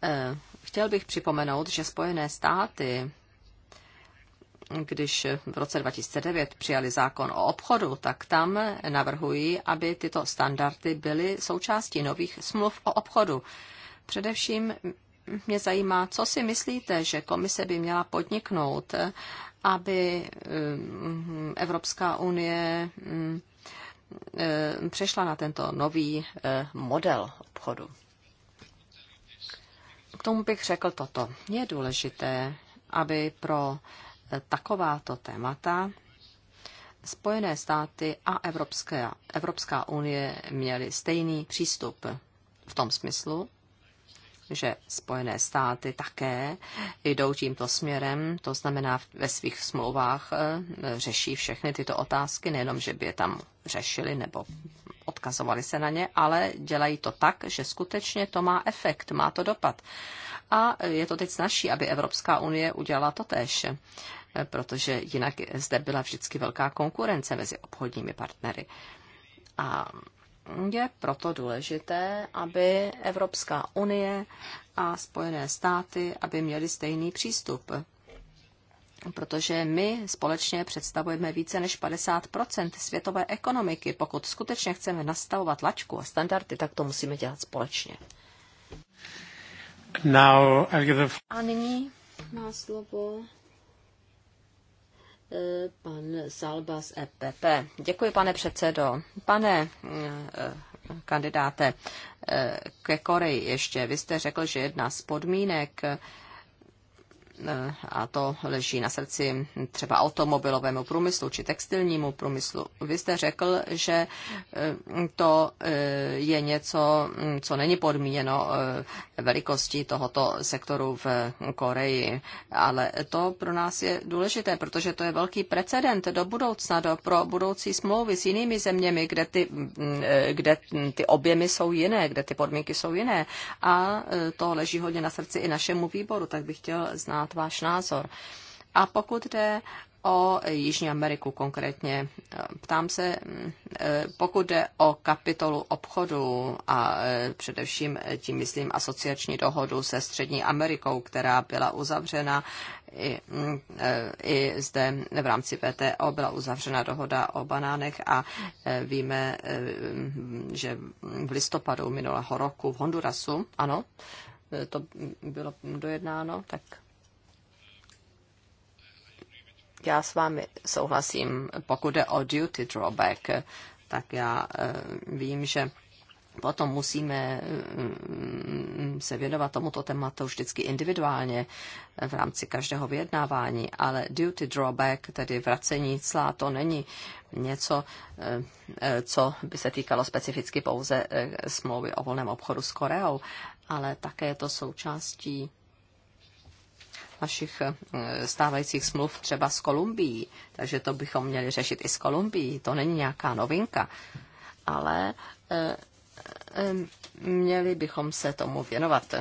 Eh, chtěl bych připomenout, že Spojené státy, když v roce 2009 přijali zákon o obchodu, tak tam navrhují, aby tyto standardy byly součástí nových smluv o obchodu. Především mě zajímá, co si myslíte, že komise by měla podniknout, aby eh, Evropská unie hm, Eh, přešla na tento nový eh, model obchodu. K tomu bych řekl toto. Je důležité, aby pro eh, takováto témata Spojené státy a Evropské, Evropská unie měly stejný přístup v tom smyslu, že Spojené státy také jdou tímto směrem, to znamená ve svých smlouvách eh, řeší všechny tyto otázky, nejenom, že by je tam řešili nebo odkazovali se na ně, ale dělají to tak, že skutečně to má efekt, má to dopad. A je to teď snažší, aby Evropská unie udělala to tež, eh, protože jinak zde byla vždycky velká konkurence mezi obchodními partnery. A je proto důležité, aby Evropská unie a Spojené státy, aby měly stejný přístup. Protože my společně představujeme více než 50 světové ekonomiky. Pokud skutečně chceme nastavovat lačku a standardy, tak to musíme dělat společně. Now, the... A nyní má slovo E, pan Salba z EPP. Děkuji, pane předsedo. Pane e, kandidáte e, ke Koreji ještě, vy jste řekl, že jedna z podmínek a to leží na srdci třeba automobilovému průmyslu či textilnímu průmyslu. Vy jste řekl, že eh, to eh, je něco, co není podmíněno eh, velikostí tohoto sektoru v Koreji, ale to pro nás je důležité, protože to je velký precedent do budoucna, do, pro budoucí smlouvy s jinými zeměmi, kde ty, mm, kde ty objemy jsou jiné, kde ty podmínky jsou jiné. A to leží hodně na srdci i našemu výboru, tak bych chtěl znát znát váš názor. A pokud jde o Jižní Ameriku konkrétně. Eh, ptám se, mm, eh, pokud jde o kapitolu obchodu a eh, především tím myslím asociační dohodu se Střední Amerikou, která byla uzavřena i, mm, i zde v rámci VTO byla uzavřena dohoda o banánech a víme, že v listopadu minulého roku v Hondurasu, ano, to bylo dojednáno, tak já s vámi souhlasím, pokud jde o duty drawback, tak já eh, vím, že potom musíme mm, se věnovat tomuto tématu vždycky individuálně v rámci každého vyjednávání, ale duty drawback, tedy vracení cla, to není něco, eh, eh, co by se týkalo specificky pouze smlouvy o volném obchodu s Koreou, ale také je to součástí našich eh, stávajících smluv třeba s Kolumbií, takže to bychom měli řešit i s Kolumbií, to není nějaká novinka, ale eh, eh, měli bychom se tomu věnovat.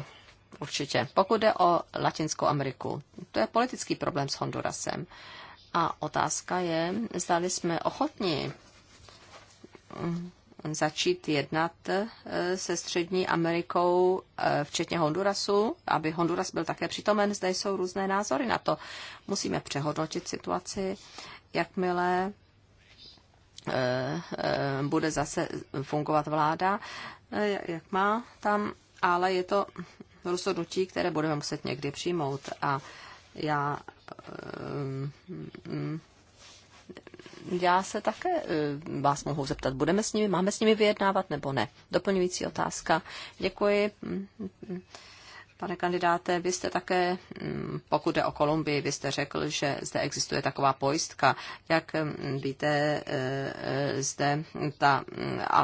Určitě. Pokud jde o Latinskou Ameriku, to je politický problém s Hondurasem. A otázka je, zdali jsme ochotní mm, začít jednat eh, se Střední Amerikou, eh, včetně Hondurasu, aby Honduras byl také přitomen. Zde jsou různé názory na to. Musíme přehodnotit situaci, jakmile eh, bude zase fungovat vláda, jak má tam, ale je to rozhodnutí, které budeme muset někdy přijmout. A já já se také eh, vás mohu zeptat, budeme s nimi, máme s nimi vyjednávat nebo ne? Doplňující otázka. Děkuji. Mm, mm, mm. Pane kandidáte, vy jste také, pokud jde o Kolumbii, vy jste řekl, že zde existuje taková pojistka. Jak víte, eh, eh, zde, ta,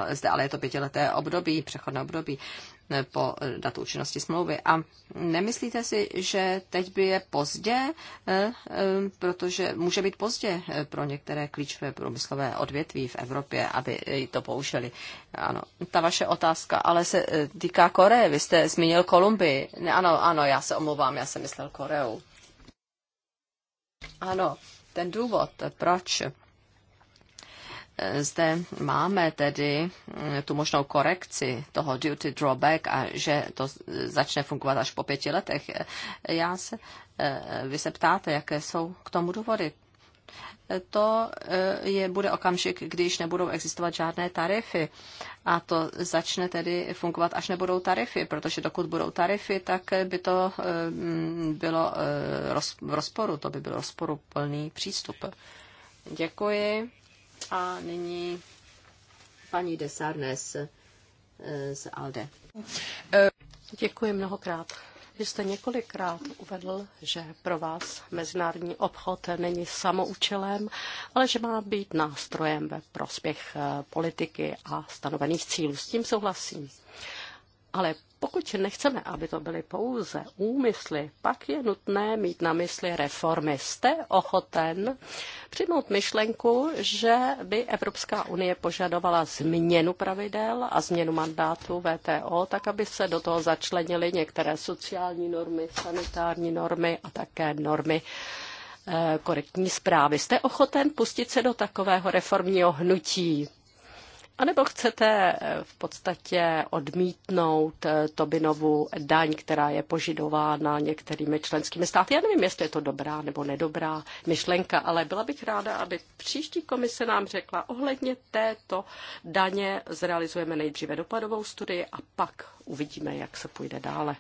zde ale je to pětileté období, přechodné období po datu účinnosti smlouvy. A nemyslíte si, že teď by je pozdě, eh, eh, protože může být pozdě eh, pro některé klíčové průmyslové odvětví v Evropě, aby to použili? Ano, ta vaše otázka ale se týká Koreje. Vy jste zmínil Kolumbii. Ne, ano, ano, já se omlouvám, já jsem myslel Koreu. Ano, ten důvod, proč zde máme tedy mm, tu možnou korekci toho duty drawback a že to začne fungovat až po pěti letech. Já se, e, vy se ptáte, jaké jsou k tomu důvody to e, je, bude okamžik, když nebudou existovat žádné tarify. A to začne tedy fungovat, až nebudou tarify, protože dokud budou tarify, tak by to e, bylo v rozporu, to by byl rozporuplný přístup. Děkuji. A nyní paní Desarnes eh, z ALDE. Eh, děkuji mnohokrát. Vy jste několikrát uvedl, že pro vás mezinárodní obchod není samoučelem, ale že má být nástrojem ve prospěch eh, politiky a stanovených cílů. S tím souhlasím. Ale pokud nechceme, aby to byly pouze úmysly, pak je nutné mít na mysli reformy. Jste ochoten přijmout myšlenku, že by Evropská unie požadovala změnu pravidel a změnu mandátu VTO, tak aby se do toho začlenily některé sociální normy, sanitární normy a také normy eh, korektní zprávy. Jste ochoten pustit se do takového reformního hnutí? anebo chcete eh, v podstatě odmítnout eh, Tobinovu daň, která je požidována některými členskými státy. Já nevím, jestli je to dobrá nebo nedobrá myšlenka, ale byla bych ráda, aby příští komise nám řekla ohledně této daně zrealizujeme nejdříve dopadovou studii a pak uvidíme, jak se půjde dále.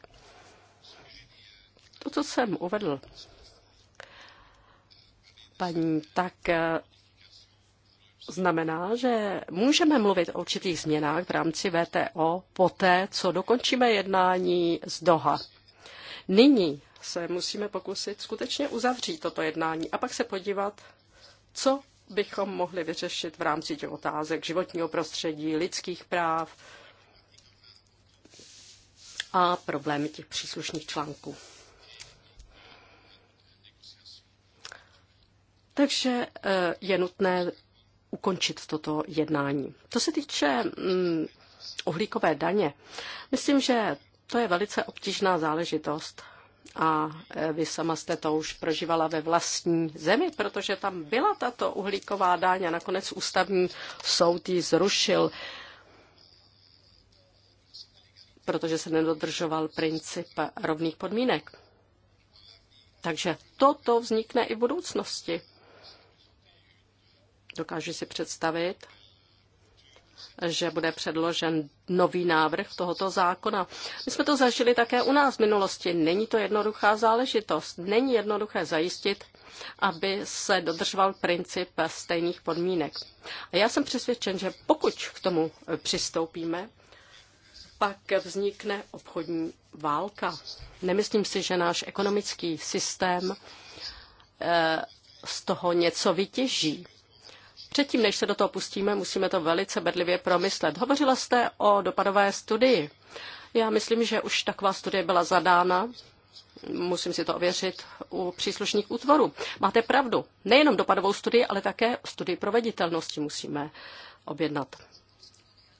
To, co jsem uvedl, paní, tak eh, znamená, že můžeme mluvit o určitých změnách v rámci VTO poté, co dokončíme jednání z Doha. Nyní se musíme pokusit skutečně uzavřít toto jednání a pak se podívat, co bychom mohli vyřešit v rámci těch otázek životního prostředí, lidských práv a problémy těch příslušných článků. Takže eh, je nutné ukončit toto jednání. Co se týče mm, uhlíkové daně, myslím, že to je velice obtížná záležitost a e, vy sama jste to už prožívala ve vlastní zemi, protože tam byla tato uhlíková daň a nakonec ústavní soud ji zrušil, protože se nedodržoval princip rovných podmínek. Takže toto vznikne i v budoucnosti. Dokážu si představit, že bude předložen nový návrh tohoto zákona. My jsme to zažili také u nás v minulosti. Není to jednoduchá záležitost. Není jednoduché zajistit, aby se dodržoval princip stejných podmínek. A já jsem přesvědčen, že pokud k tomu přistoupíme, pak vznikne obchodní válka. Nemyslím si, že náš ekonomický systém eh, z toho něco vytěží. Předtím, než se do toho pustíme, musíme to velice bedlivě promyslet. Hovořila jste o dopadové studii. Já myslím, že už taková studie byla zadána. Musím si to ověřit u příslušných útvorů. Máte pravdu. Nejenom dopadovou studii, ale také studii proveditelnosti musíme objednat.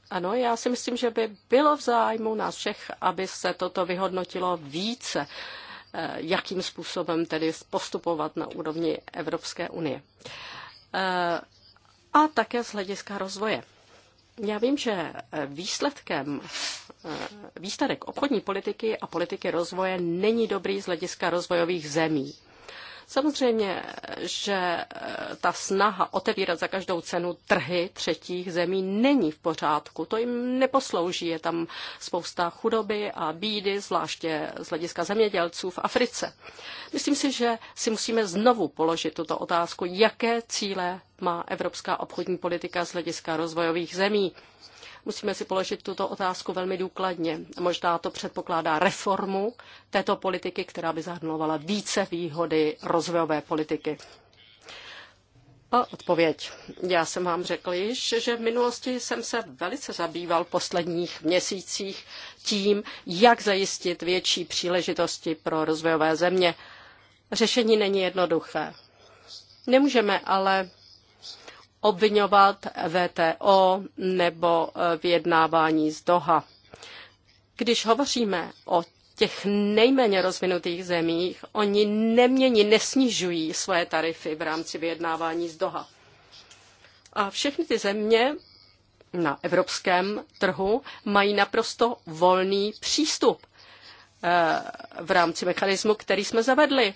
Ano, já si myslím, že by bylo v zájmu nás všech, aby se toto vyhodnotilo více, eh, jakým způsobem tedy postupovat na úrovni Evropské unie. Eh, a také z hlediska rozvoje. Já vím, že výsledkem, eh, výsledek obchodní politiky a politiky rozvoje není dobrý z hlediska rozvojových zemí. Samozřejmě, že e, ta snaha otevírat za každou cenu trhy třetích zemí není v pořádku. To jim neposlouží. Je tam spousta chudoby a bídy, zvláště z hlediska zemědělců v Africe. Myslím si, že si musíme znovu položit tuto otázku, jaké cíle má evropská obchodní politika z hlediska rozvojových zemí. Musíme si položit tuto otázku velmi důkladně. Možná to předpokládá reformu této politiky, která by zahrnovala více výhody rozvojové politiky. A odpověď. Já jsem vám řekl již, že v minulosti jsem se velice zabýval v posledních měsících tím, jak zajistit větší příležitosti pro rozvojové země. Řešení není jednoduché. Nemůžeme ale obvinovat VTO nebo e, vyjednávání z Doha. Když hovoříme o těch nejméně rozvinutých zemích, oni nemění, nesnižují své tarify v rámci vyjednávání z Doha. A všechny ty země na evropském trhu mají naprosto volný přístup e, v rámci mechanismu, který jsme zavedli.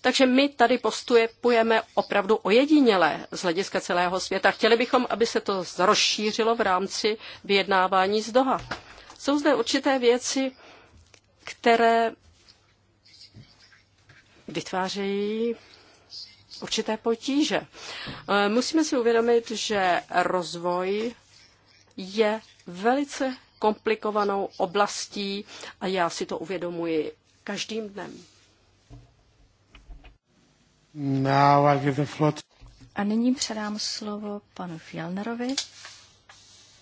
Takže my tady postupujeme opravdu ojedinělé z hlediska celého světa. Chtěli bychom, aby se to rozšířilo v rámci vyjednávání z Doha. Jsou zde určité věci, které vytvářejí určité potíže. Eh, musíme si uvědomit, že rozvoj je velice komplikovanou oblastí a já si to uvědomuji každým dnem. Now I'll give the floor A nyní předám slovo panu Fjellnerovi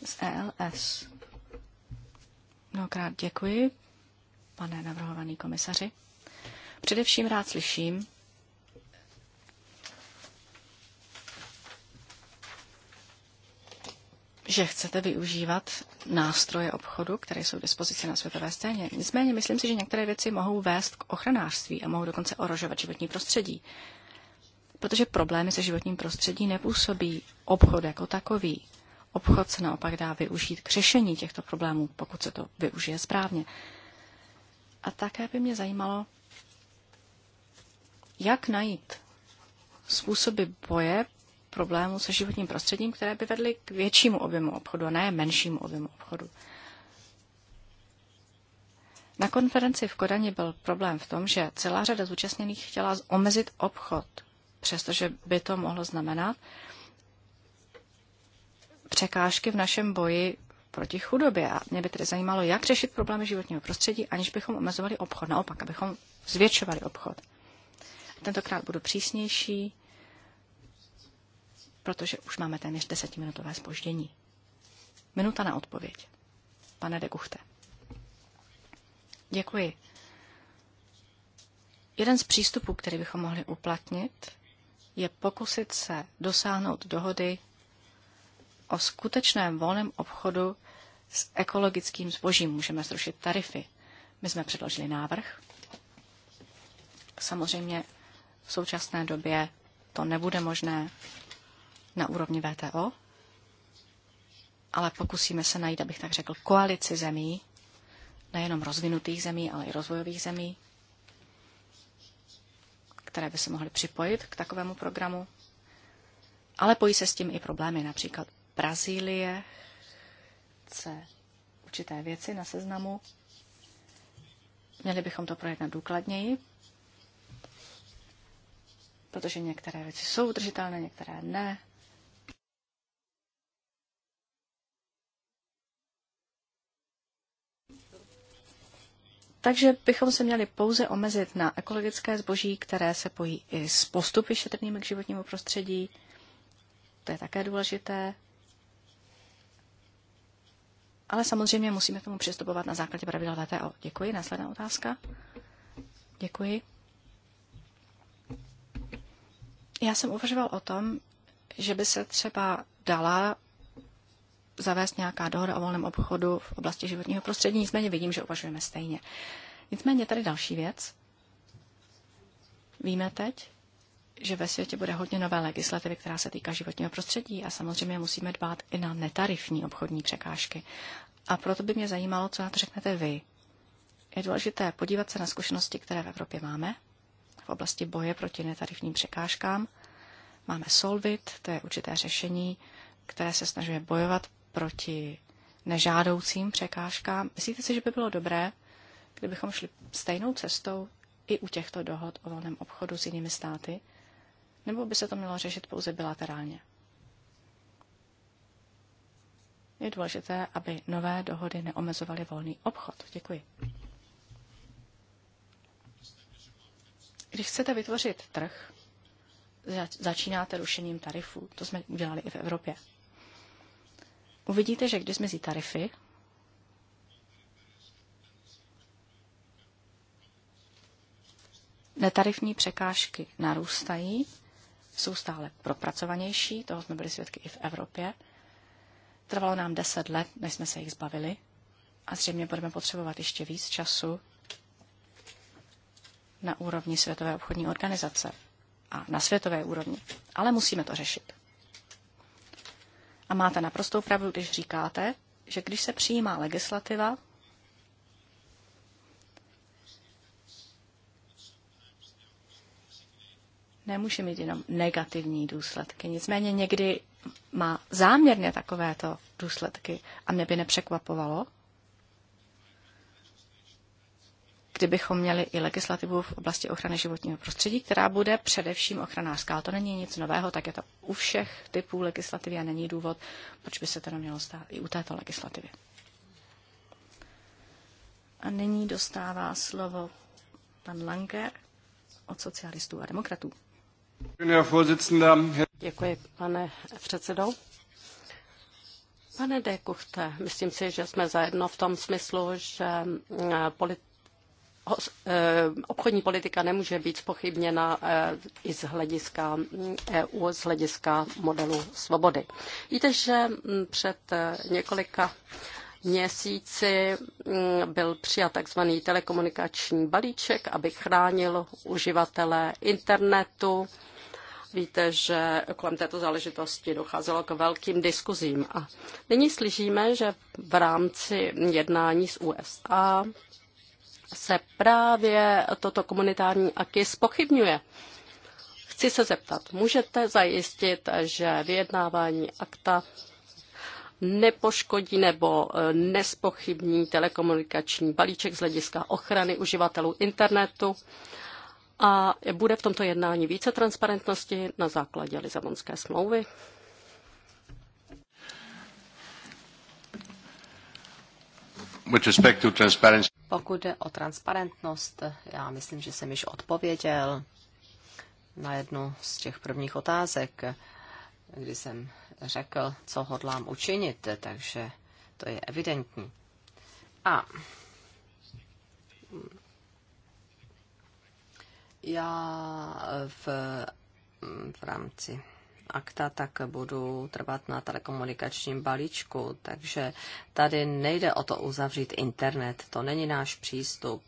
z ELS. Mnohokrát děkuji, pane navrhovaný komisaři. Především rád slyším, že chcete využívat nástroje obchodu, které jsou k dispozici na světové scéně. Nicméně myslím si, že některé věci mohou vést k ochranářství a mohou dokonce orožovat životní prostředí. Protože problémy se životním prostředí nepůsobí obchod jako takový. Obchod se naopak dá využít k řešení těchto problémů, pokud se to využije správně. A také by mě zajímalo, jak najít způsoby boje problémů se životním prostředím, které by vedly k většímu objemu obchodu a ne menšímu objemu obchodu. Na konferenci v Kodani byl problém v tom, že celá řada zúčastněných chtěla omezit obchod přestože by to mohlo znamenat překážky v našem boji proti chudobě. A mě by tedy zajímalo, jak řešit problémy životního prostředí, aniž bychom omezovali obchod. Naopak, abychom zvětšovali obchod. Tentokrát budu přísnější, protože už máme téměř desetiminutové spoždění. Minuta na odpověď. Pane de Guchte. Děkuji. Jeden z přístupů, který bychom mohli uplatnit, je pokusit se dosáhnout dohody o skutečném volném obchodu s ekologickým zbožím. Můžeme zrušit tarify. My jsme předložili návrh. Samozřejmě v současné době to nebude možné na úrovni VTO, ale pokusíme se najít, abych tak řekl, koalici zemí, nejenom rozvinutých zemí, ale i rozvojových zemí, které by se mohly připojit k takovému programu. Ale pojí se s tím i problémy. Například Brazílie chce určité věci na seznamu. Měli bychom to projednat důkladněji, protože některé věci jsou udržitelné, některé ne. Takže bychom se měli pouze omezit na ekologické zboží, které se pojí i s postupy šetrnými k životnímu prostředí. To je také důležité. Ale samozřejmě musíme k tomu přistupovat na základě pravidel VTO. Děkuji. Následná otázka. Děkuji. Já jsem uvažoval o tom, že by se třeba dala zavést nějaká dohoda o volném obchodu v oblasti životního prostředí, nicméně vidím, že uvažujeme stejně. Nicméně tady další věc. Víme teď, že ve světě bude hodně nové legislativy, která se týká životního prostředí a samozřejmě musíme dbát i na netarifní obchodní překážky. A proto by mě zajímalo, co na to řeknete vy. Je důležité podívat se na zkušenosti, které v Evropě máme v oblasti boje proti netarifním překážkám. Máme Solvit, to je určité řešení, které se snažuje bojovat proti nežádoucím překážkám. Myslíte si, že by bylo dobré, kdybychom šli stejnou cestou i u těchto dohod o volném obchodu s jinými státy, nebo by se to mělo řešit pouze bilaterálně? Je důležité, aby nové dohody neomezovaly volný obchod. Děkuji. Když chcete vytvořit trh, začínáte rušením tarifů. To jsme udělali i v Evropě uvidíte, že když zmizí tarify, netarifní překážky narůstají, jsou stále propracovanější, toho jsme byli svědky i v Evropě. Trvalo nám deset let, než jsme se jich zbavili a zřejmě budeme potřebovat ještě víc času na úrovni Světové obchodní organizace a na světové úrovni. Ale musíme to řešit. A máte naprostou pravdu, když říkáte, že když se přijímá legislativa, nemůže mít jenom negativní důsledky. Nicméně někdy má záměrně takovéto důsledky a mě by nepřekvapovalo, kdybychom měli i legislativu v oblasti ochrany životního prostředí, která bude především ochranářská. Ale to není nic nového, tak je to u všech typů legislativy a není důvod, proč by se to nemělo stát i u této legislativy. A nyní dostává slovo pan Langer od socialistů a demokratů. Děkuji, pane předsedo. Pane Dekuchte, myslím si, že jsme zajedno v tom smyslu, že Eh, obchodní politika nemůže být spochybněna eh, i z hlediska mm, EU, z hlediska modelu svobody. Víte, že mm, před eh, několika měsíci mm, byl přijat tzv. telekomunikační balíček, aby chránil uživatele internetu. Víte, že kolem této záležitosti docházelo k velkým diskuzím. A nyní slyšíme, že v rámci jednání s USA se právě toto komunitární aky spochybňuje. Chci se zeptat, můžete zajistit, že vyjednávání akta nepoškodí nebo e, nespochybní telekomunikační balíček z hlediska ochrany uživatelů internetu a bude v tomto jednání více transparentnosti na základě Lizabonské smlouvy? Pokud jde o transparentnost, já myslím, že jsem již odpověděl na jednu z těch prvních otázek, kdy jsem řekl, co hodlám učinit, takže to je evidentní. A já v, v rámci akta, tak budu trvat na telekomunikačním balíčku. Takže tady nejde o to uzavřít internet, to není náš přístup.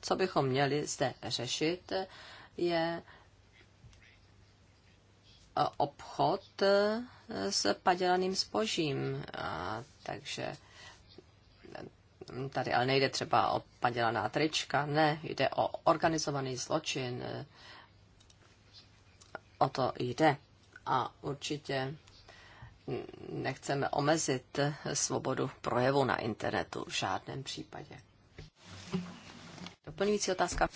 Co bychom měli zde řešit, je obchod s padělaným spožím. A, takže tady ale nejde třeba o padělaná trička, ne, jde o organizovaný zločin. O to jde a určitě nechceme omezit svobodu projevu na internetu v žádném případě. Doplňující otázka.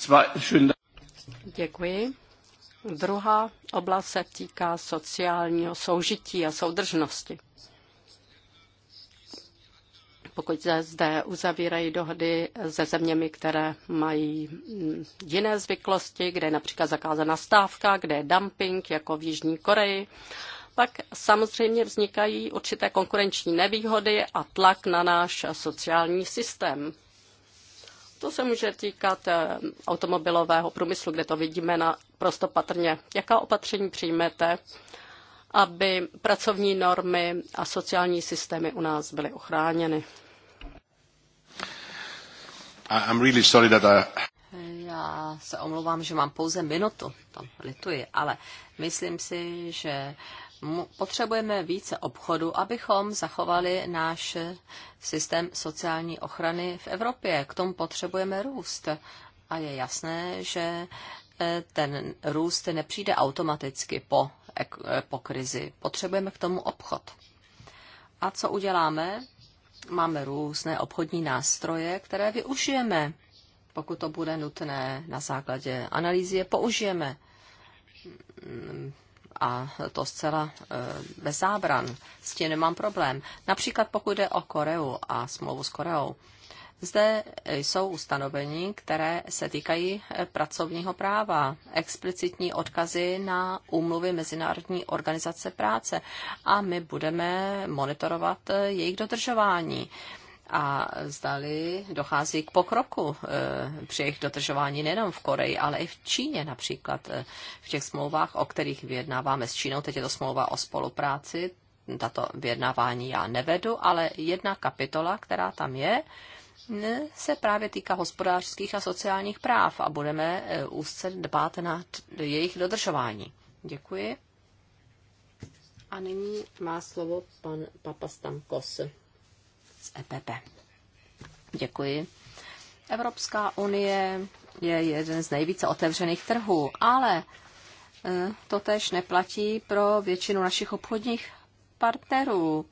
Děkuji. Druhá oblast se týká sociálního soužití a soudržnosti pokud se zde uzavírají dohody se zeměmi, které mají mm, jiné zvyklosti, kde je například zakázaná stávka, kde je dumping, jako v Jižní Koreji, pak samozřejmě vznikají určité konkurenční nevýhody a tlak na náš sociální systém. To se může týkat eh, automobilového průmyslu, kde to vidíme na prosto patrně. Jaká opatření přijmete, aby pracovní normy a sociální systémy u nás byly ochráněny? I'm really sorry that I... Já se omlouvám, že mám pouze minutu, to lituji, ale myslím si, že potřebujeme více obchodu, abychom zachovali náš systém sociální ochrany v Evropě. K tomu potřebujeme růst. A je jasné, že eh, ten růst nepřijde automaticky po, eh, po krizi. Potřebujeme k tomu obchod. A co uděláme? Máme různé obchodní nástroje, které využijeme, pokud to bude nutné na základě analýzy, je použijeme. Mm, a to zcela e, bez zábran. S tím nemám problém. Například pokud jde o Koreu a smlouvu s Koreou. Zde jsou ustanovení, které se týkají eh, pracovního práva, explicitní odkazy na úmluvy Mezinárodní organizace práce a my budeme monitorovat eh, jejich dodržování a zdali dochází k pokroku eh, při jejich dodržování nejenom v Koreji, ale i v Číně například v těch smlouvách, o kterých vyjednáváme s Čínou. Teď je to smlouva o spolupráci, tato vyjednávání já nevedu, ale jedna kapitola, která tam je, se právě týká hospodářských a sociálních práv a budeme eh, úzce dbát na jejich dodržování. Děkuji. A nyní má slovo pan Papastamkos z EPP. Děkuji. Evropská unie je jeden z nejvíce otevřených trhů, ale eh, to tež neplatí pro většinu našich obchodních partnerů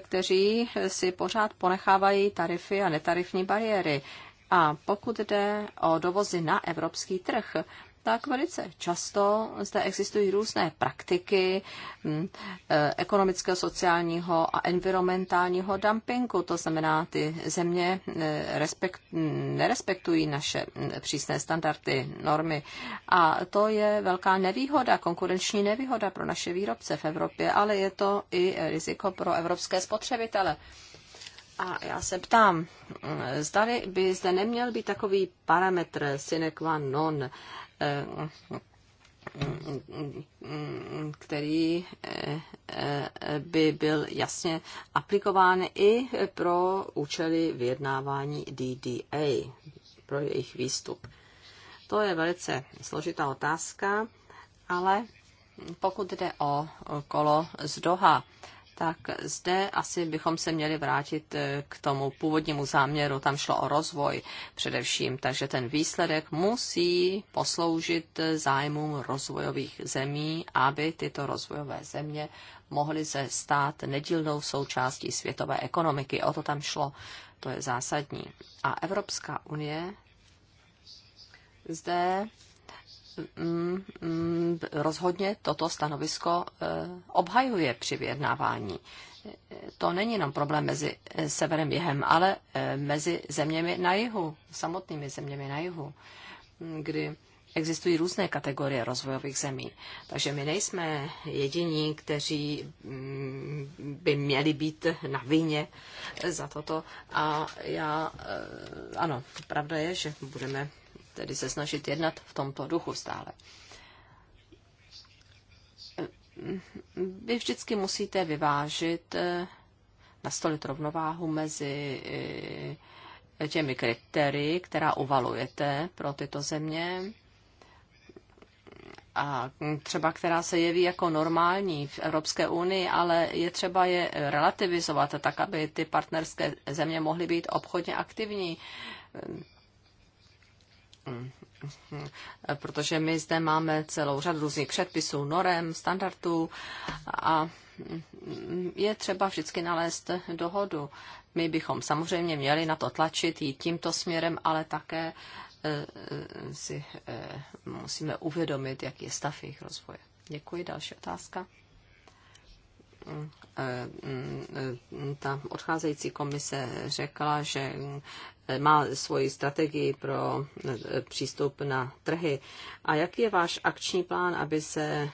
kteří si pořád ponechávají tarify a netarifní bariéry. A pokud jde o dovozy na evropský trh, tak velice často zde existují různé praktiky hm, eh, ekonomického, sociálního a environmentálního dumpingu. To znamená, ty země hm, respekt, hm, nerespektují naše přísné standardy, normy. A to je velká nevýhoda, konkurenční nevýhoda pro naše výrobce v Evropě, ale je to i riziko pro evropské spotřebitele. A já se ptám, zdali by zde neměl být takový parametr sine qua non který eh, eh, by byl jasně aplikován i pro účely vyjednávání DDA, pro jejich výstup. To je velice složitá otázka, ale pokud jde o kolo z Doha, tak zde asi bychom se měli vrátit eh, k tomu původnímu záměru. Tam šlo o rozvoj především, takže ten výsledek musí posloužit eh, zájmům rozvojových zemí, aby tyto rozvojové země mohly se stát nedílnou součástí světové ekonomiky. O to tam šlo, to je zásadní. A Evropská unie zde Mm, mm, rozhodně toto stanovisko eh, obhajuje při vyjednávání. To není jenom problém mezi eh, severem a jihem, ale eh, mezi zeměmi na jihu, samotnými zeměmi na jihu, hm, kdy existují různé kategorie rozvojových zemí. Takže my nejsme jediní, kteří hm, by měli být na vině za toto. A já, ano, pravda je, že budeme tedy se snažit jednat v tomto duchu stále. Vy vždycky musíte vyvážit, eh, nastolit rovnováhu mezi eh, těmi kritérii, která uvalujete pro tyto země, a třeba která se jeví jako normální v Evropské unii, ale je třeba je relativizovat tak, aby ty partnerské země mohly být obchodně aktivní protože my zde máme celou řadu různých předpisů, norem, standardů a je třeba vždycky nalézt dohodu. My bychom samozřejmě měli na to tlačit, jít tímto směrem, ale také eh, eh, si eh, musíme uvědomit, jaký je stav jejich rozvoje. Děkuji. Další otázka. Eh, mm, eh, ta odcházející komise řekla, že eh, má svoji strategii pro přístup na trhy. A jaký je váš akční plán, aby se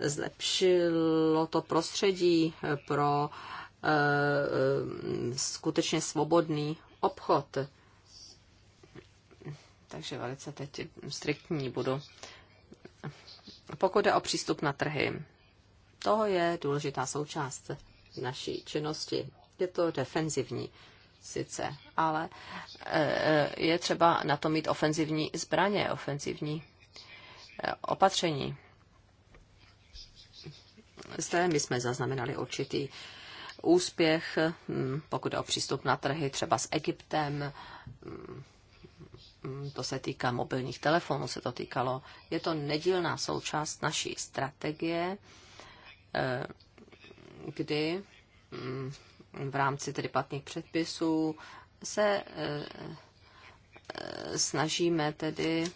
zlepšilo to prostředí pro skutečně svobodný obchod? Takže velice teď striktní budu. Pokud je o přístup na trhy, toho je důležitá součást naší činnosti. Je to defenzivní sice, ale e, e, je třeba na to mít ofenzivní zbraně, ofenzivní e, opatření. Zde my jsme zaznamenali určitý úspěch, hm, pokud o přístup na trhy, třeba s Egyptem, hm, hm, to se týká mobilních telefonů, se to týkalo. Je to nedílná součást naší strategie Eh, kdy mm, v rámci tedy platných předpisů se eh, eh, snažíme tedy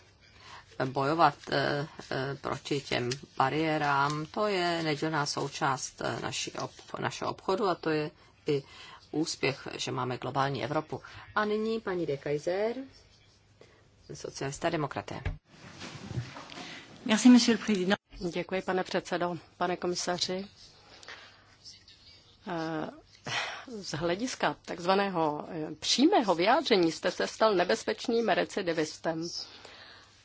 bojovat proti těm bariérám. To je nedělná součást naší ob, našeho obchodu a to je i úspěch, že máme globální Evropu. A nyní paní de Kaiser, socialista demokraté. Merci, monsieur le président. Děkuji, pane předsedo, pane komisaři. Eh, z hlediska takzvaného eh, přímého vyjádření jste se stal nebezpečným recidivistem.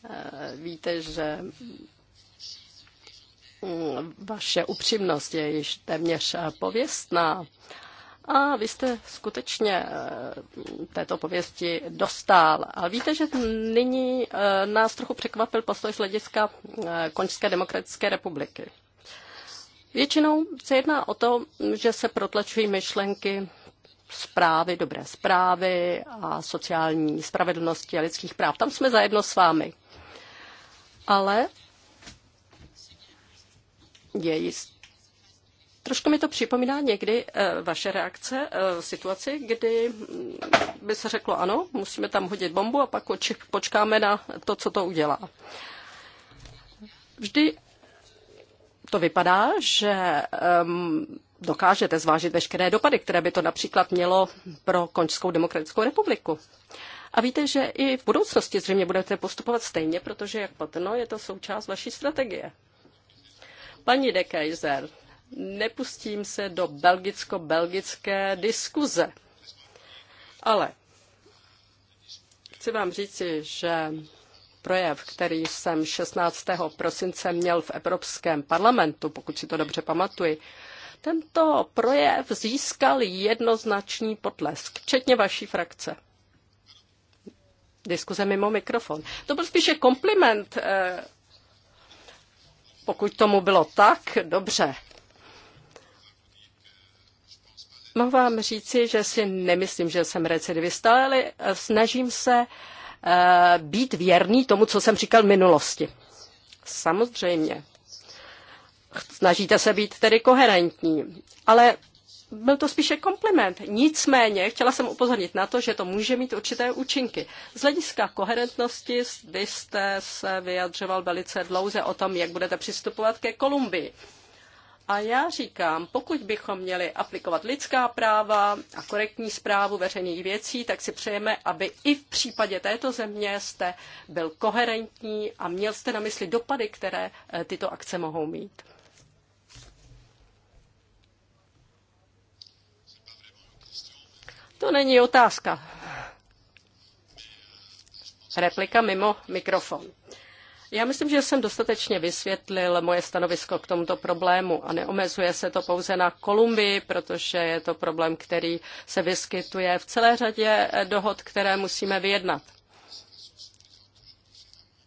Eh, víte, že mm, vaše upřímnost je již téměř pověstná a vy jste skutečně eh, této pověsti dostal. A víte, že nyní eh, nás trochu překvapil postoj z hlediska eh, Končské demokratické republiky. Většinou se jedná o to, že se protlačují myšlenky zprávy, dobré zprávy a sociální spravedlnosti a lidských práv. Tam jsme zajedno s vámi. Ale je jist, Trošku mi to připomíná někdy eh, vaše reakce v eh, situaci, kdy mm, by se řeklo ano, musíme tam hodit bombu a pak počkáme na to, co to udělá. Vždy to vypadá, že ehm, dokážete zvážit veškeré dopady, které by to například mělo pro Končskou demokratickou republiku. A víte, že i v budoucnosti zřejmě budete postupovat stejně, protože, jak patrno, je to součást vaší strategie. Paní de Kaiser, nepustím se do belgicko-belgické diskuze. Ale chci vám říci, že projev, který jsem 16. prosince měl v Evropském parlamentu, pokud si to dobře pamatuji, tento projev získal jednoznačný potlesk, včetně vaší frakce. Diskuze mimo mikrofon. To byl spíše kompliment. Eh, pokud tomu bylo tak, dobře. Mohu vám říci, že si nemyslím, že jsem recidivista, ale eh, snažím se eh, být věrný tomu, co jsem říkal v minulosti. Samozřejmě. Snažíte se být tedy koherentní, ale byl to spíše kompliment. Nicméně chtěla jsem upozornit na to, že to může mít určité účinky. Z hlediska koherentnosti vy jste se vyjadřoval velice dlouze o tom, jak budete přistupovat ke Kolumbii. A já říkám, pokud bychom měli aplikovat lidská práva a korektní zprávu veřejných věcí, tak si přejeme, aby i v případě této země jste byl koherentní a měl jste na mysli dopady, které eh, tyto akce mohou mít. To není otázka. Replika mimo mikrofon. Já myslím, že jsem dostatečně vysvětlil moje stanovisko k tomuto problému a neomezuje se to pouze na Kolumbii, protože je to problém, který se vyskytuje v celé řadě eh, dohod, které musíme vyjednat.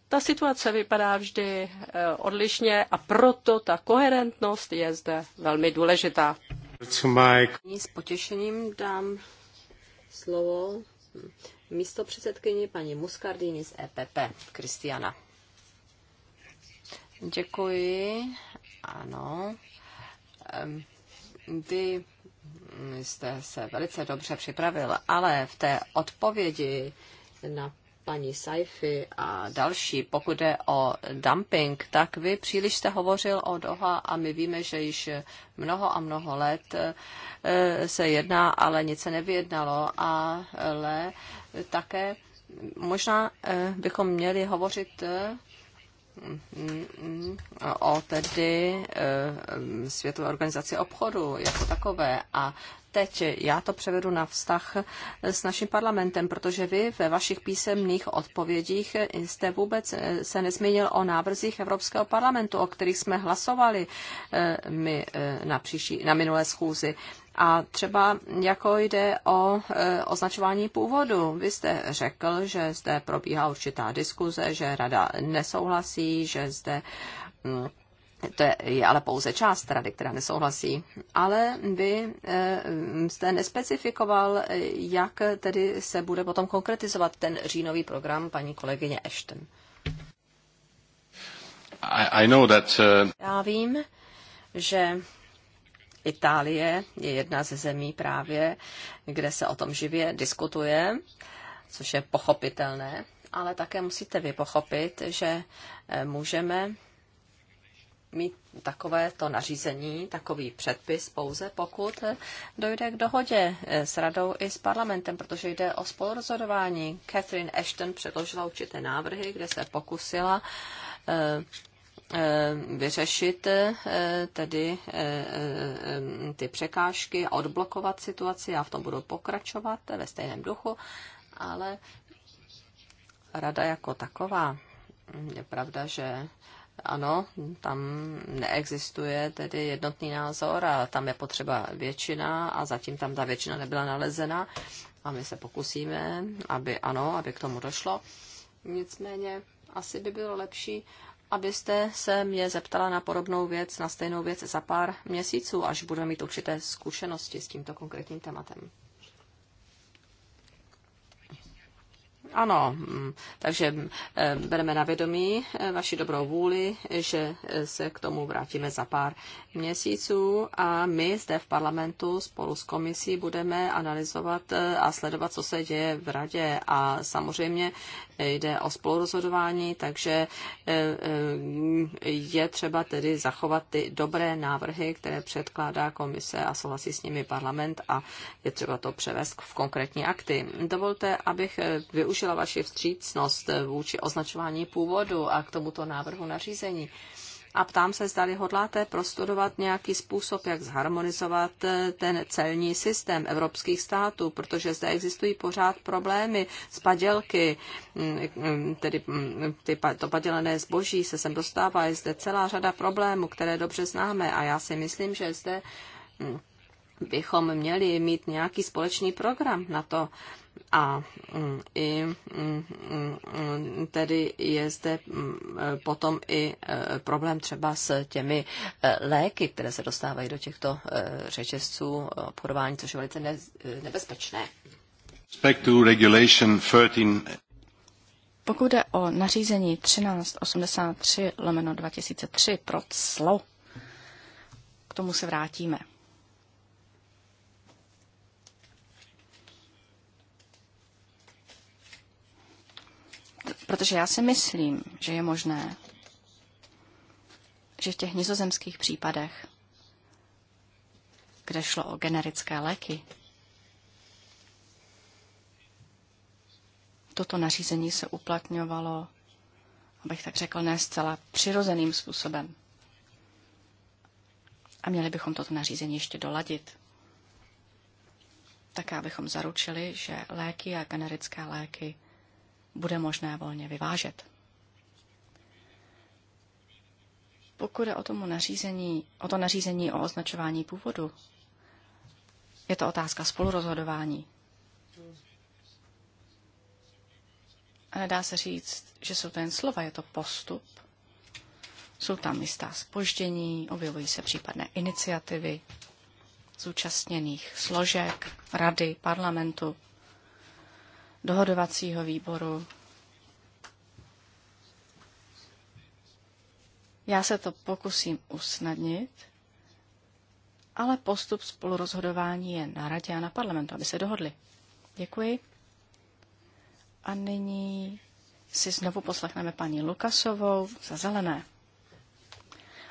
Ta situace vypadá vždy eh, odlišně a proto ta koherentnost je zde velmi důležitá. S potěšením dám slovo místo předsedkyni paní Muscardini z EPP, Kristiana. Děkuji. Ano. Vy jste se velice dobře připravil, ale v té odpovědi na paní Saifi a další, pokud jde o dumping, tak vy příliš jste hovořil o Doha a my víme, že již mnoho a mnoho let eh, se jedná, ale nic se nevyjednalo, ale také možná eh, bychom měli hovořit eh, o tedy eh, Světové organizaci obchodu jako takové a teď já to převedu na vztah s naším parlamentem, protože vy ve vašich písemných odpovědích jste vůbec eh, se nezmínil o návrzích Evropského parlamentu, o kterých jsme hlasovali eh, my eh, na, příští, na minulé schůzi. A třeba jako jde o e, označování původu. Vy jste řekl, že zde probíhá určitá diskuze, že rada nesouhlasí, že zde mm, to je, je ale pouze část rady, která nesouhlasí, ale vy jste eh, nespecifikoval, eh, jak tedy se bude potom konkretizovat ten říjnový program paní kolegyně Ashton. I, I know that, uh... Já vím, že Itálie je jedna ze zemí právě, kde se o tom živě diskutuje, což je pochopitelné, ale také musíte vy pochopit, že můžeme mít takovéto nařízení, takový předpis pouze, pokud dojde k dohodě eh, s radou i s parlamentem, protože jde o spolurozhodování. Catherine Ashton předložila určité návrhy, kde se pokusila eh, eh, vyřešit tedy ty překážky odblokovat situaci. Já v tom budu pokračovat ve stejném duchu, ale rada jako taková, je pravda, že ano, tam neexistuje tedy jednotný názor a tam je potřeba většina a zatím tam ta většina nebyla nalezena a my se pokusíme, aby ano, aby k tomu došlo. Nicméně asi by bylo lepší, abyste se mě zeptala na podobnou věc, na stejnou věc za pár měsíců, až budeme mít určité zkušenosti s tímto konkrétním tématem. Ano, mm, takže mm, eh, bereme na vědomí eh, vaši dobrou vůli, že eh, se k tomu vrátíme za pár měsíců a my zde v parlamentu spolu s komisí budeme analyzovat a sledovat, co se děje v radě a samozřejmě jde o spolurozhodování, takže eh, eh, je třeba tedy zachovat ty dobré návrhy, které předkládá komise a souhlasí s nimi parlament a je třeba to převést v konkrétní akty. Dovolte, abych eh, využila vaši vstřícnost vůči označování původu a k tomuto návrhu nařízení a ptám se, zdali hodláte prostudovat nějaký způsob, jak zharmonizovat eh, ten celní systém evropských států, protože zde existují pořád problémy s padělky, mm, mm, tedy mm, ty, to padělené zboží se sem dostává, je zde celá řada problémů, které dobře známe a já si myslím, že zde bychom měli mít nějaký společný program na to, a mm, i mm, mm, tedy je zde potom i e, problém třeba s těmi e, léky, které se dostávají do těchto e, řečesců obchodování, což je velice nebezpečné. Pokud jde o nařízení 1383 lomeno 2003 pro clo, k tomu se vrátíme. Protože já si myslím, že je možné, že v těch nizozemských případech, kde šlo o generické léky, toto nařízení se uplatňovalo, abych tak řekl, ne zcela přirozeným způsobem. A měli bychom toto nařízení ještě doladit. Tak abychom zaručili, že léky a generické léky bude možné volně vyvážet. Pokud je o, tomu nařízení, o to nařízení o označování původu, je to otázka spolurozhodování. A nedá se říct, že jsou to jen slova, je to postup. Jsou tam jistá spoždění, objevují se případné iniciativy zúčastněných složek, rady, parlamentu dohodovacího výboru. Já se to pokusím usnadnit, ale postup spolurozhodování je na radě a na parlamentu, aby se dohodli. Děkuji. A nyní si znovu poslechneme paní Lukasovou za zelené.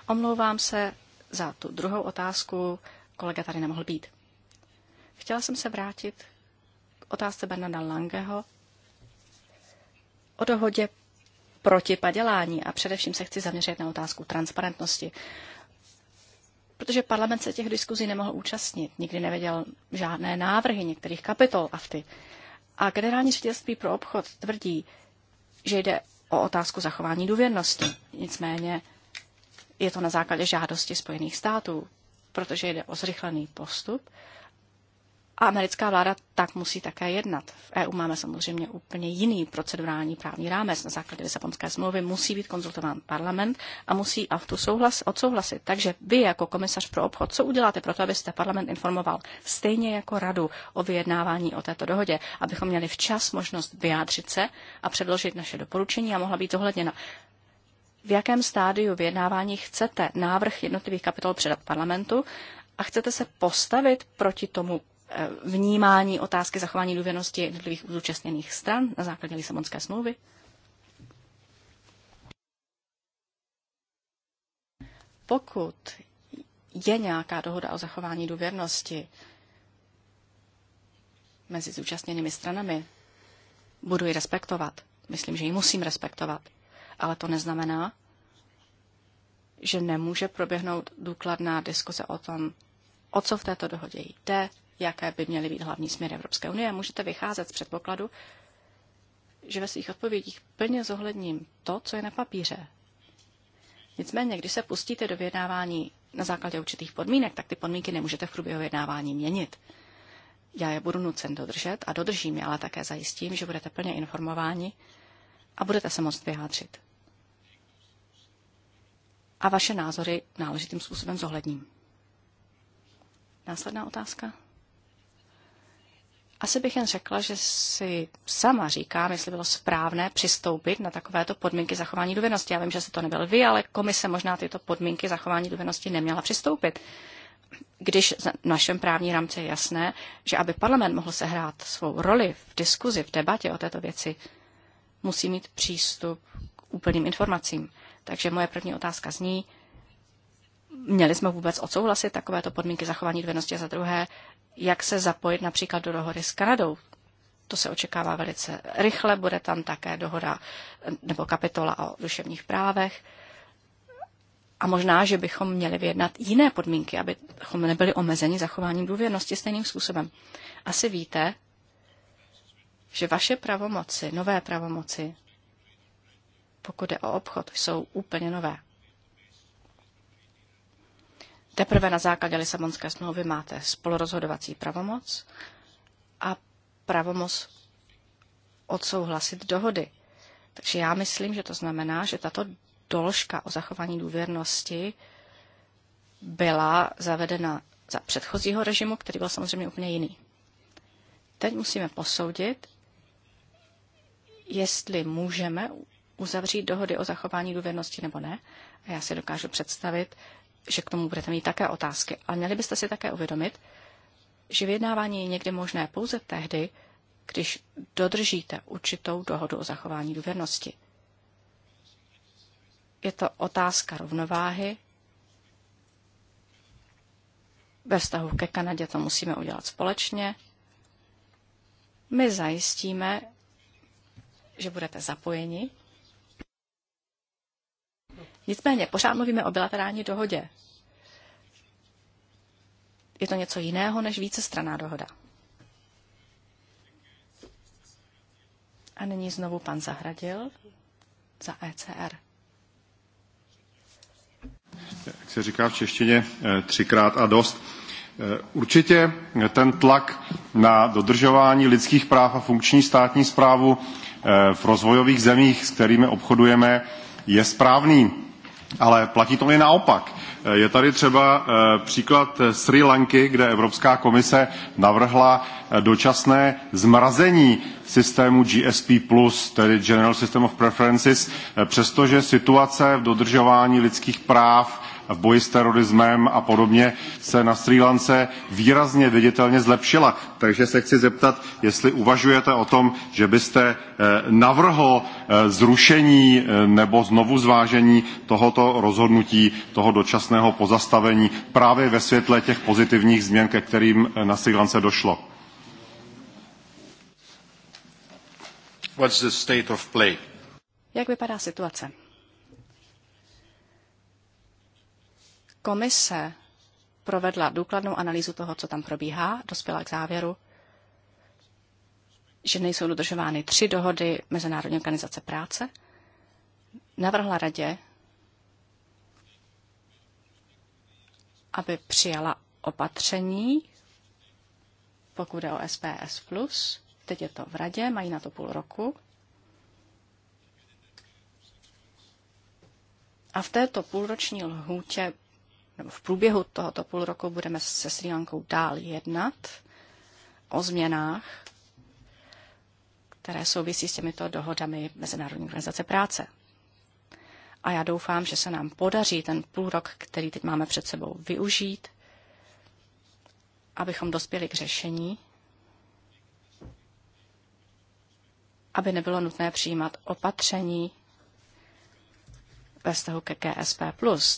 Omlouvám se za tu druhou otázku, kolega tady nemohl být. Chtěla jsem se vrátit otázce Bernarda Langeho o dohodě proti padělání a především se chci zaměřit na otázku transparentnosti. Protože parlament se těch diskuzí nemohl účastnit, nikdy nevěděl žádné návrhy některých kapitol a vty. A generální ředitelství pro obchod tvrdí, že jde o otázku zachování důvěrnosti. Nicméně je to na základě žádosti Spojených států, protože jde o zrychlený postup a americká vláda tak musí také jednat. V EU máme samozřejmě úplně jiný procedurální právní rámec. Na základě Lisabonské smlouvy musí být konzultován parlament a musí a tu souhlas odsouhlasit. Takže vy jako komisař pro obchod, co uděláte pro to, abyste parlament informoval stejně jako radu o vyjednávání o této dohodě, abychom měli včas možnost vyjádřit se a předložit naše doporučení a mohla být ohledněna. V jakém stádiu vyjednávání chcete návrh jednotlivých kapitol předat parlamentu a chcete se postavit proti tomu Eh, vnímání otázky zachování důvěrnosti jednotlivých zúčastněných stran na základě Lisabonské smlouvy? Pokud je nějaká dohoda o zachování důvěrnosti mezi zúčastněnými stranami, budu ji respektovat. Myslím, že ji musím respektovat. Ale to neznamená, že nemůže proběhnout důkladná diskuze o tom, o co v této dohodě jde, jaké by měly být hlavní směry Evropské unie. Můžete vycházet z předpokladu, že ve svých odpovědích plně zohledním to, co je na papíře. Nicméně, když se pustíte do vyjednávání na základě určitých podmínek, tak ty podmínky nemůžete v průběhu vyjednávání měnit. Já je budu nucen dodržet a dodržím je, ale také zajistím, že budete plně informováni a budete se moct vyjádřit. A vaše názory náležitým způsobem zohledním. Následná otázka? Asi bych jen řekla, že si sama říkám, jestli bylo správné přistoupit na takovéto podmínky zachování důvěrnosti. Já vím, že se to nebyl vy, ale komise možná tyto podmínky zachování důvěrnosti neměla přistoupit. Když v našem právní rámci je jasné, že aby parlament mohl sehrát svou roli v diskuzi, v debatě o této věci, musí mít přístup k úplným informacím. Takže moje první otázka zní, měli jsme vůbec odsouhlasit takovéto podmínky zachování dvěnosti a za druhé, jak se zapojit například do dohody s Kanadou. To se očekává velice rychle, bude tam také dohoda nebo kapitola o duševních právech. A možná, že bychom měli vyjednat jiné podmínky, abychom nebyli omezeni zachováním důvěrnosti stejným způsobem. Asi víte, že vaše pravomoci, nové pravomoci, pokud je o obchod, jsou úplně nové. Teprve na základě Lisabonské smlouvy máte spolurozhodovací pravomoc a pravomoc odsouhlasit dohody. Takže já myslím, že to znamená, že tato doložka o zachování důvěrnosti byla zavedena za předchozího režimu, který byl samozřejmě úplně jiný. Teď musíme posoudit, jestli můžeme uzavřít dohody o zachování důvěrnosti nebo ne. A já si dokážu představit, že k tomu budete mít také otázky. Ale měli byste si také uvědomit, že vyjednávání je někdy možné pouze tehdy, když dodržíte určitou dohodu o zachování důvěrnosti. Je to otázka rovnováhy. Ve vztahu ke Kanadě to musíme udělat společně. My zajistíme, že budete zapojeni Nicméně pořád mluvíme o bilaterální dohodě. Je to něco jiného než vícestraná dohoda. A nyní znovu pan Zahradil za ECR. Jak se říká v češtině, eh, třikrát a dost. Eh, určitě ten tlak na dodržování lidských práv a funkční státní správu eh, v rozvojových zemích, s kterými obchodujeme, je správný ale platí to i naopak. Je tady třeba eh, příklad Sri Lanky, kde Evropská komise navrhla eh, dočasné zmrazení systému GSP+, tedy General System of Preferences, eh, přestože situace v dodržování lidských práv v boji s terorismem a podobně se na Sri Lance výrazně viditelně zlepšila. Takže se chci zeptat, jestli uvažujete o tom, že byste eh, navrhl eh, zrušení eh, nebo znovu zvážení tohoto rozhodnutí, toho dočasného pozastavení právě ve světle těch pozitivních změn, ke kterým na Sri Lance došlo. Jak vypadá situace? Komise provedla důkladnou analýzu toho, co tam probíhá, dospěla k závěru, že nejsou dodržovány tři dohody Mezinárodní organizace práce, navrhla radě, aby přijala opatření, pokud je o SPS+, teď je to v radě, mají na to půl roku. A v této půlroční lhůtě nebo v průběhu tohoto půl roku budeme se Sri Lankou dál jednat o změnách, které souvisí s těmito dohodami Mezinárodní organizace práce. A já doufám, že se nám podaří ten půl rok, který teď máme před sebou, využít, abychom dospěli k řešení, aby nebylo nutné přijímat opatření, ve vztahu ke KSP+.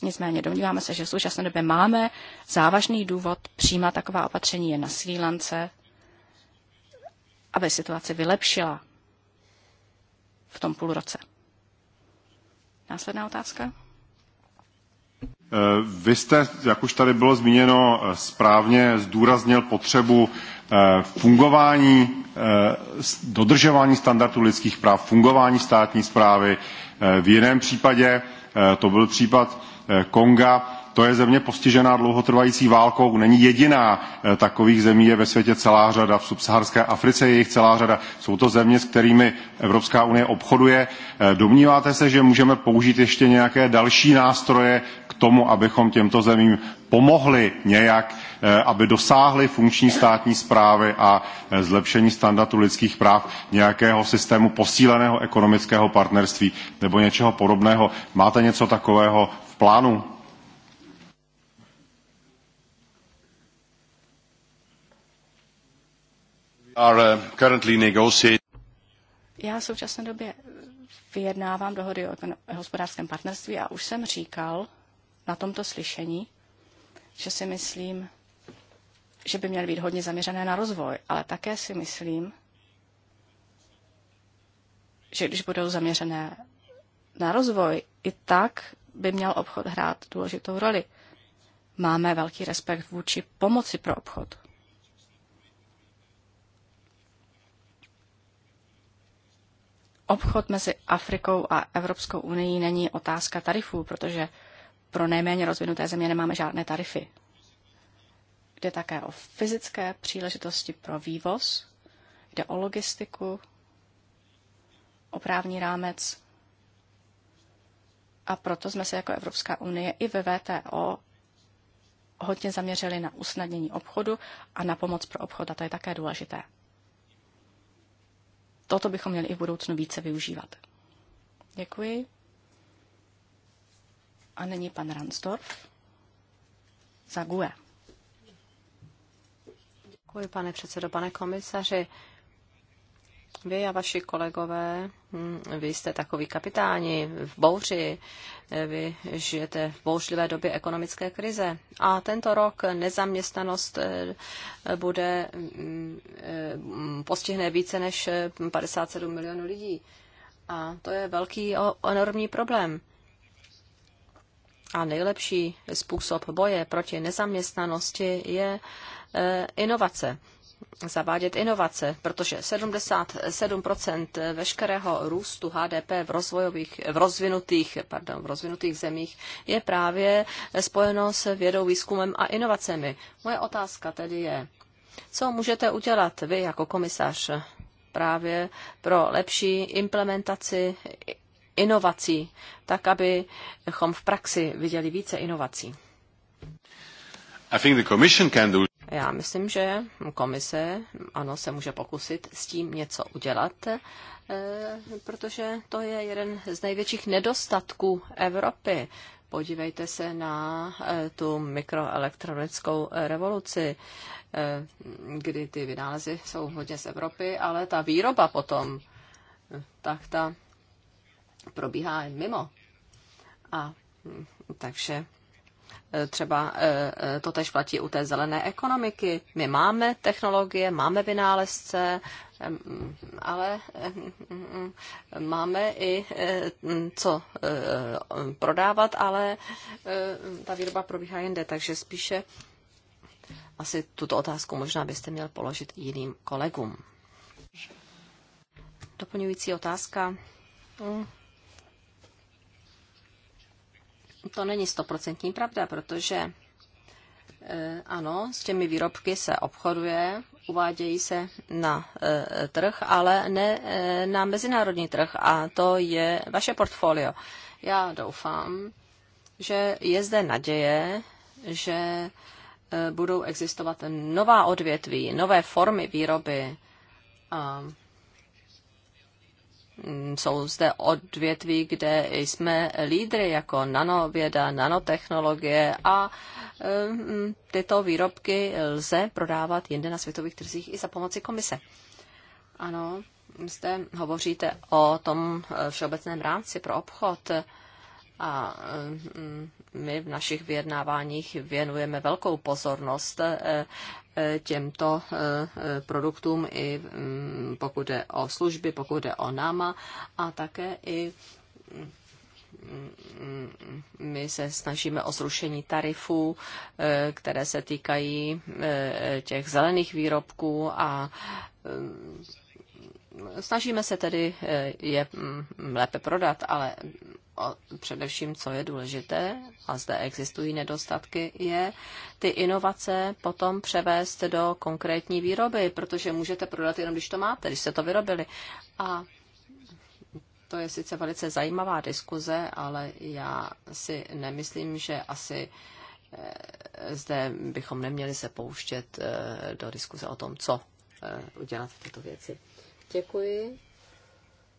Nicméně domníváme se, že v současné době máme závažný důvod přijímat taková opatření je na Sri Lance, aby situace vylepšila v tom půl roce. Následná otázka? Eh, vy jste, jak už tady bylo zmíněno, eh, správně zdůraznil potřebu eh, fungování, dodržování standardů lidských práv, fungování státní zprávy. V jiném případě, to byl případ Konga, to je země postižená dlouhotrvající válkou, není jediná. Takových zemí je ve světě celá řada, v subsaharské Africe je jich celá řada. Jsou to země, s kterými Evropská unie obchoduje. Domníváte se, že můžeme použít ještě nějaké další nástroje tomu, abychom těmto zemím pomohli nějak, eh, aby dosáhli funkční státní správy a eh, zlepšení standardu lidských práv nějakého systému posíleného ekonomického partnerství nebo něčeho podobného. Máte něco takového v plánu? Eh, Já v současné době vyjednávám dohody o hospodářském partnerství a už jsem říkal, na tomto slyšení, že si myslím, že by měly být hodně zaměřené na rozvoj, ale také si myslím, že když budou zaměřené na rozvoj, i tak by měl obchod hrát důležitou roli. Máme velký respekt vůči pomoci pro obchod. Obchod mezi Afrikou a Evropskou unii není otázka tarifů, protože pro nejméně rozvinuté země nemáme žádné tarify. Jde také o fyzické příležitosti pro vývoz, jde o logistiku, o právní rámec. A proto jsme se jako Evropská unie i ve VTO hodně zaměřili na usnadnění obchodu a na pomoc pro obchod, a to je také důležité. Toto bychom měli i v budoucnu více využívat. Děkuji. A není pan Ransdorf za GUE. Děkuji, pane předsedo, pane komisaři. Vy a vaši kolegové, hm, vy jste takový kapitáni v bouři, vy žijete v bouřlivé době ekonomické krize a tento rok nezaměstnanost eh, bude, hm, eh, postihne více než 57 hm, milionů lidí. A to je velký, enormní problém a nejlepší způsob boje proti nezaměstnanosti je eh, inovace zavádět inovace, protože 77% veškerého růstu HDP v, rozvojových, v, rozvinutých, pardon, v rozvinutých zemích je právě spojeno s vědou, výzkumem a inovacemi. Moje otázka tedy je, co můžete udělat vy jako komisař právě pro lepší implementaci inovací, tak abychom v praxi viděli více inovací. I think the commission can do... Já myslím, že komise, ano, se může pokusit s tím něco udělat, eh, protože to je jeden z největších nedostatků Evropy. Podívejte se na eh, tu mikroelektronickou revoluci, eh, kdy ty vynálezy jsou hodně z Evropy, ale ta výroba potom, tak ta probíhá jen mimo. A hm, takže e, třeba e, e, to tež platí u té zelené ekonomiky. My máme technologie, máme vynálezce, ale hm, máme i hm, co prodávat, ale ta výroba probíhá jinde, takže spíše asi tuto otázku možná byste měl položit jiným kolegům. Doplňující otázka to není stoprocentní pravda, protože eh, ano, s těmi výrobky se obchoduje, uvádějí se na eh, trh, ale ne eh, na mezinárodní trh a to je vaše portfolio. Já doufám, že je zde naděje, že budou existovat nová odvětví, nové formy výroby. A Mm, jsou zde odvětví, kde jsme lídry jako nanověda, nanotechnologie a mm, tyto výrobky lze prodávat jinde na světových trzích i za pomoci komise. Ano, zde hovoříte o tom eh, všeobecném rámci pro obchod a mm, my v našich vyjednáváních věnujeme velkou pozornost e, e, těmto e, produktům, i mm, pokud jde o služby, pokud jde o náma a také i mm, my se snažíme o zrušení tarifů, které se týkají těch zelených výrobků a snažíme se tedy je lépe prodat, ale o, především, co je důležité, a zde existují nedostatky, je ty inovace potom převést do konkrétní výroby, protože můžete prodat jenom, když to máte, když jste to vyrobili. A to je sice velice zajímavá diskuze, ale já si nemyslím, že asi e, zde bychom neměli se pouštět e, do diskuze o tom, co e, udělat v této věci. Děkuji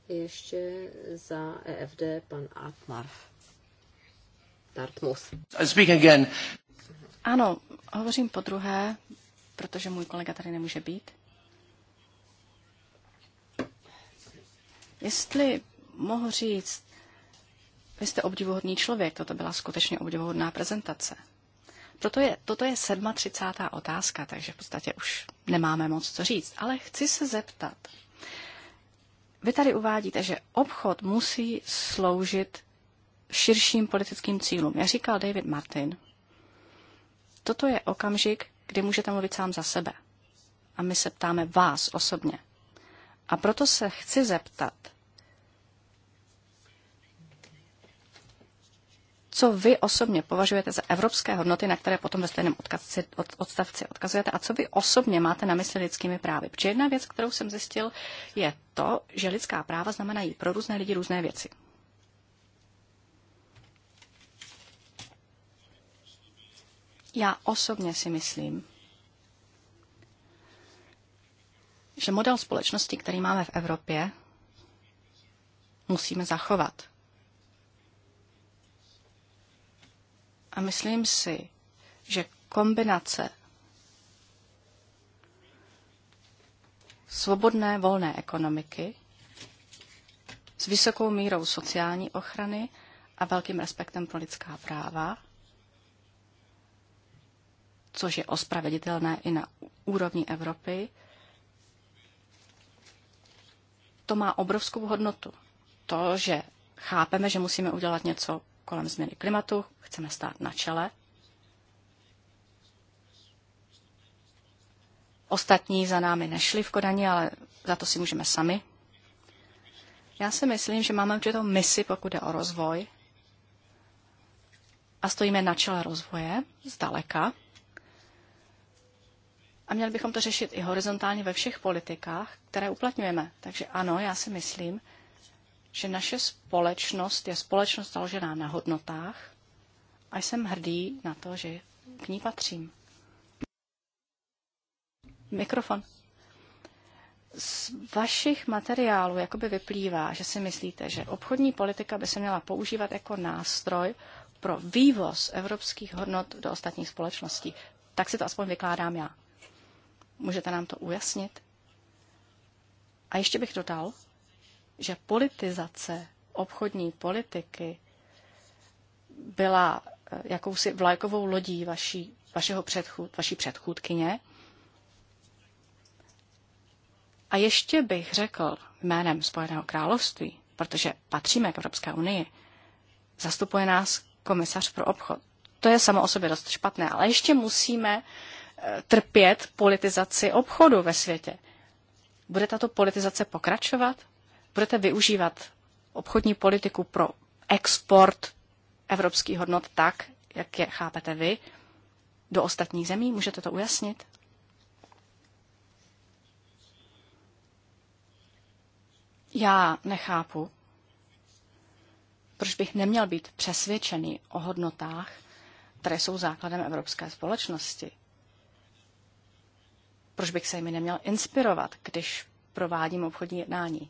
ještě za EFD pan Atmar. Dartmus. Speak again. Ano, hovořím po druhé, protože můj kolega tady nemůže být. Jestli mohu říct, vy jste obdivuhodný člověk, toto byla skutečně obdivuhodná prezentace. Proto je, toto je 37. otázka, takže v podstatě už nemáme moc co říct. Ale chci se zeptat, vy tady uvádíte, že obchod musí sloužit širším politickým cílům. Já říkal David Martin, toto je okamžik, kdy můžete mluvit sám za sebe. A my se ptáme vás osobně. A proto se chci zeptat, co vy osobně považujete za evropské hodnoty, na které potom ve stejném odkazci, od, odstavci odkazujete a co vy osobně máte na mysli lidskými právy. Protože jedna věc, kterou jsem zjistil, je to, že lidská práva znamenají pro různé lidi různé věci. Já osobně si myslím, že model společnosti, který máme v Evropě, musíme zachovat A myslím si, že kombinace svobodné volné ekonomiky s vysokou mírou sociální ochrany a velkým respektem pro lidská práva, což je ospraveditelné i na úrovni Evropy, to má obrovskou hodnotu. To, že chápeme, že musíme udělat něco kolem změny klimatu, chceme stát na čele. Ostatní za námi nešli v Kodani, ale za to si můžeme sami. Já si myslím, že máme určitou misi, pokud jde o rozvoj. A stojíme na čele rozvoje, zdaleka. A měli bychom to řešit i horizontálně ve všech politikách, které uplatňujeme. Takže ano, já si myslím, že naše společnost je společnost založená na hodnotách a jsem hrdý na to, že k ní patřím. Mikrofon. Z vašich materiálů jakoby vyplývá, že si myslíte, že obchodní politika by se měla používat jako nástroj pro vývoz evropských hodnot do ostatních společností. Tak si to aspoň vykládám já. Můžete nám to ujasnit? A ještě bych dodal, že politizace obchodní politiky byla eh, jakousi vlajkovou lodí vaší, vašeho předchůd, vaší předchůdkyně. A ještě bych řekl jménem Spojeného království, protože patříme k Evropské unii, zastupuje nás komisař pro obchod. To je samo o sobě dost špatné, ale ještě musíme eh, trpět politizaci obchodu ve světě. Bude tato politizace pokračovat? budete využívat obchodní politiku pro export evropských hodnot tak, jak je chápete vy, do ostatních zemí? Můžete to ujasnit? Já nechápu, proč bych neměl být přesvědčený o hodnotách, které jsou základem evropské společnosti. Proč bych se jimi neměl inspirovat, když provádím obchodní jednání?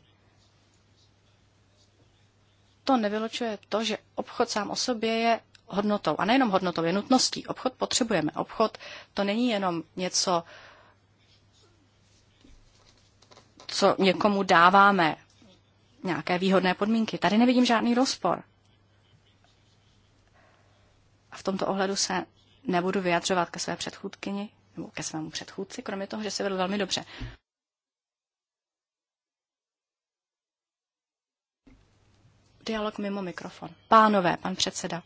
to nevylučuje to, že obchod sám o sobě je hodnotou. A nejenom hodnotou, je nutností. Obchod potřebujeme. Obchod to není jenom něco, co někomu dáváme, nějaké výhodné podmínky. Tady nevidím žádný rozpor. A v tomto ohledu se nebudu vyjadřovat ke své předchůdkyni nebo ke svému předchůdci, kromě toho, že se vedl velmi dobře. dialog mimo mikrofon. Pánové, pan předseda.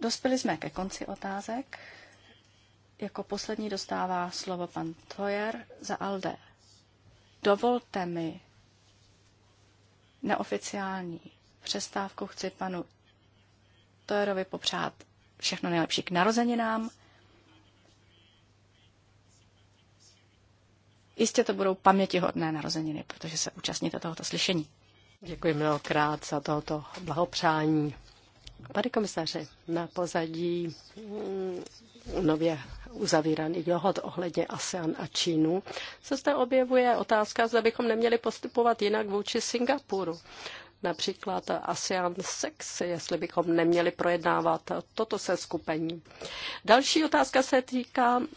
Dospěli jsme ke konci otázek. Jako poslední dostává slovo pan Toyer za ALDE. Dovolte mi neoficiální přestávku. Chci panu Tojerovi popřát všechno nejlepší k narozeninám. Jistě to budou pamětihodné narozeniny, protože se účastníte tohoto slyšení. Děkuji mnohokrát za tohoto blahopřání. Pane komisaři, na pozadí mm, nově uzavíraných dohod ohledně ASEAN a Čínu se zde objevuje otázka, zda bychom neměli postupovat jinak vůči Singapuru například ASEAN sex, jestli bychom neměli projednávat toto se skupení. Další otázka se týká mm,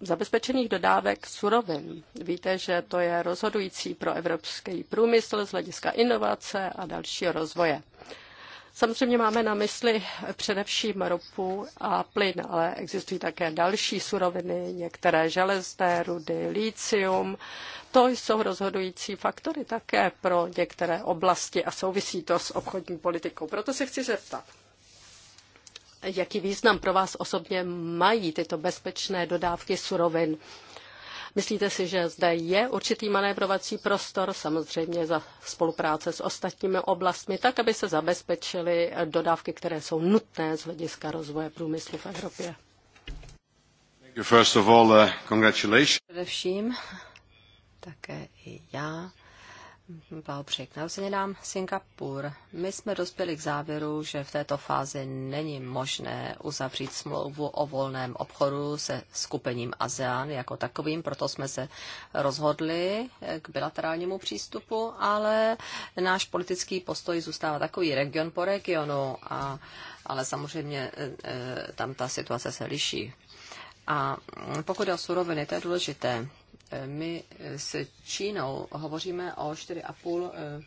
zabezpečených dodávek surovin. Víte, že to je rozhodující pro evropský průmysl z hlediska inovace a dalšího rozvoje. Samozřejmě máme na mysli především ropu a plyn, ale existují také další suroviny, některé železné rudy, lícium. To jsou rozhodující faktory také pro některé oblasti a souvisí to s obchodní politikou. Proto se chci zeptat, jaký význam pro vás osobně mají tyto bezpečné dodávky surovin Myslíte si, že zde je určitý manévrovací prostor, samozřejmě za spolupráce s ostatními oblastmi, tak, aby se zabezpečily dodávky, které jsou nutné z hlediska rozvoje průmyslu v Evropě? First of all, uh, congratulations. Především také i já Blahopřeji k narozeninám Singapur. My jsme dospěli k závěru, že v této fázi není možné uzavřít smlouvu o volném obchodu se skupením ASEAN jako takovým, proto jsme se rozhodli k bilaterálnímu přístupu, ale náš politický postoj zůstává takový region po regionu, a, ale samozřejmě e, e, tam ta situace se liší. A pokud je o suroviny, to je důležité my s Čínou hovoříme o 4,5 eh,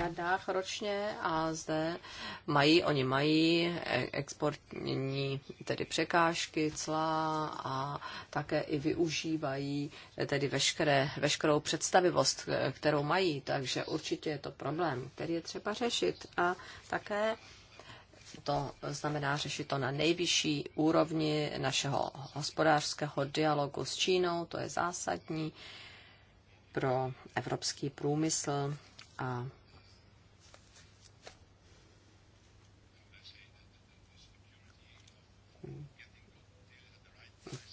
miliardách ročně a zde mají, oni mají exportní tedy překážky, cla a také i využívají tedy veškeré, veškerou představivost, eh, kterou mají, takže určitě je to problém, který je třeba řešit a také to znamená řešit to na nejvyšší úrovni našeho hospodářského dialogu s Čínou, to je zásadní pro evropský průmysl a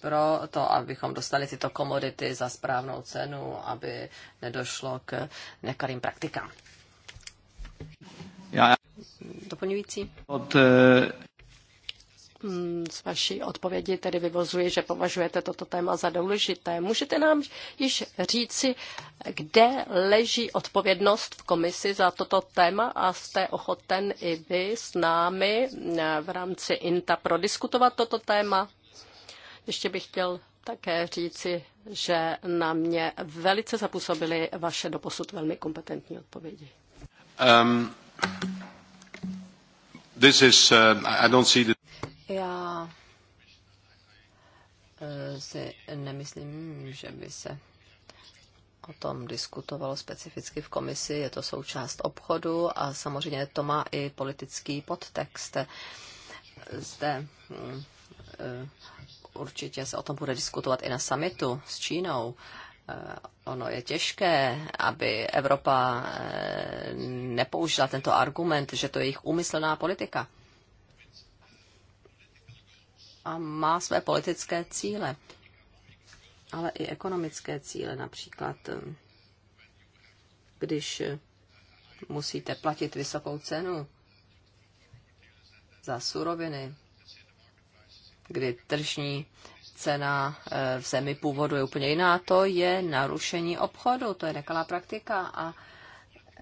pro to, abychom dostali tyto komodity za správnou cenu, aby nedošlo k nekalým praktikám. Já, doplňující? Od, eh, hmm, z vaší odpovědi tedy vyvozuji, že považujete toto téma za důležité. Můžete nám již říci, kde leží odpovědnost v komisi za toto téma a jste ochoten i vy s námi eh, v rámci INTA prodiskutovat toto téma? Ještě bych chtěl také říci, že na mě velice zapůsobily vaše doposud velmi kompetentní odpovědi. Um. This is, uh, I don't see the... Já eh, si nemyslím, že by se o tom diskutovalo specificky v komisi. Je to součást obchodu a samozřejmě to má i politický podtext. Zde mm, eh, určitě se o tom bude diskutovat i na summitu s Čínou. Eh, ono je těžké, aby Evropa eh, nepoužila tento argument, že to je jejich úmyslná politika. A má své politické cíle, ale i ekonomické cíle, například eh, když musíte platit vysokou cenu za suroviny, kdy tržní cena eh, v zemi původu je úplně jiná, to je narušení obchodu, to je nekalá praktika a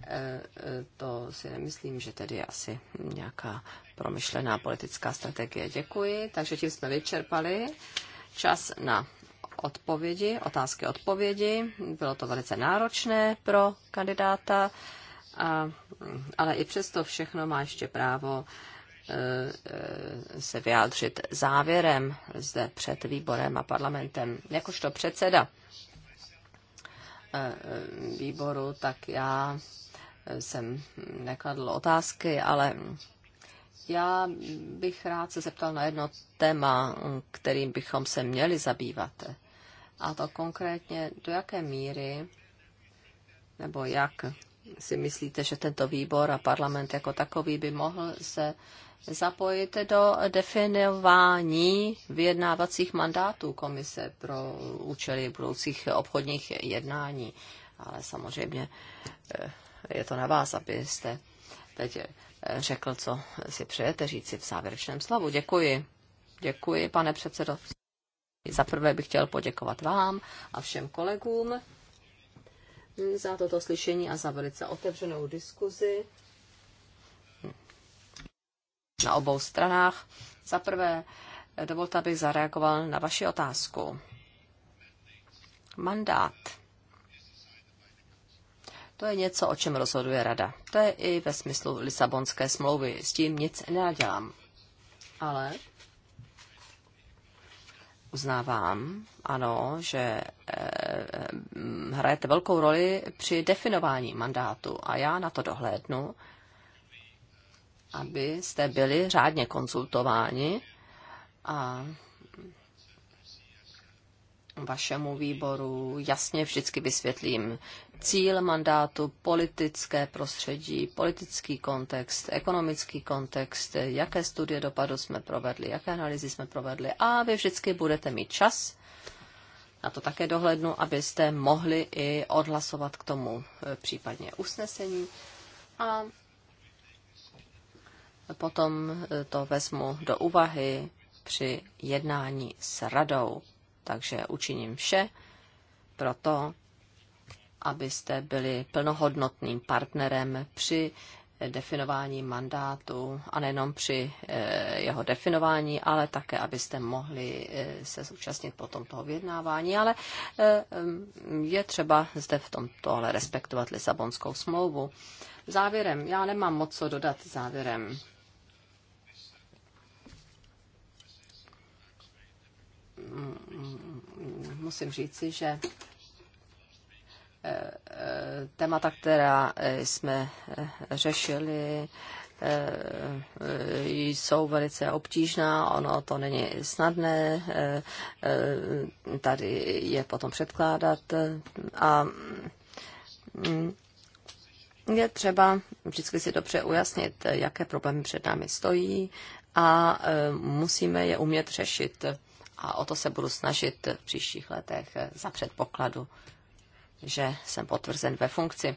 eh, eh, to si nemyslím, že tedy je asi nějaká promyšlená politická strategie. Děkuji. Takže tím jsme vyčerpali čas na odpovědi, otázky odpovědi. Bylo to velice náročné pro kandidáta, a, ale i přesto všechno má ještě právo Eh, se vyjádřit závěrem zde před výborem a parlamentem. Jakožto předseda eh, výboru, tak já eh, jsem nekladl otázky, ale já bych rád se zeptal na jedno téma, kterým bychom se měli zabývat. A to konkrétně do jaké míry nebo jak si myslíte, že tento výbor a parlament jako takový by mohl se zapojit do definování vyjednávacích mandátů komise pro účely budoucích obchodních jednání. Ale samozřejmě eh, je to na vás, abyste teď eh, řekl, co si přejete říci v závěrečném slovu. Děkuji. Děkuji, pane předsedo. Za prvé bych chtěl poděkovat vám a všem kolegům za toto slyšení a za velice otevřenou diskuzi na obou stranách. Za prvé, dovolte, abych zareagoval na vaši otázku. Mandát. To je něco, o čem rozhoduje rada. To je i ve smyslu Lisabonské smlouvy. S tím nic nedělám. Ale uznávám, ano, že e, hrajete velkou roli při definování mandátu a já na to dohlédnu abyste byli řádně konzultováni a vašemu výboru jasně vždycky vysvětlím cíl mandátu, politické prostředí, politický kontext, ekonomický kontext, jaké studie dopadu jsme provedli, jaké analýzy jsme provedli a vy vždycky budete mít čas na to také dohlednu, abyste mohli i odhlasovat k tomu eh, případně usnesení. A potom eh, to vezmu do úvahy při jednání s radou. Takže učiním vše pro to, abyste byli plnohodnotným partnerem při eh, definování mandátu a nejenom při eh, jeho definování, ale také, abyste mohli se zúčastnit potom toho vyjednávání. Ale je třeba zde v tomto ale respektovat Lisabonskou smlouvu. Závěrem, já nemám moc co dodat závěrem. musím říci, že eh, eh, témata, která eh, jsme řešili, jsou velice obtížná, ono to není snadné, tady je potom předkládat a mm, je třeba vždycky si dobře ujasnit, jaké problémy před námi stojí a musíme je umět řešit a o to se budu snažit v příštích letech za předpokladu, že jsem potvrzen ve funkci.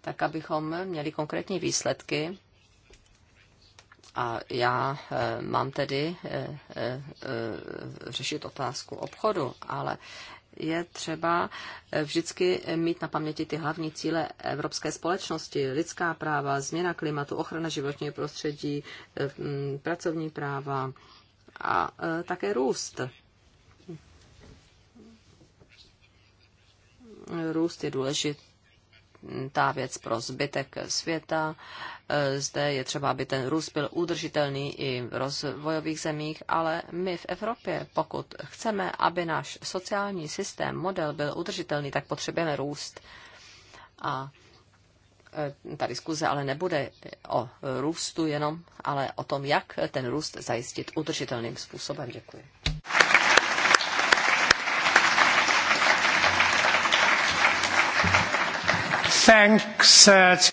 Tak, abychom měli konkrétní výsledky a já eh, mám tedy eh, eh, řešit otázku obchodu, ale je třeba vždycky mít na paměti ty hlavní cíle evropské společnosti. Lidská práva, změna klimatu, ochrana životního prostředí, pracovní práva, a e, také růst. Růst je důležitý věc pro zbytek světa. E, zde je třeba, aby ten růst byl udržitelný i v rozvojových zemích, ale my v Evropě, pokud chceme, aby náš sociální systém, model byl udržitelný, tak potřebujeme růst. A Eh, ta diskuze ale nebude o růstu jenom, ale o tom, jak ten růst zajistit udržitelným způsobem. Děkuji. Thanks. Eh,